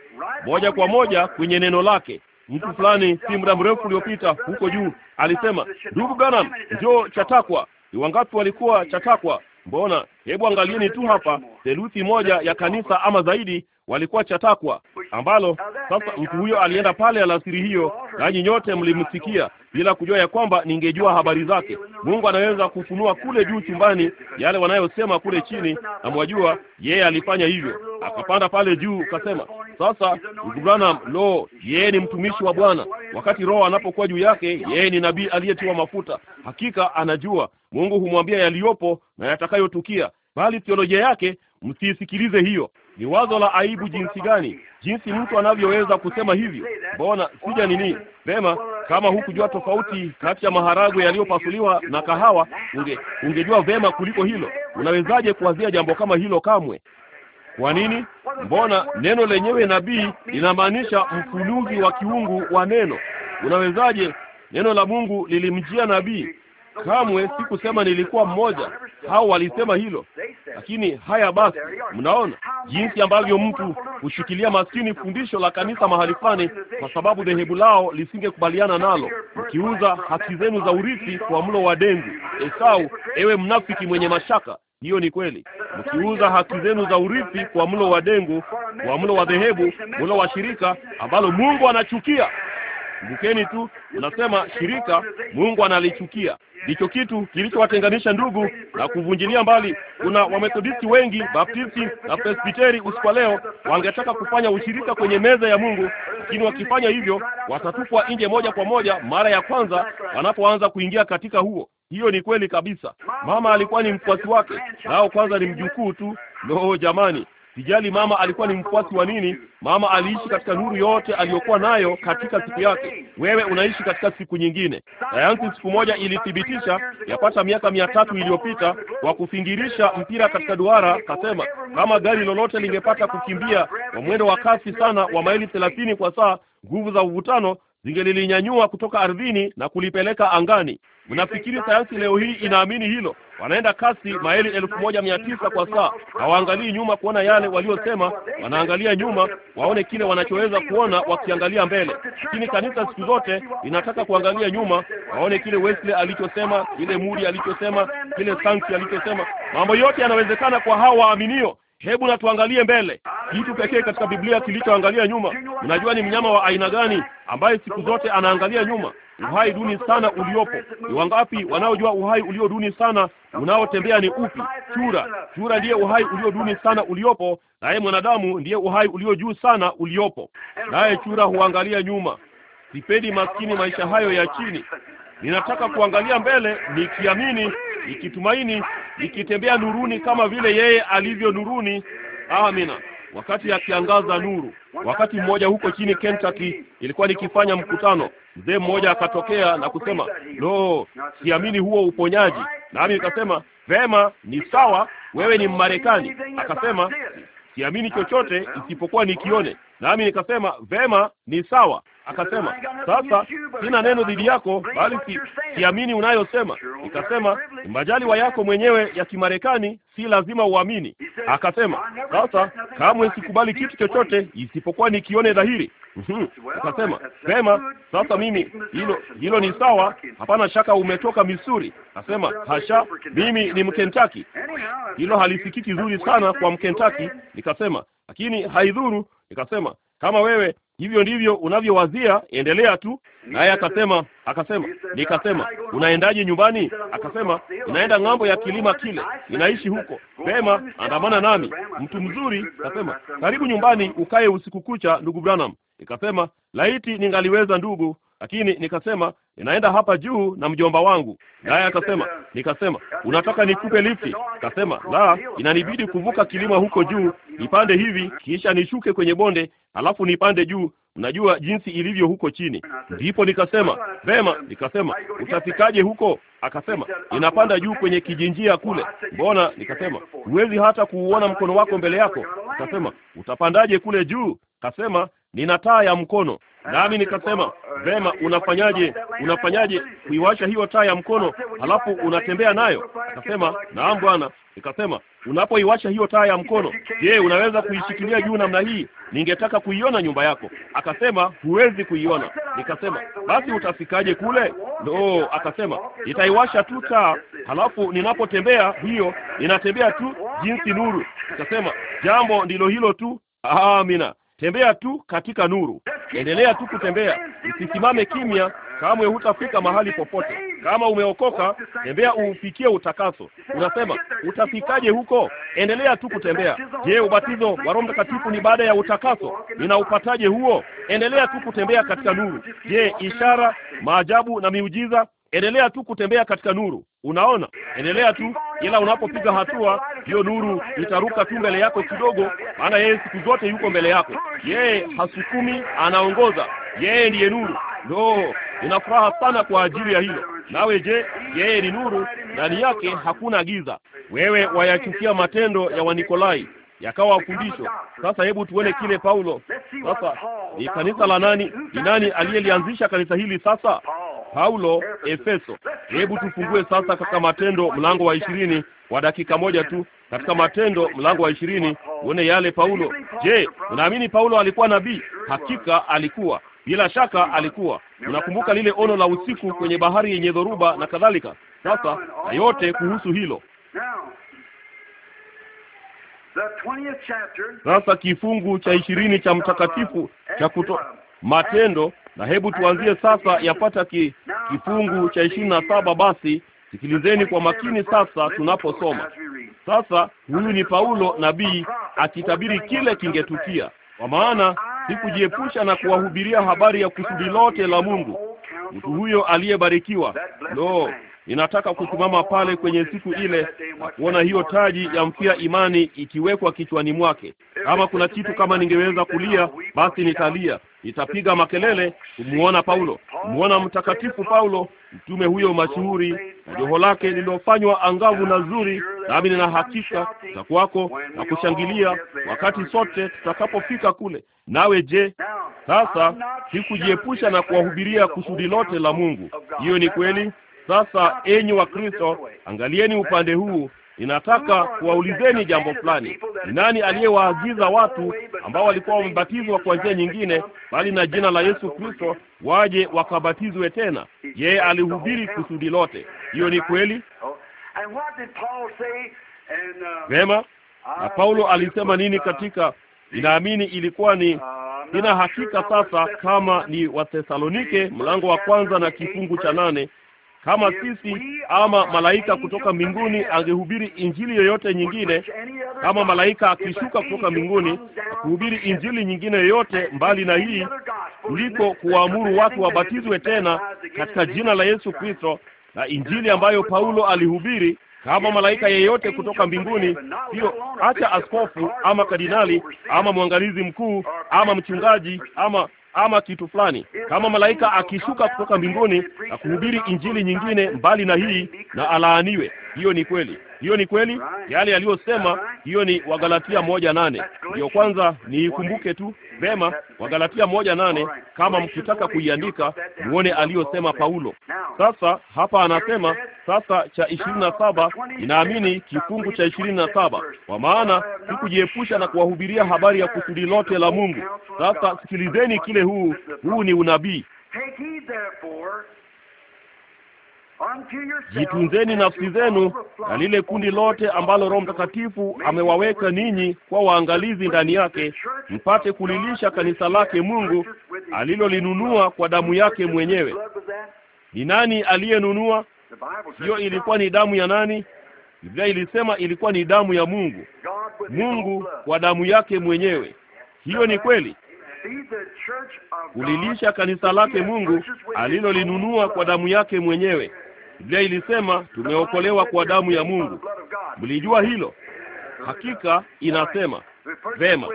moja kwa moja kwenye neno lake. Mtu fulani si muda mrefu uliopita huko juu alisema, ndugu Branham, njoo Chatakwa. Ni wangapi walikuwa Chatakwa? Mbona, hebu angalieni tu hapa, theluthi moja ya kanisa ama zaidi walikuwa chatakwa, ambalo sasa mtu huyo alienda pale alasiri hiyo, nanyi nyote mlimsikia bila kujua ya kwamba ningejua habari zake. Mungu anaweza kufunua kule juu chumbani yale wanayosema kule chini, na mwajua yeye alifanya hivyo, akapanda pale juu kasema, sasa ndugu Branham, lo, yeye ni mtumishi wa Bwana. Wakati Roho anapokuwa juu yake, yeye ni nabii aliyetiwa mafuta. Hakika anajua Mungu humwambia yaliyopo na yatakayotukia, bali teolojia yake msiisikilize hiyo. Ni wazo la aibu jinsi gani, jinsi mtu anavyoweza kusema hivyo. Mbona sija nini? Vema, kama hukujua tofauti kati ya maharagwe yaliyopasuliwa na kahawa, unge, ungejua vema kuliko hilo. Unawezaje kuwazia jambo kama hilo? Kamwe. Kwa nini? Mbona neno lenyewe nabii linamaanisha mfunuzi wa kiungu wa neno. Unawezaje? Neno la Mungu lilimjia nabii Kamwe sikusema nilikuwa mmoja, hao walisema hilo. Lakini haya basi, mnaona jinsi ambavyo mtu hushikilia maskini fundisho la kanisa mahali fulani, kwa sababu dhehebu lao lisingekubaliana nalo, mkiuza haki zenu za urithi kwa mlo wa dengu. Esau, ewe mnafiki mwenye mashaka! Hiyo ni kweli, mkiuza haki zenu za urithi kwa mlo wa dengu, kwa mlo wa dhehebu, mlo wa shirika ambalo Mungu anachukia. Kumbukeni tu, unasema shirika Mungu analichukia, ndicho kitu kilichowatenganisha ndugu na kuvunjilia mbali. Kuna Wamethodisti wengi, Baptisti na Presbiteri usiku leo wangetaka kufanya ushirika kwenye meza ya Mungu, lakini wakifanya hivyo watatupwa nje moja kwa moja mara ya kwanza wanapoanza kuingia katika huo. Hiyo ni kweli kabisa. Mama alikuwa ni mfuasi wake, nao kwanza ni mjukuu tu. Loo, jamani, Sijali mama alikuwa ni mfuasi wa nini. Mama aliishi katika nuru yote aliyokuwa nayo katika siku yake. Wewe unaishi katika siku nyingine. Sayansi siku moja ilithibitisha, yapata miaka mia tatu iliyopita, kwa kufingirisha mpira katika duara, kasema kama gari lolote lingepata kukimbia kwa mwendo wa kasi sana wa maili thelathini kwa saa, nguvu za uvutano zingelilinyanyua kutoka ardhini na kulipeleka angani. Mnafikiri sayansi leo hii inaamini hilo? Wanaenda kasi maili elfu moja mia tisa kwa saa. Hawaangalii nyuma kuona yale waliosema, wanaangalia nyuma waone kile wanachoweza kuona wakiangalia mbele. Lakini kanisa siku zote inataka kuangalia nyuma waone kile Wesley alichosema, kile Muri alichosema, kile Sanki alichosema. Mambo yote yanawezekana kwa hao waaminio. Hebu na tuangalie mbele. Kitu pekee katika Biblia kilichoangalia nyuma, unajua ni mnyama wa aina gani ambaye siku zote anaangalia nyuma? Uhai duni sana uliopo. Ni wangapi wanaojua uhai ulio duni sana unaotembea ni upi? Chura. Chura ndiye uhai ulio duni sana uliopo, naye mwanadamu ndiye uhai ulio juu sana uliopo, naye chura huangalia nyuma. Sipendi maskini maisha hayo ya chini ninataka kuangalia mbele nikiamini, nikitumaini, nikitembea nuruni kama vile yeye alivyo nuruni. Amina. Wakati akiangaza nuru. Wakati mmoja huko chini Kentucky, ilikuwa nikifanya mkutano, mzee mmoja akatokea na kusema lo, siamini huo uponyaji. Nami nikasema vema, ni sawa, wewe ni Mmarekani. Akasema siamini chochote isipokuwa nikione. Nami nikasema vema, ni sawa. Akasema, sasa sina neno uh, dhidi yako, bali siamini unayosema. Nikasema, majaliwa yako mwenyewe ya Kimarekani, si lazima uamini. Akasema, sasa kamwe sikubali kitu chochote isipokuwa nikione dhahiri. Mhm. Akasema, sema sasa, mimi hilo hilo ni sawa, hapana shaka umetoka Misuri. Akasema, hasha, mimi ni Mkentaki. Hilo halisikiki zuri sana kwa Mkentaki. Nikasema, lakini haidhuru. Nikasema, kama wewe hivyo ndivyo unavyowazia, endelea tu. Naye akasema akasema, nikasema unaendaje nyumbani? Akasema inaenda ng'ambo ya kilima kile, ninaishi huko. Pema, andamana nami, mtu mzuri. Akasema karibu nyumbani, ukae usiku kucha, ndugu Branham. Nikasema laiti ningaliweza ndugu, lakini nikasema ninaenda hapa juu na mjomba wangu, naye akasema. Nikasema, unataka nikupe lifti? Akasema, la, inanibidi kuvuka kilima huko juu, nipande hivi, kisha nishuke kwenye bonde, alafu nipande juu. Mnajua jinsi ilivyo huko chini. Ndipo nikasema vema, nikasema utafikaje huko? Akasema, inapanda juu kwenye kijinjia kule. Mbona? Nikasema, huwezi hata kuuona mkono wako mbele yako. Akasema, utapandaje kule juu? Akasema, nina taa ya mkono. Nami nikasema Vema, unafanyaje? Unafanyaje kuiwasha hiyo taa ya mkono halafu unatembea nayo? Akasema, naam bwana. Nikasema, unapoiwasha hiyo taa ya mkono, je, unaweza kuishikilia juu namna hii? Ningetaka kuiona nyumba yako. Akasema, huwezi kuiona. Nikasema, basi utafikaje kule? No, Akasema, nitaiwasha tu taa, halafu ninapotembea hiyo, ninatembea tu jinsi nuru. Nikasema, jambo ndilo hilo tu. Amina, tembea tu katika nuru endelea tu kutembea, usisimame kimya, kamwe hutafika mahali popote. Kama umeokoka, tembea uufikie utakaso. Unasema, utafikaje huko? Endelea tu kutembea. Je, ubatizo wa Roho Mtakatifu ni baada ya utakaso? Ninaupataje huo? Endelea tu kutembea katika nuru. Je, ishara, maajabu na miujiza endelea tu kutembea katika nuru. Unaona, endelea tu, ila unapopiga hatua, hiyo nuru itaruka tu mbele yako kidogo, maana yeye siku zote yuko mbele yako. Yeye hasukumi, anaongoza. Yeye ndiye nuru. Lo, nina furaha sana kwa ajili ya hilo. Nawe je, yeye ni nuru, ndani yake hakuna giza. Wewe wayachukia matendo ya Wanikolai yakawa fundisho. Sasa hebu tuone kile Paulo. Sasa ni kanisa la nani? Ni nani aliyelianzisha kanisa hili? Sasa Paulo Efeso. Hebu tufungue sasa katika Matendo mlango wa ishirini kwa dakika moja tu, katika Matendo mlango wa ishirini uone yale Paulo. Je, unaamini Paulo alikuwa nabii? Hakika alikuwa, bila shaka alikuwa. Unakumbuka lile ono la usiku kwenye bahari yenye dhoruba na kadhalika. Sasa na yote kuhusu hilo. Sasa kifungu cha ishirini cha mtakatifu cha kuto uh, Matendo na hebu tuanzie sasa, yapata ki, kifungu cha ishirini na saba. Basi sikilizeni kwa makini sasa tunaposoma sasa. Huyu ni Paulo nabii akitabiri kile kingetukia, kwa maana sikujiepusha na kuwahubiria habari ya kusudi lote la Mungu. Mtu huyo aliyebarikiwa, lo no, Ninataka kusimama pale kwenye siku ile na kuona hiyo taji ya mfia imani ikiwekwa kichwani mwake. Kama kuna kitu, kama ningeweza kulia, basi nitalia, nitapiga makelele kumwona Paulo, kumwona mtakatifu Paulo, mtume huyo mashuhuri na joho lake lililofanywa angavu na zuri. Nami nina hakika tutakuwako na kushangilia wakati sote tutakapofika kule. Nawe je? Sasa sikujiepusha na kuwahubiria kusudi lote la Mungu. Hiyo ni kweli, sasa enyi wa Kristo, angalieni upande huu. Ninataka kuwaulizeni jambo fulani. Ni nani aliyewaagiza watu ambao walikuwa wamebatizwa kwa njia nyingine, bali na jina la Yesu Kristo, waje wakabatizwe tena? Yeye alihubiri kusudi lote. Hiyo ni kweli vema. Na Paulo alisema nini katika, ninaamini ilikuwa ni ina hakika sasa, kama ni Wathesalonike mlango wa kwanza na kifungu cha nane kama sisi ama malaika kutoka mbinguni angehubiri injili yoyote nyingine, kama malaika akishuka kutoka mbinguni kuhubiri injili nyingine yoyote mbali na hii, kuliko kuwaamuru watu wabatizwe tena katika jina la Yesu Kristo na injili ambayo Paulo alihubiri, kama malaika yeyote kutoka mbinguni, sio hata askofu ama kardinali ama mwangalizi mkuu ama mchungaji ama ama kitu fulani, kama malaika akishuka kutoka mbinguni na kuhubiri injili nyingine mbali na hii, na alaaniwe hiyo ni kweli, hiyo ni kweli. Yale yaliyosema hiyo ni Wagalatia moja nane. Ndiyo kwanza niikumbuke tu vema, Wagalatia moja nane, kama mkitaka kuiandika muone aliyosema Paulo. Sasa hapa anasema sasa cha ishirini na saba ninaamini kifungu cha ishirini na saba kwa maana sikujiepusha na kuwahubiria habari ya kusudi lote la Mungu. Sasa sikilizeni kile huu huu ni unabii Jitunzeni nafsi zenu na lile kundi lote ambalo Roho Mtakatifu amewaweka ninyi kwa waangalizi ndani yake, mpate kulilisha kanisa lake Mungu alilolinunua kwa damu yake mwenyewe. Ni nani aliyenunua? Hiyo ilikuwa ni damu ya nani? Biblia ilisema ilikuwa ni damu ya Mungu. Mungu kwa damu yake mwenyewe. Hiyo ni kweli. Kulilisha kanisa lake Mungu alilolinunua kwa damu yake mwenyewe. Biblia ilisema tumeokolewa kwa damu ya Mungu. Mlijua hilo? Hakika inasema vema,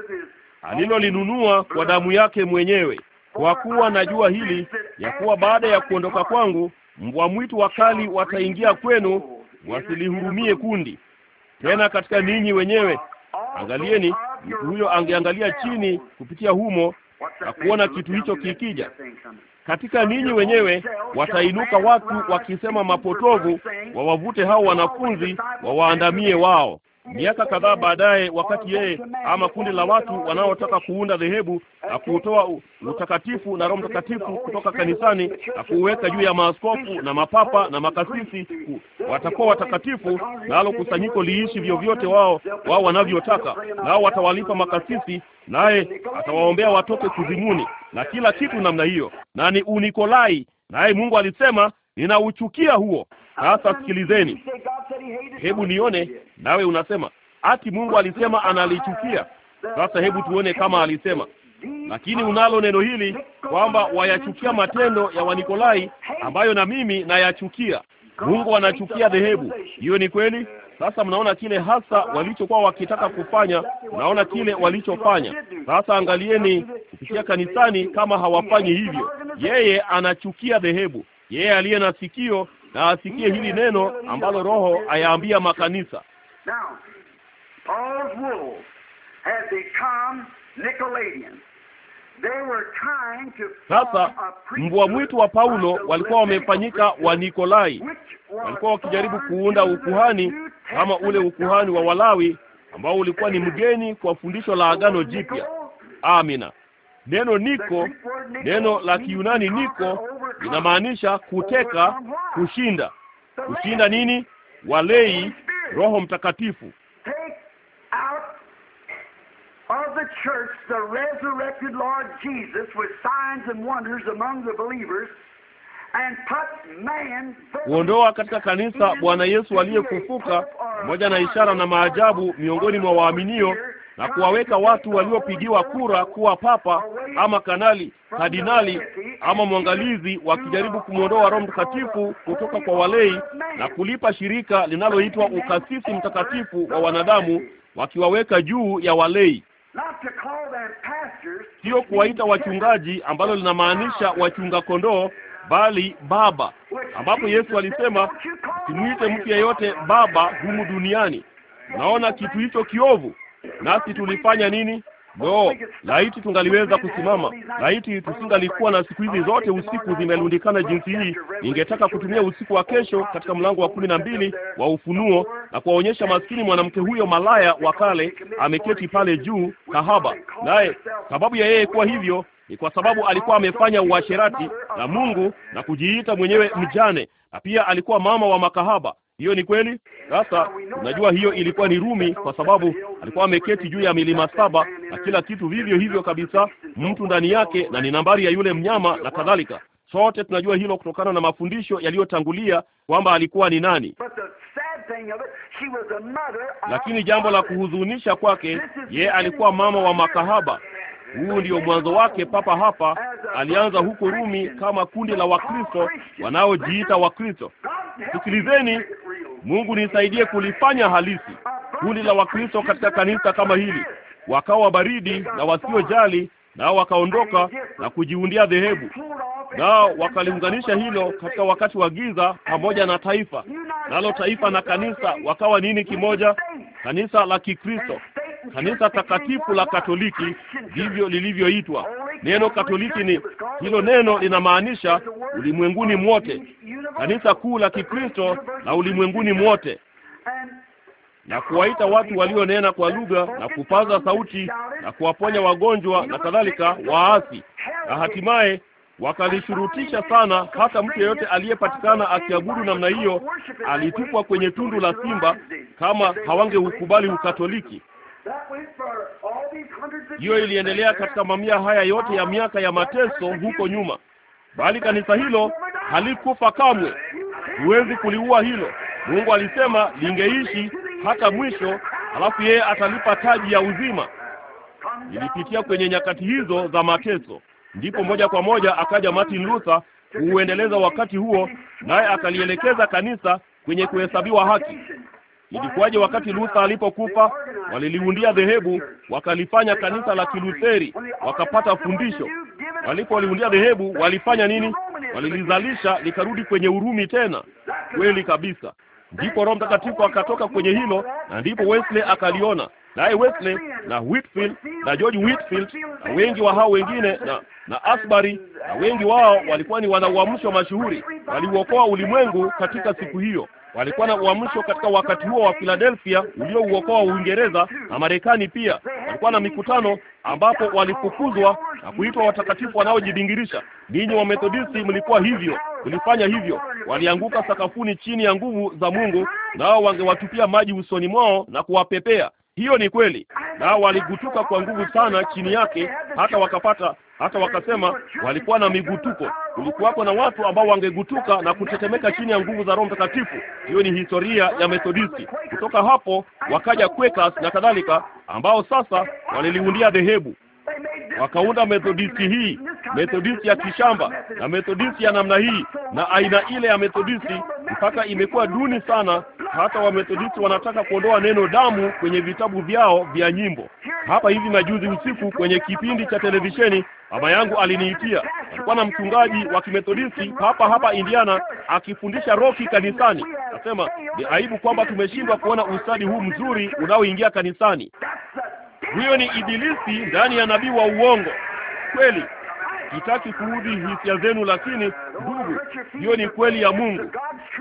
alilolinunua kwa damu yake mwenyewe. Kwa kuwa najua hili ya kuwa baada ya kuondoka kwangu mbwa mwitu wakali wataingia kwenu, wasilihurumie kundi tena. Katika ninyi wenyewe angalieni, mtu huyo angeangalia chini kupitia humo na kuona kitu hicho kikija katika ninyi wenyewe watainuka watu wakisema mapotovu, wawavute hao wanafunzi wawaandamie wao. Miaka kadhaa baadaye, wakati yeye ama kundi la watu wanaotaka kuunda dhehebu na kuutoa utakatifu na Roho Mtakatifu kutoka kanisani na kuuweka juu ya maaskofu na mapapa na makasisi, watakuwa watakatifu, nalo kusanyiko liishi vyovyote wao wao wanavyotaka, nao watawalipa makasisi, naye atawaombea watoke kuzimuni na kila kitu namna hiyo, na ni Unikolai, naye Mungu alisema, ninauchukia huo. Sasa sikilizeni, hebu nione. Nawe unasema ati Mungu alisema analichukia. Sasa hebu tuone kama alisema. Lakini unalo neno hili kwamba wayachukia matendo ya Wanikolai ambayo na mimi nayachukia. Mungu anachukia dhehebu, hiyo ni kweli. Sasa mnaona kile hasa walichokuwa wakitaka kufanya, mnaona kile walichofanya. Sasa angalieni kupitia kanisani kama hawafanyi hivyo. Yeye anachukia dhehebu, yeye aliye na sikio na asikie hili neno ambalo Roho ayaambia makanisa. Sasa mbwa mwitu wa Paulo walikuwa wamefanyika wa Nikolai, walikuwa wakijaribu kuunda ukuhani kama ule ukuhani wa Walawi ambao ulikuwa ni mgeni kwa fundisho la Agano Jipya. Amina. Neno niko, neno la Kiyunani niko inamaanisha kuteka, kushinda. Kushinda nini? Walei, Roho Mtakatifu kuondoa katika kanisa Bwana Yesu aliyefufuka pamoja na ishara na maajabu miongoni mwa waaminio na kuwaweka watu waliopigiwa kura kuwa papa ama kanali, kardinali ama mwangalizi, wakijaribu kumwondoa Roho Mtakatifu kutoka kwa walei na kulipa shirika linaloitwa ukasisi mtakatifu wa wanadamu, wakiwaweka juu ya walei. Sio kuwaita wachungaji, ambalo linamaanisha wachunga kondoo, bali baba, ambapo Yesu alisema simuite mtu yeyote baba humu duniani. Naona kitu hicho kiovu Nasi tulifanya nini? Lo, laiti tungaliweza kusimama, laiti tusingalikuwa na siku hizi zote usiku zimelundikana jinsi hii. Ningetaka kutumia usiku wa kesho katika mlango wa kumi na mbili wa Ufunuo na kuwaonyesha maskini mwanamke huyo malaya wa kale ameketi pale juu, kahaba, naye sababu ya yeye kuwa hivyo ni kwa sababu alikuwa amefanya uasherati na Mungu na kujiita mwenyewe mjane, na pia alikuwa mama wa makahaba. Hiyo ni kweli. Sasa unajua hiyo ilikuwa ni Rumi, kwa sababu alikuwa ameketi juu ya milima saba na kila kitu vivyo hivyo kabisa, mtu ndani yake na ni nambari ya yule mnyama na kadhalika. Sote tunajua hilo kutokana na mafundisho yaliyotangulia kwamba alikuwa ni nani. Lakini jambo la kuhuzunisha kwake, ye alikuwa mama wa makahaba. Huu ndio mwanzo wake papa hapa. Alianza huko Rumi kama kundi la Wakristo wanaojiita Wakristo. Sikilizeni, Mungu nisaidie kulifanya halisi. Kundi la Wakristo katika kanisa kama hili wakawa baridi na wasiojali, nao wakaondoka na kujiundia dhehebu, nao wakaliunganisha hilo katika wakati wa giza pamoja na taifa, nalo taifa na kanisa wakawa nini kimoja? Kanisa la Kikristo kanisa takatifu la Katoliki ndivyo lilivyoitwa. Neno Katoliki ni hilo neno, linamaanisha ulimwenguni mwote, kanisa kuu la Kikristo la ulimwenguni mwote, na kuwaita watu walionena kwa lugha na kupaza sauti na kuwaponya wagonjwa na kadhalika, waasi, na hatimaye wakalishurutisha sana hata mtu yeyote aliyepatikana akiabudu namna hiyo alitupwa kwenye tundu la simba, kama hawangeukubali Ukatoliki hiyo iliendelea katika mamia haya yote ya miaka ya mateso huko nyuma, bali kanisa hilo halikufa kamwe. Huwezi kuliua hilo. Mungu alisema lingeishi hata mwisho, alafu yeye atalipa taji ya uzima. Nilipitia kwenye nyakati hizo za mateso, ndipo moja kwa moja akaja Martin Luther kuuendeleza wakati huo, naye akalielekeza kanisa kwenye kuhesabiwa haki. Ilikuwaje wakati Luther alipokufa? Waliliundia dhehebu, wakalifanya kanisa la Kilutheri, wakapata fundisho. Walipoliundia dhehebu, walifanya nini? Walilizalisha likarudi kwenye Urumi tena. Kweli kabisa. Ndipo Roho Mtakatifu akatoka kwenye hilo, na ndipo Wesley akaliona naye Wesley na Whitfield na George Whitfield na wengi wa hao wengine na, na Asbury na wengi wao walikuwa ni wanauamsho mashuhuri, waliuokoa ulimwengu katika siku hiyo walikuwa na uamsho katika wakati huo wa Philadelphia uliouokoa Uingereza na Marekani pia. Walikuwa na mikutano ambapo walifukuzwa na kuitwa watakatifu wanaojibingirisha. Ninyi wa Methodisti mlikuwa hivyo, mlifanya hivyo. Walianguka sakafuni chini ya nguvu za Mungu, nao wangewatupia maji usoni mwao na kuwapepea. Hiyo ni kweli, nao waligutuka kwa nguvu sana chini yake, hata wakapata hata wakasema walikuwa na migutuko. Kulikuwako na watu ambao wangegutuka na kutetemeka chini ya nguvu za Roho Mtakatifu. Hiyo ni historia ya Methodisti. Kutoka hapo wakaja Quakers na kadhalika, ambao sasa waliliundia dhehebu wakaunda Methodisti hii, Methodisti ya kishamba na Methodisti ya namna hii na aina ile ya Methodisti, mpaka imekuwa duni sana. Hata Wamethodisti wanataka kuondoa neno damu kwenye vitabu vyao vya nyimbo. Hapa hivi majuzi usiku kwenye kipindi cha televisheni Baba yangu aliniitia, alikuwa na mchungaji wa Kimethodisti hapa hapa Indiana akifundisha roki kanisani. Nasema ni aibu kwamba tumeshindwa kuona ustadi huu mzuri unaoingia kanisani. Huyo ni ibilisi ndani ya nabii wa uongo. Kweli sitaki kuudhi hisia zenu, lakini ndugu, hiyo ni kweli ya Mungu.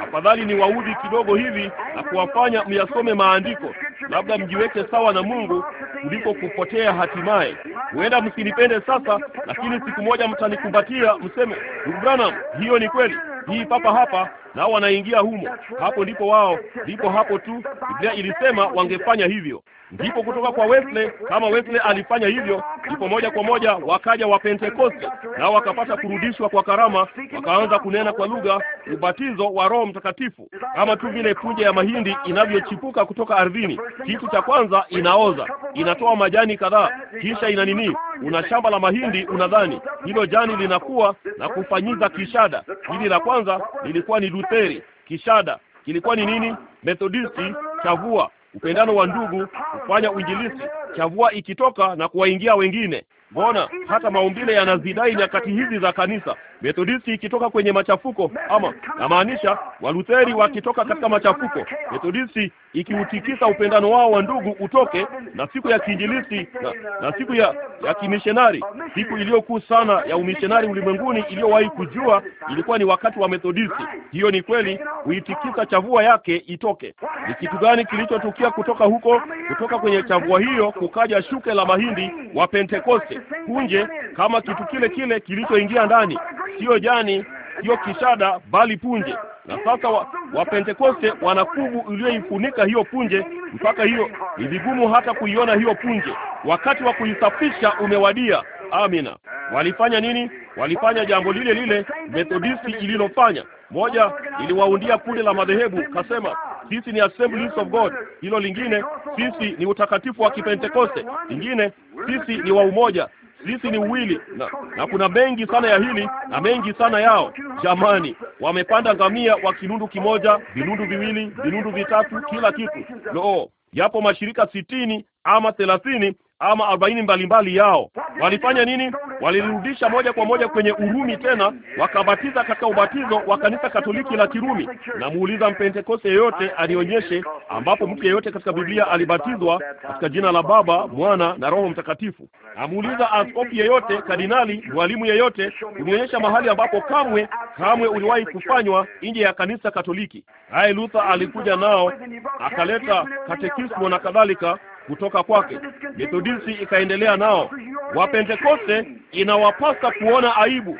Afadhali ni waudhi kidogo hivi na kuwafanya myasome maandiko, labda mjiweke sawa na Mungu kuliko kupotea hatimaye. Huenda msinipende sasa, lakini siku moja mtanikumbatia, mseme, ndugu Branham, hiyo ni kweli hii papa hapa, nao wanaingia humo. Hapo ndipo wao, ndipo hapo tu Biblia ilisema wangefanya hivyo. Ndipo kutoka kwa Wesley, kama Wesley alifanya hivyo, ndipo moja kwa moja wakaja wa Pentekoste, nao wakapata kurudishwa kwa karama, waka ukaanza kunena kwa lugha, ubatizo wa Roho Mtakatifu, kama tu vile punje ya mahindi inavyochipuka kutoka ardhini. Kitu cha kwanza inaoza, inatoa majani kadhaa, kisha ina nini? Una shamba la mahindi, unadhani hilo jani linakuwa na kufanyiza kishada. Hili la kwanza lilikuwa ni Lutheri, kishada kilikuwa ni nini? Methodisti, chavua, upendano wa ndugu, kufanya uinjilisti, chavua ikitoka na kuwaingia wengine Mbona hata maumbile yanazidai nyakati hizi za kanisa, Methodisti ikitoka kwenye machafuko, ama namaanisha Walutheri wakitoka katika machafuko, Methodisti ikiutikisa upendano wao wa ndugu utoke, na siku ya kiinjilisti na, na siku ya, ya kimishonari, siku iliyokuu sana ya umishonari ulimwenguni iliyowahi kujua ilikuwa ni wakati wa Methodisti. Hiyo ni kweli, huitikisa chavua yake itoke. Ni kitu gani kilichotukia kutoka huko? Kutoka kwenye chavua hiyo kukaja shuke la mahindi wa Pentekoste punje kama kitu kile kile kilichoingia ndani, siyo jani, siyo kishada, bali punje. Na sasa Wapentekoste wa wana kubu iliyoifunika hiyo punje, mpaka hiyo ni vigumu hata kuiona hiyo punje. Wakati wa kuisafisha umewadia. Amina. Walifanya nini? Walifanya jambo lile lile Methodisti ililofanya. Moja iliwaundia kundi la madhehebu, kasema sisi ni Assemblies of God. Hilo lingine, sisi ni utakatifu wa Kipentekoste. Lingine, sisi ni wa umoja sisi ni uwili na, na kuna mengi sana ya hili na mengi sana yao. Jamani, wamepanda ngamia wa kinundu kimoja, vinundu viwili, vinundu vitatu, kila kitu. Loo, yapo mashirika sitini ama thelathini ama arobaini mbalimbali yao. Walifanya nini? Walirudisha moja kwa moja kwenye Urumi tena, wakabatiza katika ubatizo wa kanisa Katoliki la Kirumi. Na muuliza Mpentekoste yeyote anionyeshe ambapo mtu yeyote katika Biblia alibatizwa katika jina la Baba, Mwana na Roho Mtakatifu. Namuuliza askofu yeyote, kardinali, mwalimu yeyote kunionyesha mahali ambapo kamwe kamwe uliwahi kufanywa nje ya kanisa Katoliki. Naye Luther alikuja nao akaleta katekismo na kadhalika kutoka kwake. Methodisti ikaendelea nao. Wapentekoste inawapasa kuona aibu.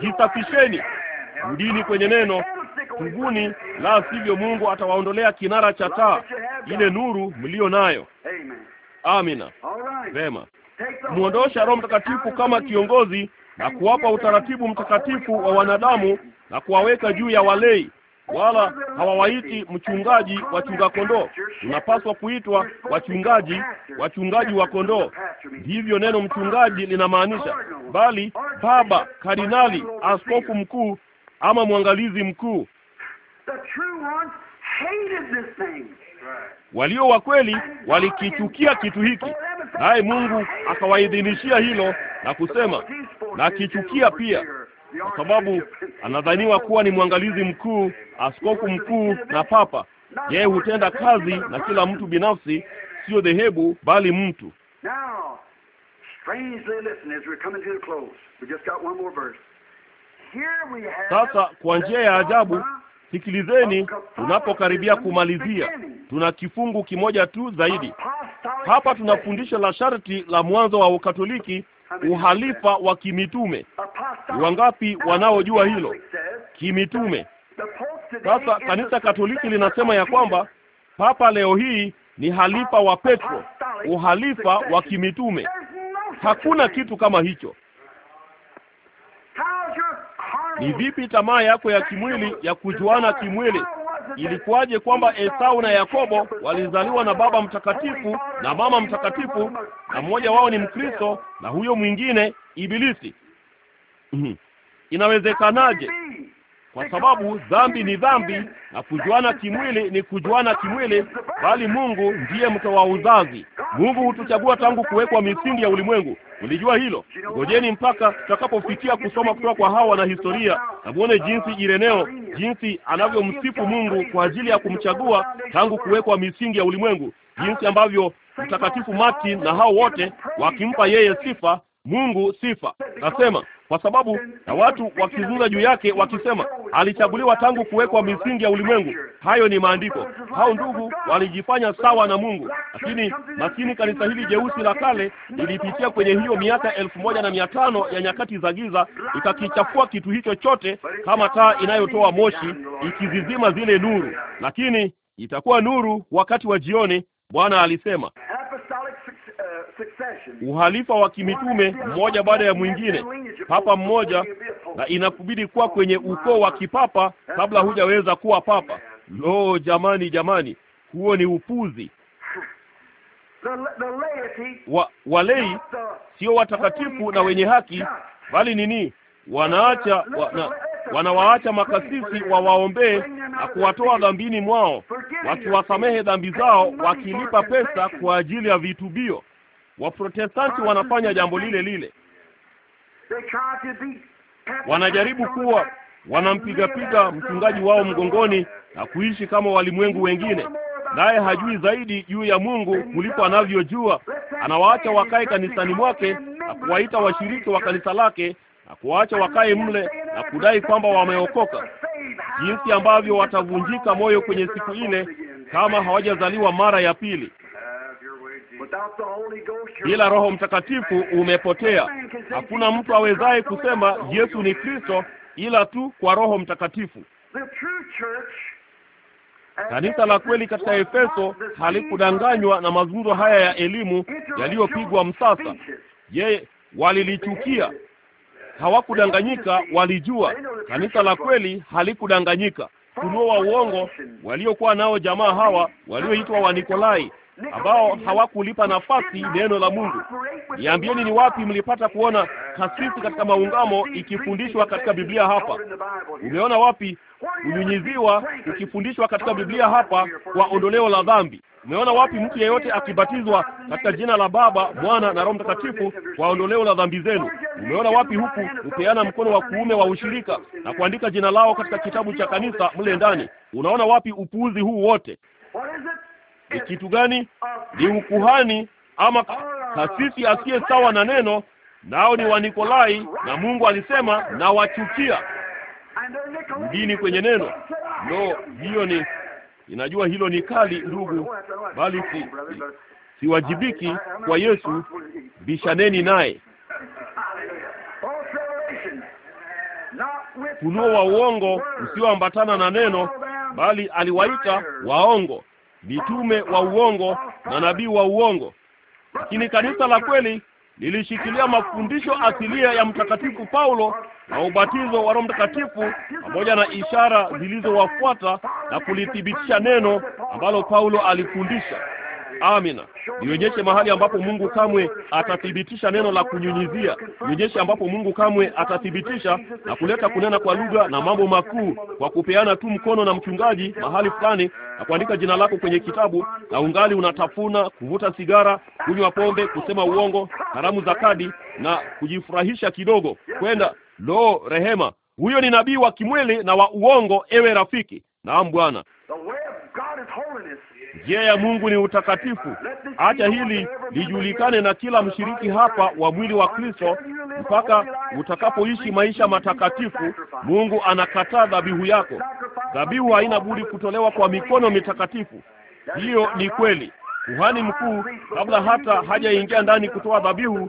Jisafisheni, rudini kwenye neno, tubuni, la sivyo Mungu atawaondolea kinara cha taa, ile nuru mlio nayo. Amina. Vema, mwondosha Roho Mtakatifu kama kiongozi na kuwapa utaratibu mtakatifu wa wanadamu na kuwaweka juu ya walei wala hawawaiti mchungaji wachunga kondoo. Unapaswa kuitwa wachungaji wachungaji wa kondoo, ndivyo neno mchungaji linamaanisha, bali baba, kardinali, askofu mkuu ama mwangalizi mkuu. Walio wa kweli walikichukia kitu hiki, naye Mungu akawaidhinishia hilo na kusema, nakichukia pia kwa sababu anadhaniwa kuwa ni mwangalizi mkuu, askofu mkuu na papa. Yeye hutenda kazi na kila mtu binafsi, sio dhehebu, bali mtu. Sasa kwa njia ya ajabu, sikilizeni, tunapokaribia kumalizia, tuna kifungu kimoja tu zaidi hapa. Tunafundisha la sharti la mwanzo wa Ukatoliki uhalifa wa kimitume. Ni wangapi wanaojua hilo kimitume? Sasa kanisa Katoliki linasema ya kwamba Papa leo hii ni halifa wa Petro, uhalifa wa kimitume. Hakuna kitu kama hicho. Ni vipi tamaa yako ya kimwili ya kujuana kimwili ilikuwaje kwamba Esau na Yakobo walizaliwa na baba mtakatifu na mama mtakatifu, na mmoja wao ni Mkristo na huyo mwingine Ibilisi? Inawezekanaje? kwa sababu dhambi ni dhambi na kujuana kimwili ni kujuana kimwili, bali Mungu ndiye mtoa uzazi. Mungu hutuchagua tangu kuwekwa misingi ya ulimwengu. Ulijua hilo. Ngojeni mpaka tutakapofikia kusoma kutoka kwa Hawa na historia, na muone jinsi Ireneo, jinsi anavyomsifu Mungu kwa ajili ya kumchagua tangu kuwekwa misingi ya ulimwengu, jinsi ambavyo Mtakatifu Martin na hao wote wakimpa yeye sifa Mungu sifa. Nasema kwa sababu, na watu wakizunga juu yake wakisema, alichaguliwa tangu kuwekwa misingi ya ulimwengu. Hayo ni maandiko. Hao ndugu walijifanya sawa na Mungu, lakini maskini kanisa hili jeusi la kale lilipitia kwenye hiyo miaka elfu moja na mia tano ya nyakati za giza, ikakichafua kitu hicho chote kama taa inayotoa moshi ikizizima zile nuru, lakini itakuwa nuru wakati wa jioni, Bwana alisema uhalifa wa kimitume mmoja baada ya mwingine, papa mmoja, na inakubidi kuwa kwenye ukoo wa kipapa kabla hujaweza kuwa papa. Lo, jamani, jamani, huo ni upuzi wa, walei sio watakatifu na wenye haki, bali nini? Wanaacha wana, wanawaacha makasisi wawaombee na kuwatoa dhambini mwao, wakiwasamehe dhambi zao, wakilipa pesa kwa ajili ya vitubio. Waprotestanti wanafanya jambo lile lile, wanajaribu kuwa wanampigapiga mchungaji wao mgongoni na kuishi kama walimwengu wengine, naye hajui zaidi juu ya Mungu kuliko anavyojua. Anawaacha wakae kanisani mwake na kuwaita washiriki wa kanisa lake na kuwaacha wakae mle na kudai kwamba wameokoka. Jinsi ambavyo watavunjika moyo kwenye siku ile kama hawajazaliwa mara ya pili. Bila Roho Mtakatifu umepotea. Hakuna mtu awezaye kusema Yesu ni Kristo ila tu kwa Roho Mtakatifu. Kanisa la kweli katika Efeso halikudanganywa na mazungumzo haya ya elimu yaliyopigwa msasa. Ye, walilichukia, hawakudanganyika, walijua. Kanisa la kweli halikudanganyika. Ufunuo wa uongo waliokuwa nao jamaa hawa walioitwa Wanikolai ambao hawakulipa nafasi neno la Mungu. Niambieni, ni wapi mlipata kuona kasisi katika maungamo ikifundishwa katika Biblia hapa? Umeona wapi kunyunyiziwa ukifundishwa katika Biblia hapa kwa ondoleo la dhambi? Umeona wapi mtu yeyote akibatizwa katika jina la Baba, Mwana na Roho Mtakatifu kwa ondoleo la dhambi zenu? Umeona wapi huku kupeana mkono wa kuume wa ushirika na kuandika jina lao katika kitabu cha kanisa mle ndani? Unaona wapi upuuzi huu wote? ni kitu gani? Ni ukuhani ama kasisi asiye sawa na neno, nao ni Wanikolai, na Mungu alisema na wachukia mdini kwenye neno. No, hiyo ni inajua hilo ni kali ndugu, bali si, siwajibiki kwa Yesu. Bishaneni naye. Ufunuo wa uongo usioambatana na neno, bali aliwaita waongo mitume wa uongo na nabii wa uongo, lakini kanisa la kweli lilishikilia mafundisho asilia ya Mtakatifu Paulo na ubatizo wa Roho Mtakatifu pamoja na ishara zilizowafuata na kulithibitisha neno ambalo Paulo alifundisha. Amina. Nionyeshe mahali ambapo Mungu kamwe atathibitisha neno la kunyunyizia. Nionyeshe ambapo Mungu kamwe atathibitisha na kuleta kunena kwa lugha na mambo makuu kwa kupeana tu mkono na mchungaji mahali fulani na kuandika jina lako kwenye kitabu na ungali unatafuna, kuvuta sigara, kunywa pombe, kusema uongo, haramu za kadi na kujifurahisha kidogo, kwenda lo, rehema huyo ni nabii wa kimwili na wa uongo, ewe rafiki. Naam Bwana. Njia ya Mungu ni utakatifu. Acha hili lijulikane na kila mshiriki hapa wa mwili wa Kristo mpaka utakapoishi maisha matakatifu. Mungu anakataa dhabihu yako. Dhabihu haina budi kutolewa kwa mikono mitakatifu. Hiyo ni kweli. Kuhani mkuu kabla hata hajaingia ndani kutoa dhabihu,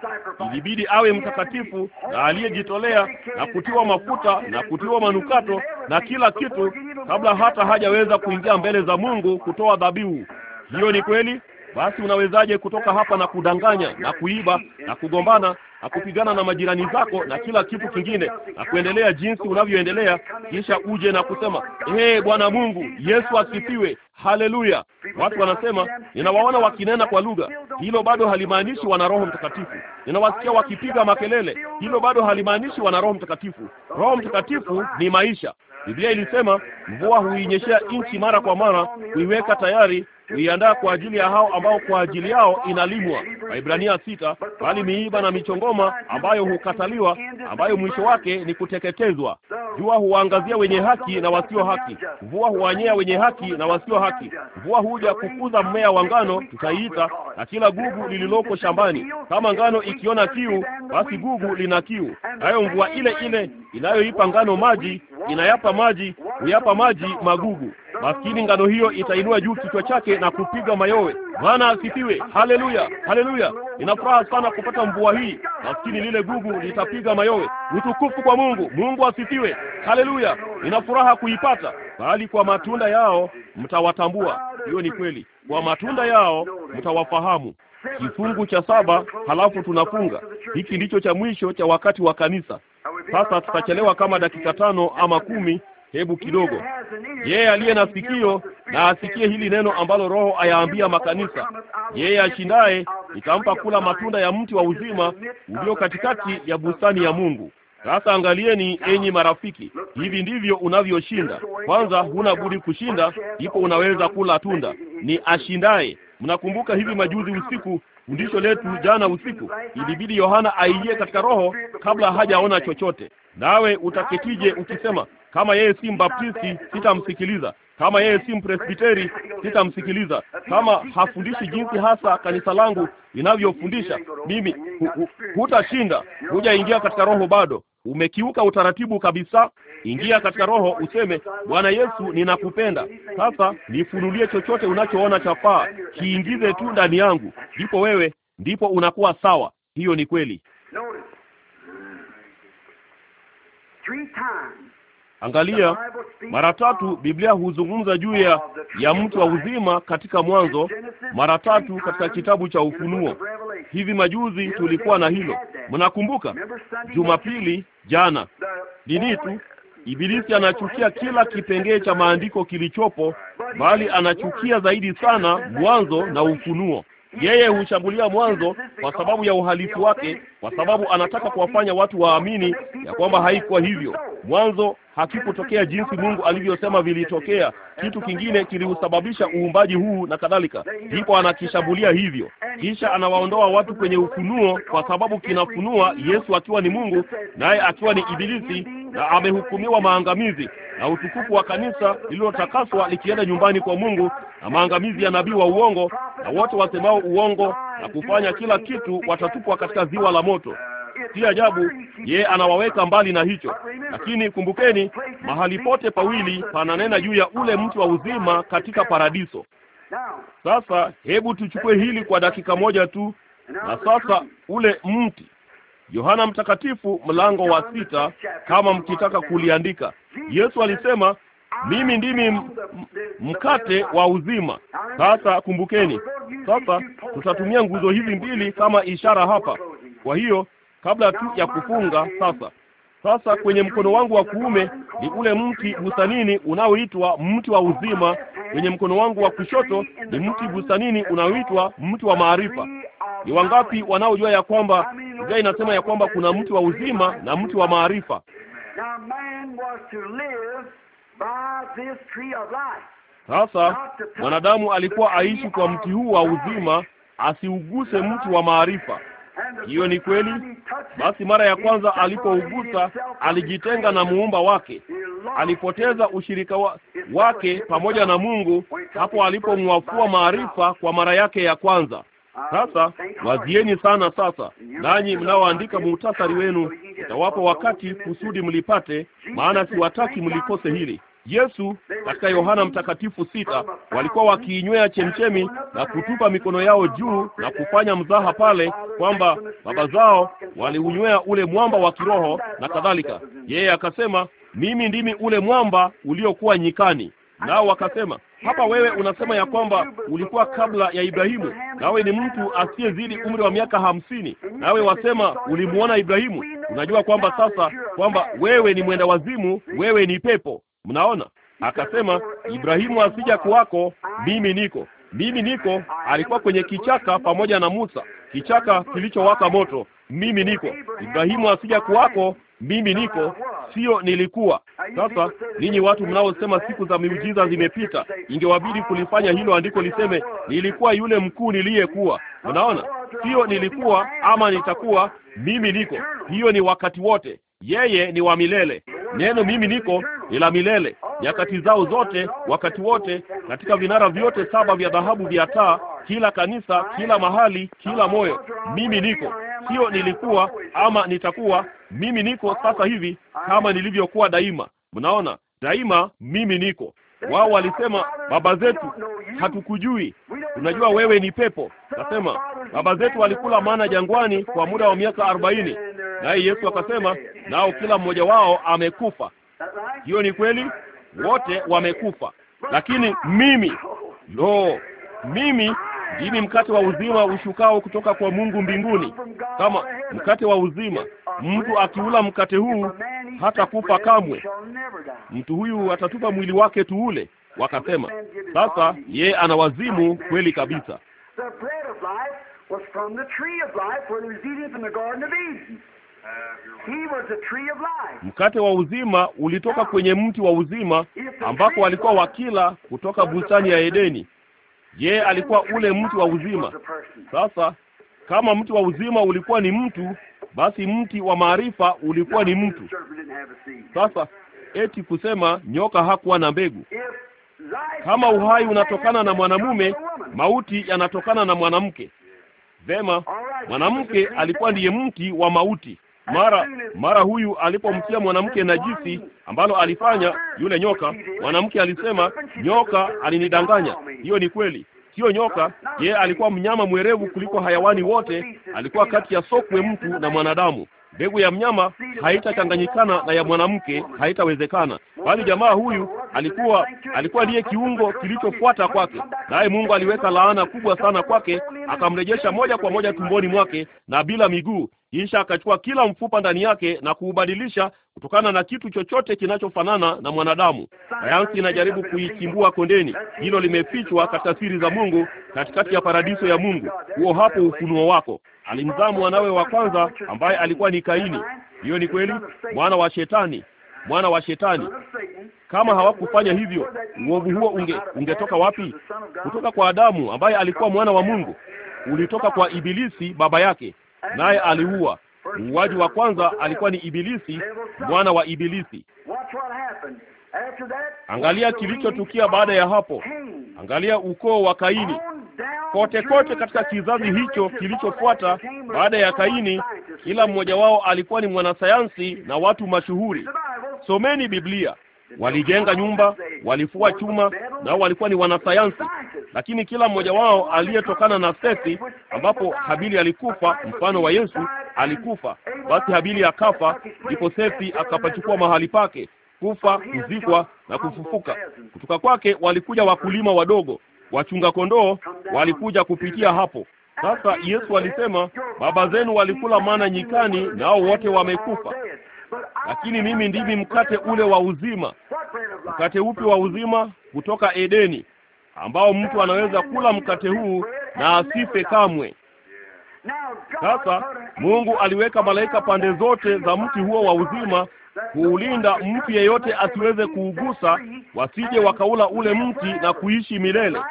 ilibidi awe mtakatifu na aliyejitolea na kutiwa mafuta na kutiwa manukato na kila kitu, kabla hata hajaweza kuingia mbele za Mungu kutoa dhabihu. Hiyo ni kweli. Basi unawezaje kutoka hapa na kudanganya na kuiba na kugombana na kupigana na majirani zako na kila kitu kingine na kuendelea jinsi unavyoendelea, kisha uje na kusema ee, hey, Bwana Mungu, Yesu asifiwe, haleluya. Watu wanasema ninawaona wakinena kwa lugha, hilo bado halimaanishi wana Roho Mtakatifu. Ninawasikia wakipiga makelele, hilo bado halimaanishi wana Roho Mtakatifu. Roho Mtakatifu ni maisha. Biblia ilisema mvua huinyeshea nchi mara kwa mara, kuiweka tayari kuiandaa kwa ajili ya hao ambao kwa ajili yao inalimwa, Waibrania sita, bali miiba na michongoma ambayo hukataliwa, ambayo mwisho wake ni kuteketezwa. Jua huwaangazia wenye haki na wasio haki, mvua huwanyea wenye haki na wasio haki. Mvua huja kukuza mmea wa ngano, tutaiita, na kila gugu lililoko shambani. Kama ngano ikiona kiu, basi gugu lina kiu, nayo mvua ile ile inayoipa ngano maji inayapa maji huyapa maji magugu. Maskini ngano hiyo itainua juu kichwa chake na kupiga mayowe. Bwana asifiwe! Haleluya, haleluya! Nina furaha sana kupata mvua hii. Maskini lile gugu litapiga mayowe. Utukufu kwa Mungu! Mungu asifiwe! Haleluya, nina furaha kuipata. Bali kwa matunda yao mtawatambua. Hiyo ni kweli, kwa matunda yao mtawafahamu. Kifungu cha saba, halafu tunafunga. Hiki ndicho cha mwisho cha wakati wa kanisa. Sasa tutachelewa kama dakika tano ama kumi hebu kidogo. Yeye aliye na sikio na asikie hili neno ambalo Roho ayaambia makanisa. Yeye ashindaye nitampa kula matunda ya mti wa uzima ulio katikati ya bustani ya Mungu. Sasa angalieni, enyi marafiki, hivi ndivyo unavyoshinda. Kwanza, huna budi kushinda, ndipo unaweza kula tunda. Ni ashindaye. Mnakumbuka hivi majuzi usiku Fundisho letu jana usiku ilibidi Yohana aingie katika roho kabla hajaona chochote. Nawe utaketije ukisema, kama yeye si mbaptisti sitamsikiliza, kama yeye si mpresbiteri sitamsikiliza, kama hafundishi jinsi hasa kanisa langu linavyofundisha mimi, hutashinda. Hujaingia katika roho bado. Umekiuka utaratibu kabisa. Ingia katika roho, useme Bwana Yesu, ninakupenda. Sasa nifunulie chochote unachoona chafaa, kiingize tu ndani yangu, ndipo wewe, ndipo unakuwa sawa. Hiyo ni kweli. Angalia, mara tatu Biblia huzungumza juu ya ya mtu wa uzima katika Mwanzo, mara tatu katika kitabu cha Ufunuo. Hivi majuzi tulikuwa na hilo, mnakumbuka? Jumapili jana nini tu Ibilisi anachukia kila kipengee cha maandiko kilichopo, bali anachukia zaidi sana Mwanzo na Ufunuo. Yeye hushambulia Mwanzo kwa sababu ya uhalifu wake, kwa sababu anataka kuwafanya watu waamini ya kwamba haikuwa hivyo. Mwanzo hakikutokea jinsi Mungu alivyosema vilitokea. Kitu kingine kiliusababisha uumbaji huu na kadhalika. Ndipo anakishambulia hivyo, kisha anawaondoa watu kwenye ufunuo, kwa sababu kinafunua Yesu akiwa ni Mungu naye akiwa ni Ibilisi, na amehukumiwa maangamizi, na utukufu wa kanisa lililotakaswa likienda nyumbani kwa Mungu, na maangamizi ya nabii wa uongo na wote wasemao uongo na kufanya kila kitu watatupwa katika ziwa la moto. Si ajabu ye anawaweka mbali na hicho, lakini kumbukeni, mahali pote pawili pananena juu ya ule mti wa uzima katika paradiso. Sasa hebu tuchukue hili kwa dakika moja tu. Na sasa ule mti, Yohana Mtakatifu mlango wa sita, kama mkitaka kuliandika, Yesu alisema mimi ndimi mkate wa uzima. Sasa kumbukeni, sasa tutatumia nguzo hizi mbili kama ishara hapa. Kwa hiyo kabla tu ya kufunga. Sasa sasa, kwenye mkono wangu wa kuume ni ule mti busanini unaoitwa mti wa uzima, kwenye mkono wangu wa kushoto ni mti busanini unaoitwa mti wa maarifa. Ni wangapi wanaojua ya kwamba Biblia inasema ya kwamba kuna mti wa uzima na mti wa maarifa? Sasa mwanadamu alikuwa aishi kwa mti huu wa uzima, asiuguse mti wa maarifa hiyo ni kweli. Basi mara ya kwanza alipougusa alijitenga na muumba wake, alipoteza ushirika wa, wake pamoja na Mungu hapo alipomwafua maarifa kwa mara yake ya kwanza. Sasa wazieni sana sasa, nanyi mnaoandika muhtasari wenu, utawapa wakati kusudi mlipate, maana siwataki mlikose hili. Yesu katika Yohana Mtakatifu sita walikuwa wakiinywea chemchemi na kutupa mikono yao juu na kufanya mzaha pale, kwamba baba zao waliunywea ule mwamba wa kiroho na kadhalika. Yeye akasema, mimi ndimi ule mwamba uliokuwa nyikani. Nao wakasema, hapa wewe unasema ya kwamba ulikuwa kabla ya Ibrahimu, nawe ni mtu asiyezidi umri wa miaka hamsini, nawe wasema ulimuona Ibrahimu. Unajua kwamba sasa kwamba wewe ni mwenda wazimu, wewe ni pepo. Mnaona, akasema Ibrahimu asija kuwako, mimi niko mimi niko. Alikuwa kwenye kichaka pamoja na Musa, kichaka kilichowaka moto. Mimi niko. Ibrahimu asija kuwako, mimi niko, sio nilikuwa. Sasa ninyi watu mnaosema siku za miujiza zimepita, ingewabidi kulifanya hilo andiko liseme nilikuwa yule mkuu niliyekuwa. Mnaona, sio nilikuwa ama nitakuwa, mimi niko. Hiyo ni wakati wote yeye ni wa milele. Neno mimi niko ni la milele, nyakati zao zote, wakati wote, katika vinara vyote saba vya dhahabu vya taa, kila kanisa, kila mahali, kila moyo. Mimi niko, sio nilikuwa ama nitakuwa. Mimi niko sasa hivi kama nilivyokuwa daima. Mnaona, daima mimi niko. Wao walisema baba zetu hatukujui, tunajua wewe ni pepo. Nasema baba zetu walikula mana jangwani kwa muda wa miaka arobaini, naye Yesu akasema nao kila mmoja wao amekufa. Hiyo ni kweli, wote wamekufa, lakini mimi lo, mimi Ndimi mkate wa uzima ushukao kutoka kwa Mungu mbinguni. Kama mkate wa uzima, mtu akiula mkate huu hata kupa kamwe. Mtu huyu atatupa mwili wake tuule. Wakasema sasa, ye ana wazimu kweli kabisa. Mkate wa uzima ulitoka kwenye mti wa uzima ambako walikuwa wakila kutoka bustani ya Edeni. Je, alikuwa ule mti wa uzima. Sasa kama mti wa uzima ulikuwa ni mtu, basi mti wa maarifa ulikuwa ni mtu. Sasa eti kusema nyoka hakuwa na mbegu. Kama uhai unatokana na mwanamume, mauti yanatokana na mwanamke. Vema, mwanamke alikuwa ndiye mti wa mauti. Mara mara huyu alipomtia mwanamke najisi, ambalo alifanya yule nyoka, mwanamke alisema, nyoka alinidanganya. Hiyo ni kweli, siyo nyoka. Yeye alikuwa mnyama mwerevu kuliko hayawani wote, alikuwa kati ya sokwe mtu na mwanadamu. Mbegu ya mnyama haitachanganyikana na ya mwanamke, haitawezekana. Bali jamaa huyu alikuwa alikuwa ndiye kiungo kilichofuata kwake, naye Mungu aliweka laana kubwa sana kwake, akamrejesha moja kwa moja tumboni mwake na bila miguu, kisha akachukua kila mfupa ndani yake na kuubadilisha kutokana na kitu chochote kinachofanana na mwanadamu. Sayansi inajaribu kuichimbua kondeni, hilo limefichwa katika siri za Mungu, katikati ya paradiso ya Mungu. Huo hapo ufunuo wako. Alimzaa mwanawe wa kwanza ambaye alikuwa ni Kaini. Hiyo ni kweli, mwana wa Shetani, mwana wa Shetani. Kama hawakufanya hivyo, uovu huo unge, ungetoka wapi? Kutoka kwa Adamu ambaye alikuwa mwana wa Mungu, ulitoka kwa Ibilisi baba yake naye aliua. Muuaji wa kwanza alikuwa ni Ibilisi, mwana wa Ibilisi. Angalia kilichotukia baada ya hapo. Angalia ukoo wa Kaini kote kote katika kizazi hicho kilichofuata baada ya Kaini, kila mmoja wao alikuwa ni mwanasayansi na watu mashuhuri. Someni Biblia walijenga nyumba, walifua chuma, nao walikuwa ni wanasayansi. Lakini kila mmoja wao aliyetokana na Sethi, ambapo Habili alikufa, mfano wa Yesu alikufa, basi Habili akafa, ndipo Sethi akapachukua mahali pake, kufa, kuzikwa na kufufuka. Kutoka kwake walikuja wakulima wadogo, wachunga kondoo walikuja kupitia hapo. Sasa Yesu alisema, baba zenu walikula mana nyikani, nao wote wamekufa lakini mimi ndimi mkate ule wa uzima, mkate upi wa uzima kutoka Edeni, ambao mtu anaweza kula mkate huu na asife kamwe. Sasa Mungu aliweka malaika pande zote za mti huo wa uzima kuulinda mtu yeyote asiweze kuugusa, wasije wakaula ule mti na kuishi milele.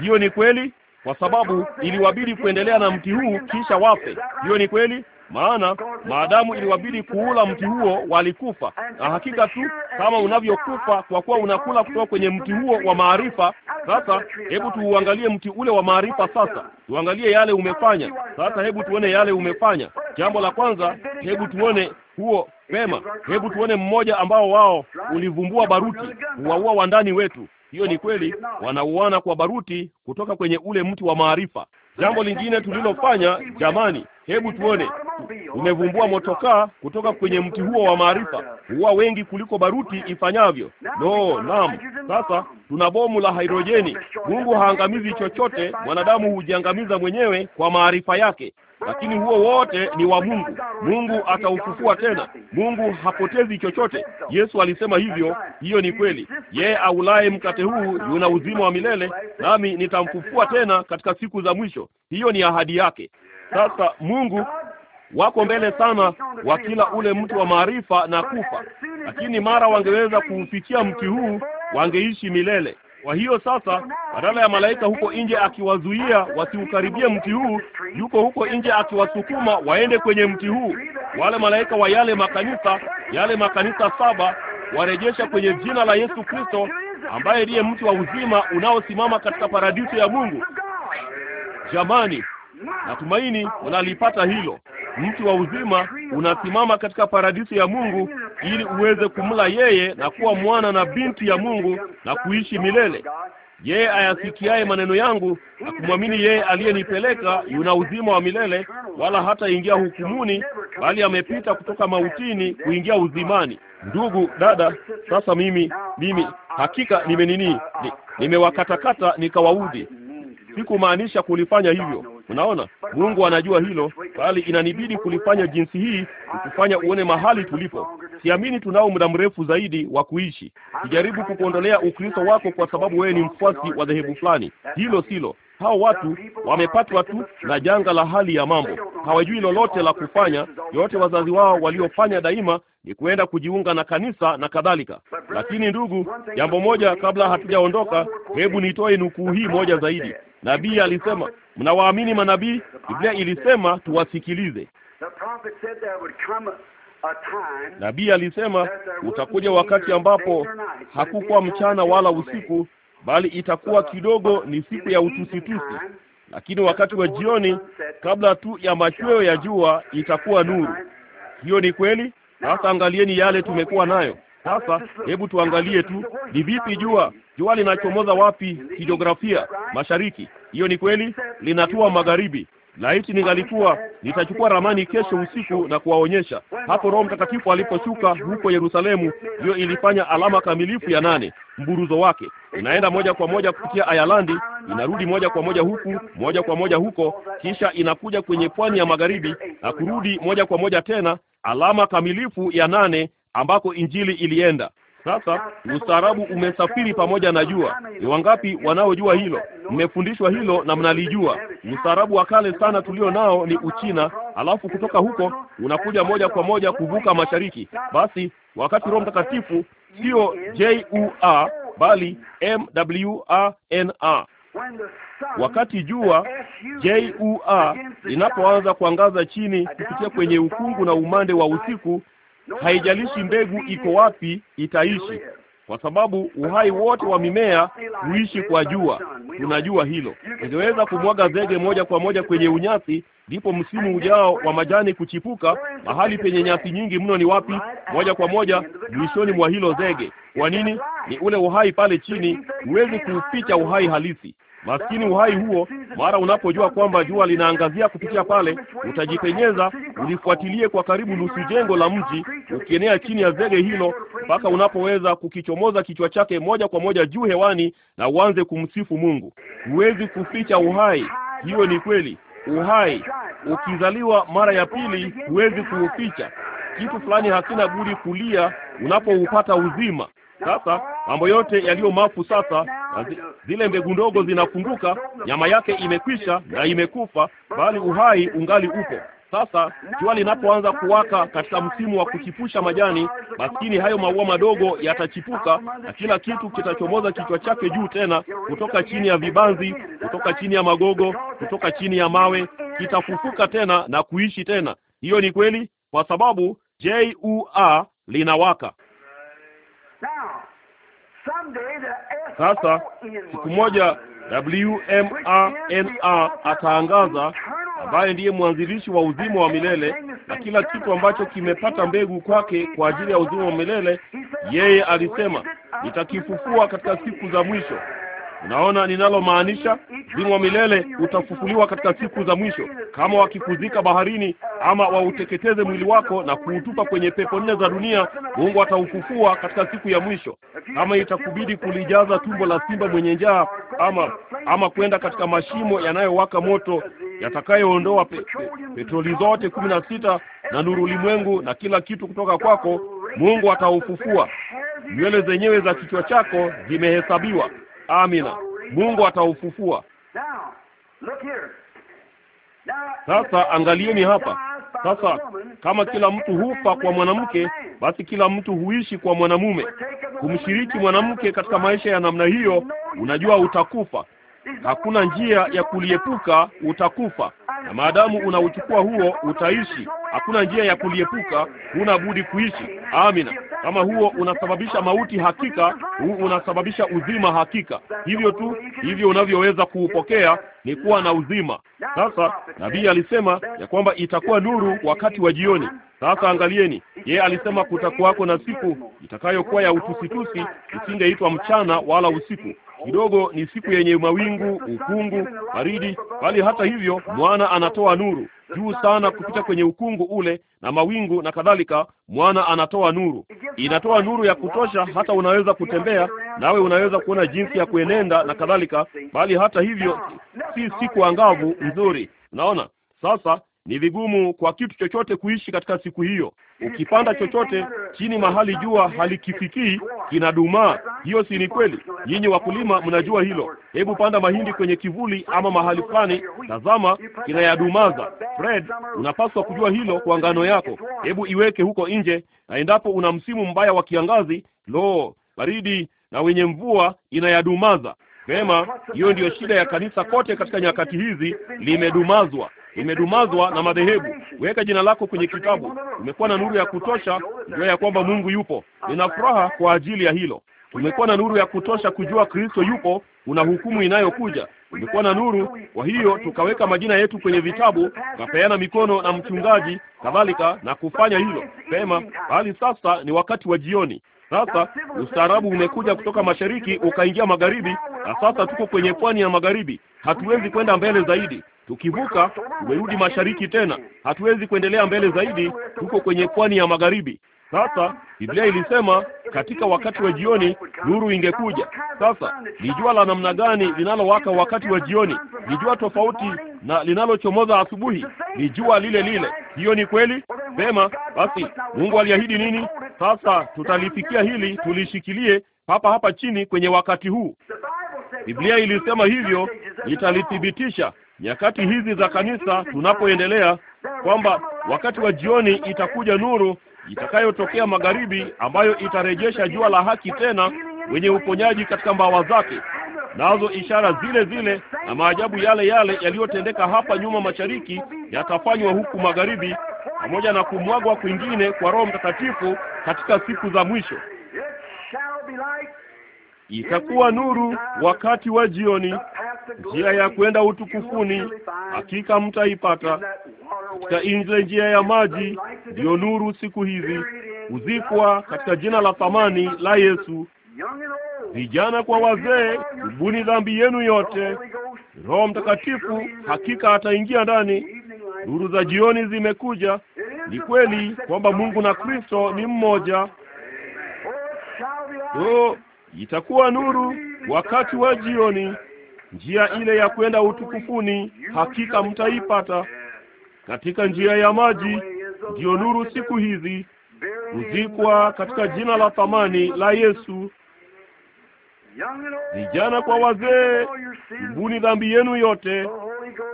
Hiyo ni kweli, kwa sababu iliwabidi kuendelea na mti huu kisha wafe. Hiyo ni kweli, maana maadamu iliwabidi kuula mti huo walikufa, na hakika tu kama unavyokufa kwa kuwa unakula kutoka kwenye mti huo wa maarifa. Sasa hebu tuuangalie mti ule wa maarifa, sasa tuangalie yale umefanya. Sasa hebu tuone yale umefanya. Jambo la kwanza, hebu tuone huo pema, hebu tuone mmoja ambao wao ulivumbua baruti, uwaua wandani wetu. Hiyo ni kweli, wanauana kwa baruti kutoka kwenye ule mti wa maarifa. Jambo lingine tulilofanya, jamani, hebu tuone, tumevumbua motokaa kutoka kwenye mti huo wa maarifa, huwa wengi kuliko baruti ifanyavyo. No, naam. Sasa tuna bomu la hidrojeni. Mungu haangamizi chochote, mwanadamu hujiangamiza mwenyewe kwa maarifa yake lakini huo wote ni wa Mungu. Mungu ataufufua tena. Mungu hapotezi chochote. Yesu alisema hivyo, hiyo ni kweli. Yeye aulaye mkate huu yuna uzima wa milele, nami nitamfufua tena katika siku za mwisho. Hiyo ni ahadi yake. Sasa Mungu wako mbele sana wa kila ule mtu wa maarifa na kufa, lakini mara wangeweza kuufikia mti huu, wangeishi milele. Kwa hiyo sasa, badala ya malaika huko nje akiwazuia wasiukaribie mti huu, yuko huko nje akiwasukuma waende kwenye mti huu. Wale malaika wa yale makanisa, yale makanisa saba, warejesha kwenye jina la Yesu Kristo, ambaye ndiye mti wa uzima unaosimama katika paradiso ya Mungu. Jamani, Natumaini unalipata hilo. Mti wa uzima unasimama katika paradisi ya Mungu ili uweze kumla yeye na kuwa mwana na binti ya Mungu na kuishi milele. Yeye ayasikiaye maneno yangu na kumwamini yeye aliyenipeleka yuna uzima wa milele, wala hataingia hukumuni, bali amepita kutoka mautini kuingia uzimani. Ndugu dada, sasa mimi mimi hakika nimenini, nimewakatakata nikawaudhi. Sikumaanisha kulifanya hivyo Unaona, Mungu anajua hilo, bali inanibidi kulifanya jinsi hii, kufanya uone mahali tulipo. Siamini tunao muda mrefu zaidi wa kuishi. Sijaribu kukuondolea Ukristo wako kwa sababu wewe ni mfuasi wa dhehebu fulani, hilo silo. Hao watu wamepatwa tu na janga la hali ya mambo, hawajui lolote la kufanya. Yote wazazi wao waliofanya daima ni kuenda kujiunga na kanisa na kadhalika. Lakini ndugu, jambo moja kabla hatujaondoka, hebu nitoe nukuu hii moja zaidi. Nabii alisema mnawaamini manabii? Biblia ilisema tuwasikilize. Nabii alisema utakuja wakati ambapo hakukuwa mchana wala usiku, bali itakuwa kidogo uh, ni siku ya utusitusi, lakini wakati wa jioni kabla tu ya machweo ya jua itakuwa nuru. Hiyo ni kweli. Sasa angalieni yale tumekuwa nayo sasa hebu tuangalie tu ni vipi jua jua linachomoza wapi kijiografia. Mashariki, hiyo ni kweli, linatua magharibi. Laiti ningalikuwa nitachukua ramani kesho usiku na kuwaonyesha hapo. Roho Mtakatifu aliposhuka huko Yerusalemu, hiyo ilifanya alama kamilifu ya nane mburuzo wake inaenda moja kwa moja kupitia Ayalandi, inarudi moja kwa moja huku, moja kwa moja huko, kisha inakuja kwenye pwani ya magharibi na kurudi moja kwa moja tena, alama kamilifu ya nane ambako injili ilienda. Sasa ustaarabu umesafiri pamoja na jua. Ni wangapi wanaojua hilo? Mmefundishwa hilo na mnalijua. Ustaarabu wa kale sana tulio nao ni Uchina, alafu kutoka huko unakuja moja kwa moja kuvuka mashariki. Basi wakati Roho Mtakatifu sio J U A bali M W A N A, wakati jua J U A linapoanza kuangaza chini kupitia kwenye ukungu na umande wa usiku Haijalishi mbegu iko wapi, itaishi kwa sababu uhai wote wa mimea huishi kwa jua. Tunajua hilo. Ungeweza kumwaga zege moja kwa moja kwenye unyasi, ndipo msimu ujao wa majani kuchipuka. Mahali penye nyasi nyingi mno ni wapi? Moja kwa moja mwishoni mwa hilo zege. Kwa nini? Ni ule uhai pale chini, huwezi kuuficha uhai halisi. Maskini uhai huo, mara unapojua kwamba jua linaangazia kupitia pale, utajipenyeza ulifuatilie kwa karibu nusu jengo la mji, ukienea chini ya zege hilo mpaka unapoweza kukichomoza kichwa chake moja kwa moja juu hewani na uanze kumsifu Mungu. Huwezi kuficha uhai, hiyo ni kweli. Uhai ukizaliwa mara ya pili, huwezi kuuficha. Kitu fulani hakina budi kulia unapoupata uzima. Sasa mambo yote yaliyo mafu sasa, zile mbegu ndogo zinafunguka, nyama yake imekwisha na imekufa, bali uhai ungali upo. Sasa jua linapoanza kuwaka katika msimu wa kuchipusha majani, maskini hayo maua madogo yatachipuka na kila kitu kitachomoza kichwa chake juu tena, kutoka chini ya vibanzi, kutoka chini ya magogo, kutoka chini ya mawe, kitafufuka tena na kuishi tena. Hiyo ni kweli, kwa sababu jua linawaka. Sasa siku moja WMANA ataangaza, ambaye ndiye mwanzilishi wa uzima wa milele na kila kitu ambacho kimepata mbegu kwake kwa ajili ya uzima wa milele. Yeye alisema nitakifufua katika siku za mwisho. Unaona ninalomaanisha? Uzima wa milele utafufuliwa katika siku za mwisho, kama wakikuzika baharini ama wauteketeze mwili wako na kuutupa kwenye pepo nne za dunia, Mungu ataufufua katika siku ya mwisho, kama itakubidi kulijaza tumbo la simba mwenye njaa ama ama kwenda katika mashimo yanayowaka moto yatakayoondoa pe, pe, petroli zote kumi na sita na nuru ulimwengu na kila kitu kutoka kwako, Mungu ataufufua. Nywele zenyewe za kichwa chako zimehesabiwa. Amina, Mungu ataufufua. Sasa angalieni hapa sasa. Kama kila mtu hufa kwa mwanamke, basi kila mtu huishi kwa mwanamume. Kumshiriki mwanamke katika maisha ya namna hiyo, unajua utakufa hakuna njia ya kuliepuka, utakufa. Na maadamu unauchukua huo, utaishi. Hakuna njia ya kuliepuka, huna budi kuishi. Amina. Kama huo unasababisha mauti, hakika huu unasababisha uzima. Hakika hivyo tu, hivyo unavyoweza kuupokea ni kuwa na uzima. Sasa nabii alisema ya kwamba itakuwa nuru wakati wa jioni. Sasa angalieni, yeye alisema kutakuwako na siku itakayokuwa ya utusitusi, isingeitwa mchana wala usiku, kidogo ni siku yenye mawingu, ukungu, baridi, bali hata hivyo mwana anatoa nuru juu sana kupita kwenye ukungu ule na mawingu na kadhalika. Mwana anatoa nuru, inatoa nuru ya kutosha, hata unaweza kutembea nawe, unaweza kuona jinsi ya kuenenda na kadhalika, bali hata hivyo si siku angavu nzuri. Unaona sasa ni vigumu kwa kitu chochote kuishi katika siku hiyo. Ukipanda eh, eh, chochote eh, chini mahali jua halikifikii kinadumaa. Hiyo si ni kweli? Nyinyi wakulima mnajua hilo. Hebu panda mahindi kwenye kivuli ama mahali fulani, tazama, kinayadumaza. Fred, unapaswa kujua hilo kwa ngano yako. Hebu iweke huko nje, na endapo una msimu mbaya wa kiangazi, lo, baridi na wenye mvua, inayadumaza. Vema, hiyo ndiyo shida ya kanisa kote katika nyakati hizi, limedumazwa imedumazwa na madhehebu. Weka jina lako kwenye kitabu. Umekuwa na nuru ya kutosha kujua ya kwamba Mungu yupo. Nina furaha kwa ajili ya hilo. Umekuwa na nuru ya kutosha kujua Kristo yupo. Kuna hukumu inayokuja. Umekuwa na nuru, kwa hiyo tukaweka majina yetu kwenye vitabu, tukapeana mikono na mchungaji kadhalika, na kufanya hilo pema. Bali sasa ni wakati wa jioni. Sasa ustaarabu umekuja kutoka mashariki ukaingia magharibi, na sasa tuko kwenye pwani ya magharibi. Hatuwezi kwenda mbele zaidi. Tukivuka tumerudi mashariki tena, hatuwezi kuendelea mbele zaidi, tuko kwenye pwani ya magharibi sasa. Biblia ilisema katika wakati wa jioni nuru ingekuja. Sasa ni jua la namna gani linalowaka wakati wa jioni? Ni jua tofauti na linalochomoza asubuhi, ni jua lile lile. Hiyo ni kweli. Sema basi, Mungu aliahidi nini? Sasa tutalifikia hili, tulishikilie hapa hapa chini kwenye wakati huu. Biblia ilisema hivyo, italithibitisha nyakati hizi za kanisa tunapoendelea, kwamba wakati wa jioni itakuja nuru itakayotokea magharibi, ambayo itarejesha jua la haki tena wenye uponyaji katika mbawa zake, nazo ishara zile zile na maajabu yale yale yaliyotendeka hapa nyuma mashariki yatafanywa huku magharibi, pamoja na kumwagwa kwingine kwa Roho Mtakatifu katika siku za mwisho. Itakuwa nuru wakati wa jioni njia ya kwenda utukufuni, hakika mtaipata katika ile njia ya maji. Ndiyo nuru siku hizi kuzikwa katika jina la thamani la Yesu. Vijana kwa wazee, tubuni dhambi yenu yote. Roho Mtakatifu hakika ataingia ndani. Nuru za jioni zimekuja. Ni kweli kwamba Mungu na Kristo ni mmoja. Oh, itakuwa nuru wakati wa jioni njia ile ya kwenda utukufuni hakika mtaipata. Katika njia ya maji ndiyo nuru siku hizi kuzikwa katika jina la thamani la Yesu. Vijana kwa wazee, tubuni dhambi yenu yote.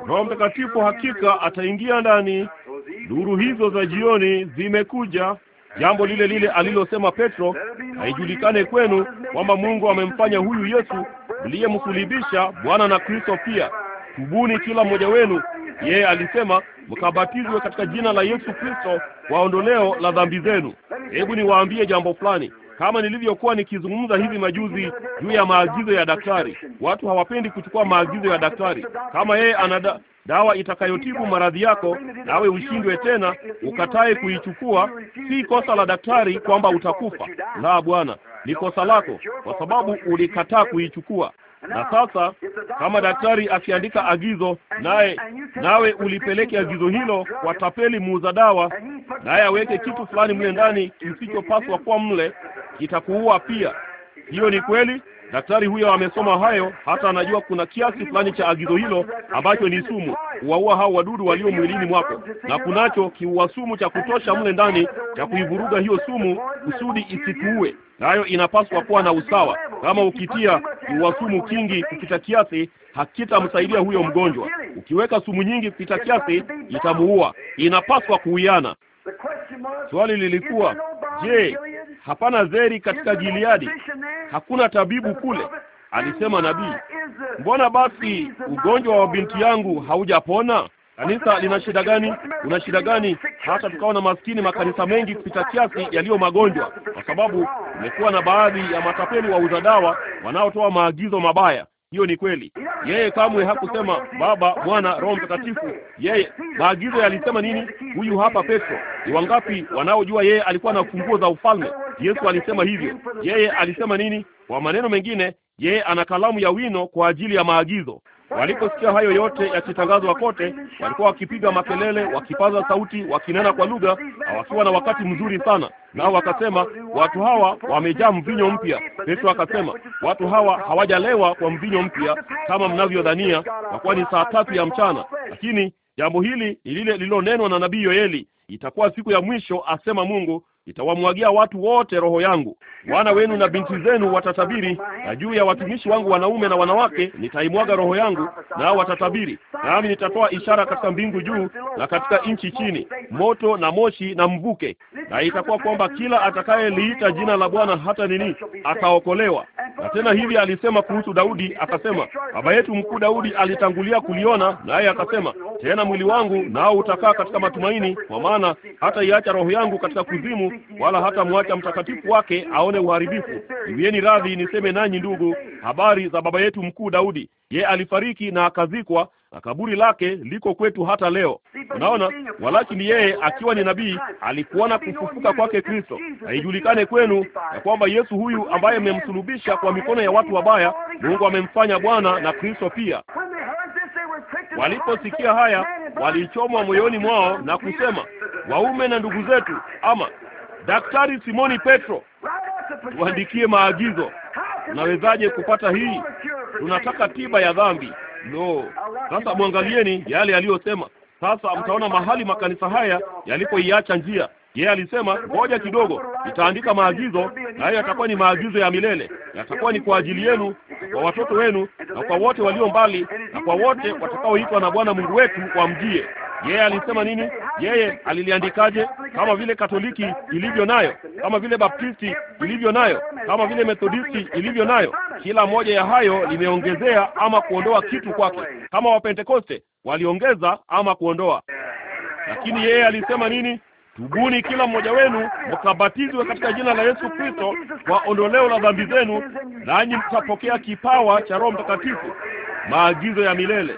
Roho Mtakatifu hakika ataingia ndani. Nuru hizo za jioni zimekuja jambo lile lile alilosema Petro, haijulikane kwenu kwamba Mungu amemfanya huyu Yesu mliyemsulibisha Bwana na Kristo pia. Tubuni kila mmoja wenu, yeye alisema, mkabatizwe katika jina la Yesu Kristo kwa ondoleo la dhambi zenu. Hebu niwaambie jambo fulani kama nilivyokuwa nikizungumza hivi majuzi juu ya maagizo ya daktari. Watu hawapendi kuchukua maagizo ya daktari. Kama yeye anada, dawa itakayotibu maradhi yako, nawe ushindwe tena ukatae kuichukua. Si kosa la daktari kwamba utakufa, la bwana, ni kosa lako kwa sababu ulikataa kuichukua. Na sasa kama daktari akiandika agizo, naye nawe ulipeleke agizo hilo kwa tapeli muuza dawa, naye aweke kitu fulani mle ndani kisichopaswa kwa mle, kitakuua pia. Hiyo ni kweli. Daktari huyo amesoma hayo, hata anajua kuna kiasi fulani cha agizo hilo ambacho ni sumu kuwaua hao wadudu walio mwilini mwako, na kunacho kiua sumu cha kutosha mle ndani cha kuivuruga hiyo sumu kusudi isikuue, nayo inapaswa kuwa na usawa. Kama ukitia kiua sumu kingi kupita kiasi, hakitamsaidia huyo mgonjwa. Ukiweka sumu nyingi kupita kiasi, itamuua. Inapaswa kuwiana. Swali lilikuwa je, hapana zeri katika Gileadi, hakuna tabibu kule, alisema uh, nabii. Mbona basi ugonjwa wa binti yangu haujapona? Kanisa lina shida gani? Una shida gani? Hata tukawa na maskini makanisa mengi kupita kiasi yaliyo magonjwa, kwa sababu umekuwa na baadhi ya matapeli wauza dawa wanaotoa maagizo mabaya. Hiyo ni kweli. Yeye kamwe hakusema Baba, Mwana, Roho Mtakatifu. Yeye maagizo yalisema nini? Huyu hapa Petro. Ni wangapi wanaojua yeye alikuwa na funguo za ufalme? Yesu alisema hivyo. Yeye alisema nini? Kwa maneno mengine, yeye ana kalamu ya wino kwa ajili ya maagizo. Waliposikia hayo yote yakitangazwa kote, walikuwa wakipiga makelele, wakipaza sauti, wakinena kwa lugha na wakiwa na wakati mzuri sana. Nao wakasema, watu hawa wamejaa mvinyo mpya. Petro akasema, watu hawa hawajalewa kwa mvinyo mpya kama mnavyodhania, kwa kuwa ni saa tatu ya mchana. Lakini jambo hili ni lile lililonenwa na nabii Yoeli, itakuwa siku ya mwisho, asema Mungu, Itawamwagia watu wote roho yangu. Wana wenu na binti zenu watatabiri, na juu ya watumishi wangu wanaume na wanawake nitaimwaga roho yangu, nao watatabiri. Nami nitatoa ishara katika mbingu juu na katika nchi chini, moto na moshi na mvuke. Na itakuwa kwamba kila atakayeliita jina la Bwana hata nini ataokolewa. Na tena hivi alisema kuhusu Daudi akasema, baba yetu mkuu Daudi alitangulia kuliona, naye akasema, tena mwili wangu nao utakaa katika matumaini, kwa maana hata iacha roho yangu katika kuzimu wala hata mwacha mtakatifu wake aone uharibifu. Niwieni radhi niseme nanyi, ndugu, habari za baba yetu mkuu Daudi. Ye alifariki na akazikwa, na kaburi lake liko kwetu hata leo. Unaona, walakini yeye akiwa ni nabii alikuona kufufuka kwake Kristo, haijulikane kwenu ya kwamba Yesu huyu ambaye mmemsulubisha kwa mikono ya watu wabaya, Mungu amemfanya Bwana na Kristo pia. Waliposikia haya walichomwa moyoni mwao na kusema, waume na ndugu zetu ama Daktari Simoni Petro, tuandikie maagizo. Unawezaje kupata hii? Tunataka tiba ya dhambi. No, sasa mwangalieni yale aliyosema. Sasa mtaona mahali makanisa haya yalipoiacha njia. Yeye alisema ngoja kidogo, nitaandika maagizo, na hayo yatakuwa ni maagizo ya milele, yatakuwa ni kwa ajili yenu, kwa watoto wenu, na kwa wote walio mbali, na kwa wote watakaoitwa na Bwana Mungu wetu wamjie. Yeye alisema nini? Yeye aliliandikaje? Kama vile Katoliki ilivyo nayo, kama vile Baptisti ilivyo nayo, kama vile Methodisti ilivyo nayo. Kila moja ya hayo limeongezea ama kuondoa kitu kwake, kama Wapentekoste waliongeza ama kuondoa. Lakini yeye alisema nini? Tubuni kila mmoja wenu mkabatizwe katika jina la Yesu Kristo kwa ondoleo la dhambi zenu, nanyi mtapokea kipawa cha Roho Mtakatifu, maagizo ya milele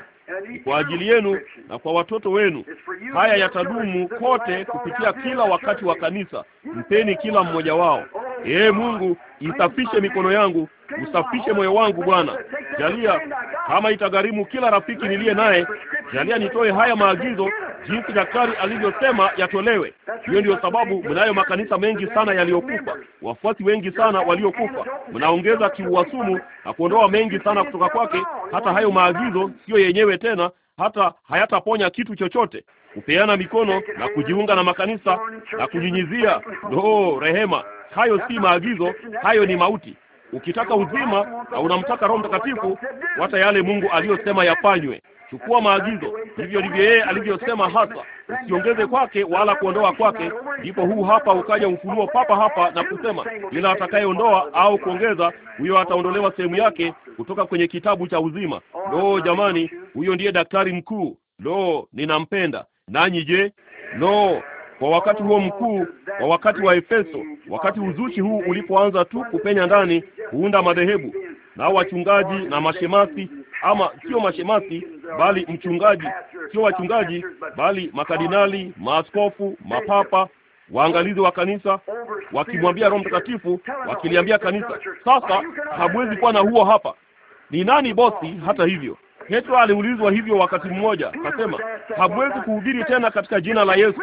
kwa ajili yenu na kwa watoto wenu. Haya yatadumu kote kupitia kila wakati wa kanisa. Mpeni kila mmoja wao. Oh, ee Mungu, isafishe mikono yangu usafishe moyo wangu Bwana. Jalia kama itagharimu kila rafiki niliye naye, jalia nitoe haya maagizo jinsi daktari alivyosema yatolewe. Hiyo ndiyo sababu mnayo makanisa mengi sana yaliyokufa, wafuasi wengi sana waliokufa. Mnaongeza kiuasumu na kuondoa mengi sana kutoka kwake. Hata hayo maagizo siyo yenyewe tena, hata hayataponya kitu chochote. Kupeana mikono na kujiunga na makanisa na kujinyizia, no rehema, hayo si maagizo, hayo ni mauti ukitaka uzima na unamtaka Roho Mtakatifu, wata yale Mungu aliyosema yafanywe. Chukua maagizo, hivyo ndivyo yeye alivyosema hasa, usiongeze kwake wala kuondoa kwake. Ndipo huu hapa ukaja ufunuo papa hapa na kusema, ila atakayeondoa au kuongeza, huyo ataondolewa sehemu yake kutoka kwenye kitabu cha uzima. Lo, jamani, huyo ndiye daktari mkuu. Lo, ninampenda nanyi. Je, lo kwa wakati huo mkuu wa wakati wa Efeso, wakati uzushi huu ulipoanza tu kupenya ndani kuunda madhehebu, nao wachungaji na mashemasi, ama sio mashemasi bali mchungaji, sio wachungaji bali makadinali maaskofu, mapapa waangalizi wa kanisa wakimwambia Roho Mtakatifu, wakiliambia kanisa, sasa hamwezi kuwa na huo hapa. Ni nani bosi? Hata hivyo Petro aliulizwa hivyo wakati mmoja, akasema, hamwezi kuhubiri tena katika jina la Yesu.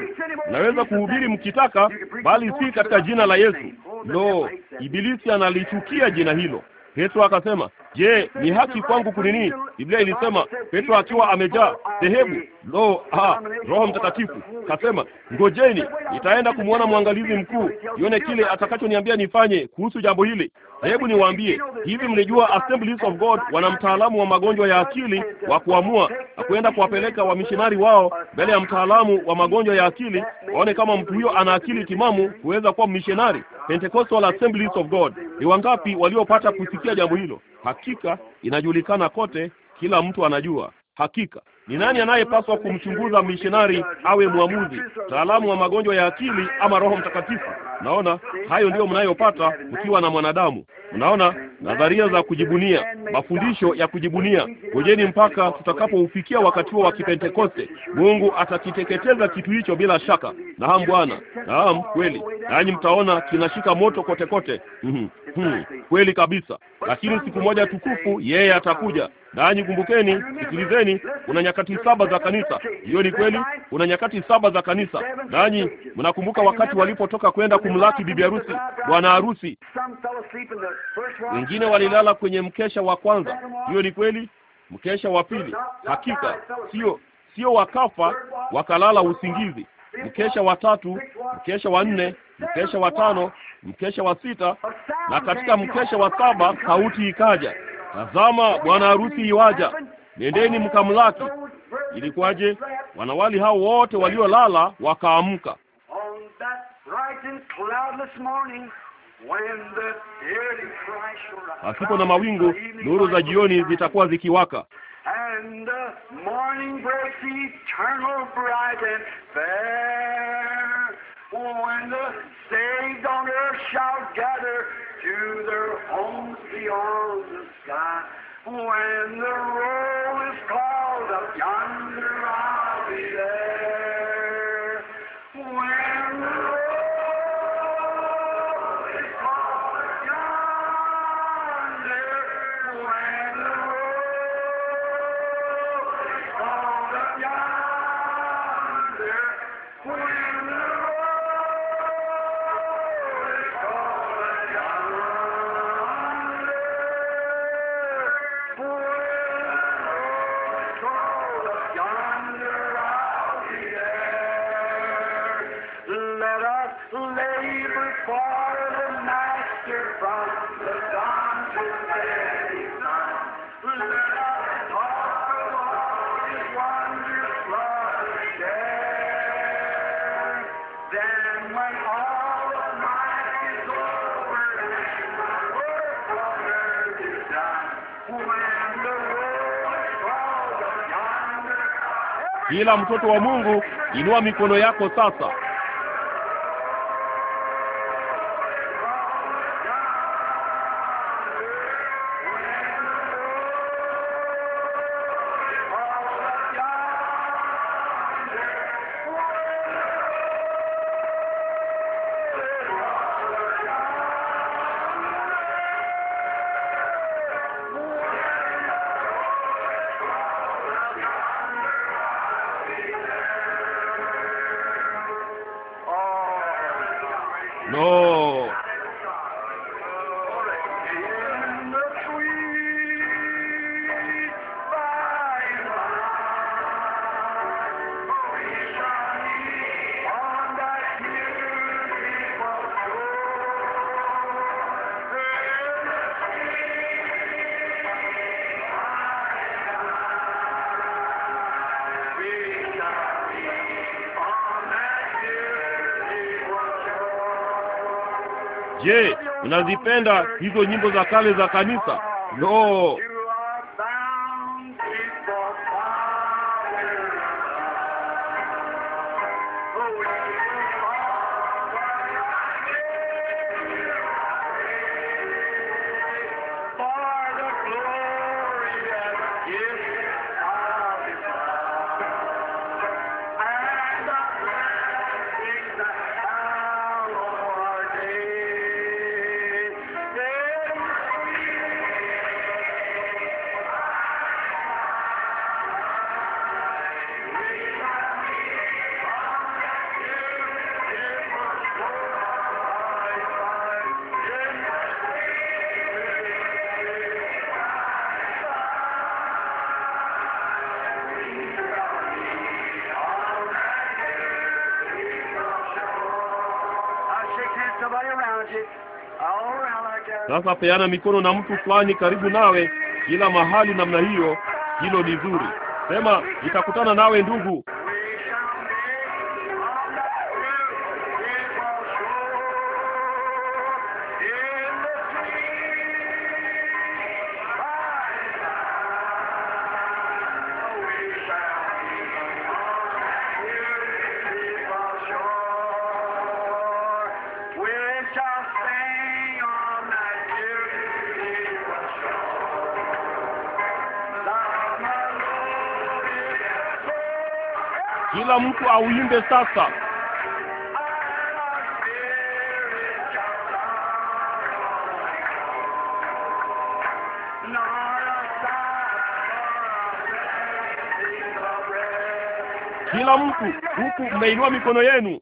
Naweza kuhubiri mkitaka, bali si katika jina la Yesu. Lo no, Ibilisi analichukia jina hilo. Petro akasema, je, ni haki kwangu kunini? Biblia ilisema Petro akiwa amejaa dhehebu lo ah, Roho Mtakatifu kasema, ngojeni, nitaenda kumwona mwangalizi mkuu, nione kile atakachoniambia nifanye kuhusu jambo hili. Hebu niwaambie hivi, mlijua Assemblies of God wana mtaalamu wa magonjwa ya akili wa kuamua na kuenda kuwapeleka wamishonari wao mbele ya mtaalamu wa magonjwa ya akili waone kama mtu huyo ana akili timamu kuweza kuwa mishinari. Pentecostal Assemblies of God. Ni wangapi waliopata kusikia jambo hilo? Hakika inajulikana kote, kila mtu anajua. Hakika ni nani anayepaswa kumchunguza mishonari awe mwamuzi, mtaalamu wa magonjwa ya akili ama Roho Mtakatifu? Naona hayo ndiyo mnayopata ukiwa na mwanadamu. Mnaona nadharia za kujibunia, mafundisho ya kujibunia. Ngojeni mpaka tutakapoufikia wakati huo wa Kipentekoste. Mungu atakiteketeza kitu hicho bila shaka. Naam Bwana, naam kweli, nanyi mtaona kinashika moto kote kote. Mm Hmm. Kweli kabisa, lakini siku moja tukufu yeye atakuja Nanyi kumbukeni, sikilizeni, kuna nyakati saba za kanisa. Hiyo ni kweli, kuna nyakati saba za kanisa. Nanyi mnakumbuka wakati walipotoka kwenda kumlaki bibi harusi, bwana harusi, wengine walilala kwenye mkesha wa kwanza. Hiyo ni kweli, mkesha wa pili, hakika sio sio wakafa, wakalala usingizi. Mkesha wa tatu, mkesha wa nne, mkesha wa tano, mkesha wa sita, na katika mkesha wa saba sauti ikaja tazama, bwana harusi iwaja, nendeni mkamlaki. Ilikuwaje? wanawali hao wote waliolala wakaamka. Pasipo na mawingu, nuru za jioni zitakuwa zikiwaka, when the saved on earth shall gather to their homes beyond the sky, when the roll is called up yonder kila mtoto wa Mungu, inua mikono yako sasa nazipenda hizo nyimbo za kale za kanisa? Lo no, Sasa peana mikono na mtu fulani karibu nawe, kila mahali namna hiyo. Hilo ni zuri. Sema nitakutana nawe ndugu, mtu auimbe sasa. Kila mtu huku mmeinua mikono yenu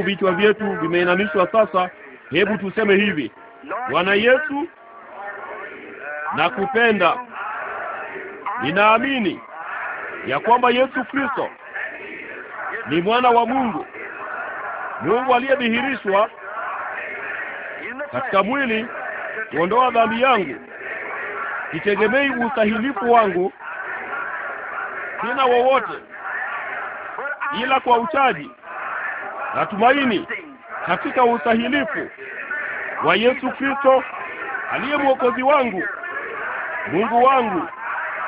huku vichwa vyetu vimeinamishwa sasa, hebu tuseme hivi: Bwana Yesu, nakupenda. Ninaamini ya kwamba Yesu Kristo ni mwana wa Mungu, Mungu aliyedhihirishwa katika mwili kuondoa dhambi yangu. Sitegemei ustahilifu wangu sina wowote, ila kwa uchaji na tumaini katika usahilifu wa Yesu Kristo aliye mwokozi wangu, Mungu wangu,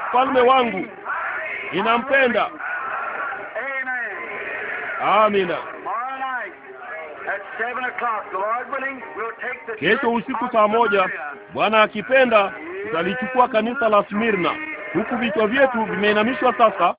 mfalme wangu. Ninampenda. Amina. Kesho usiku saa moja, Bwana akipenda, tutalichukua kanisa la Smirna, huku vichwa vyetu vimeinamishwa sasa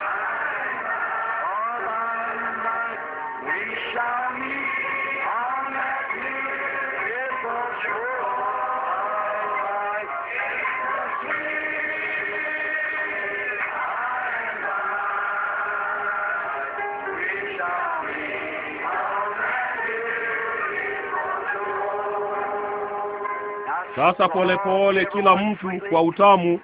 sasa polepole pole, kila mtu kwa utamu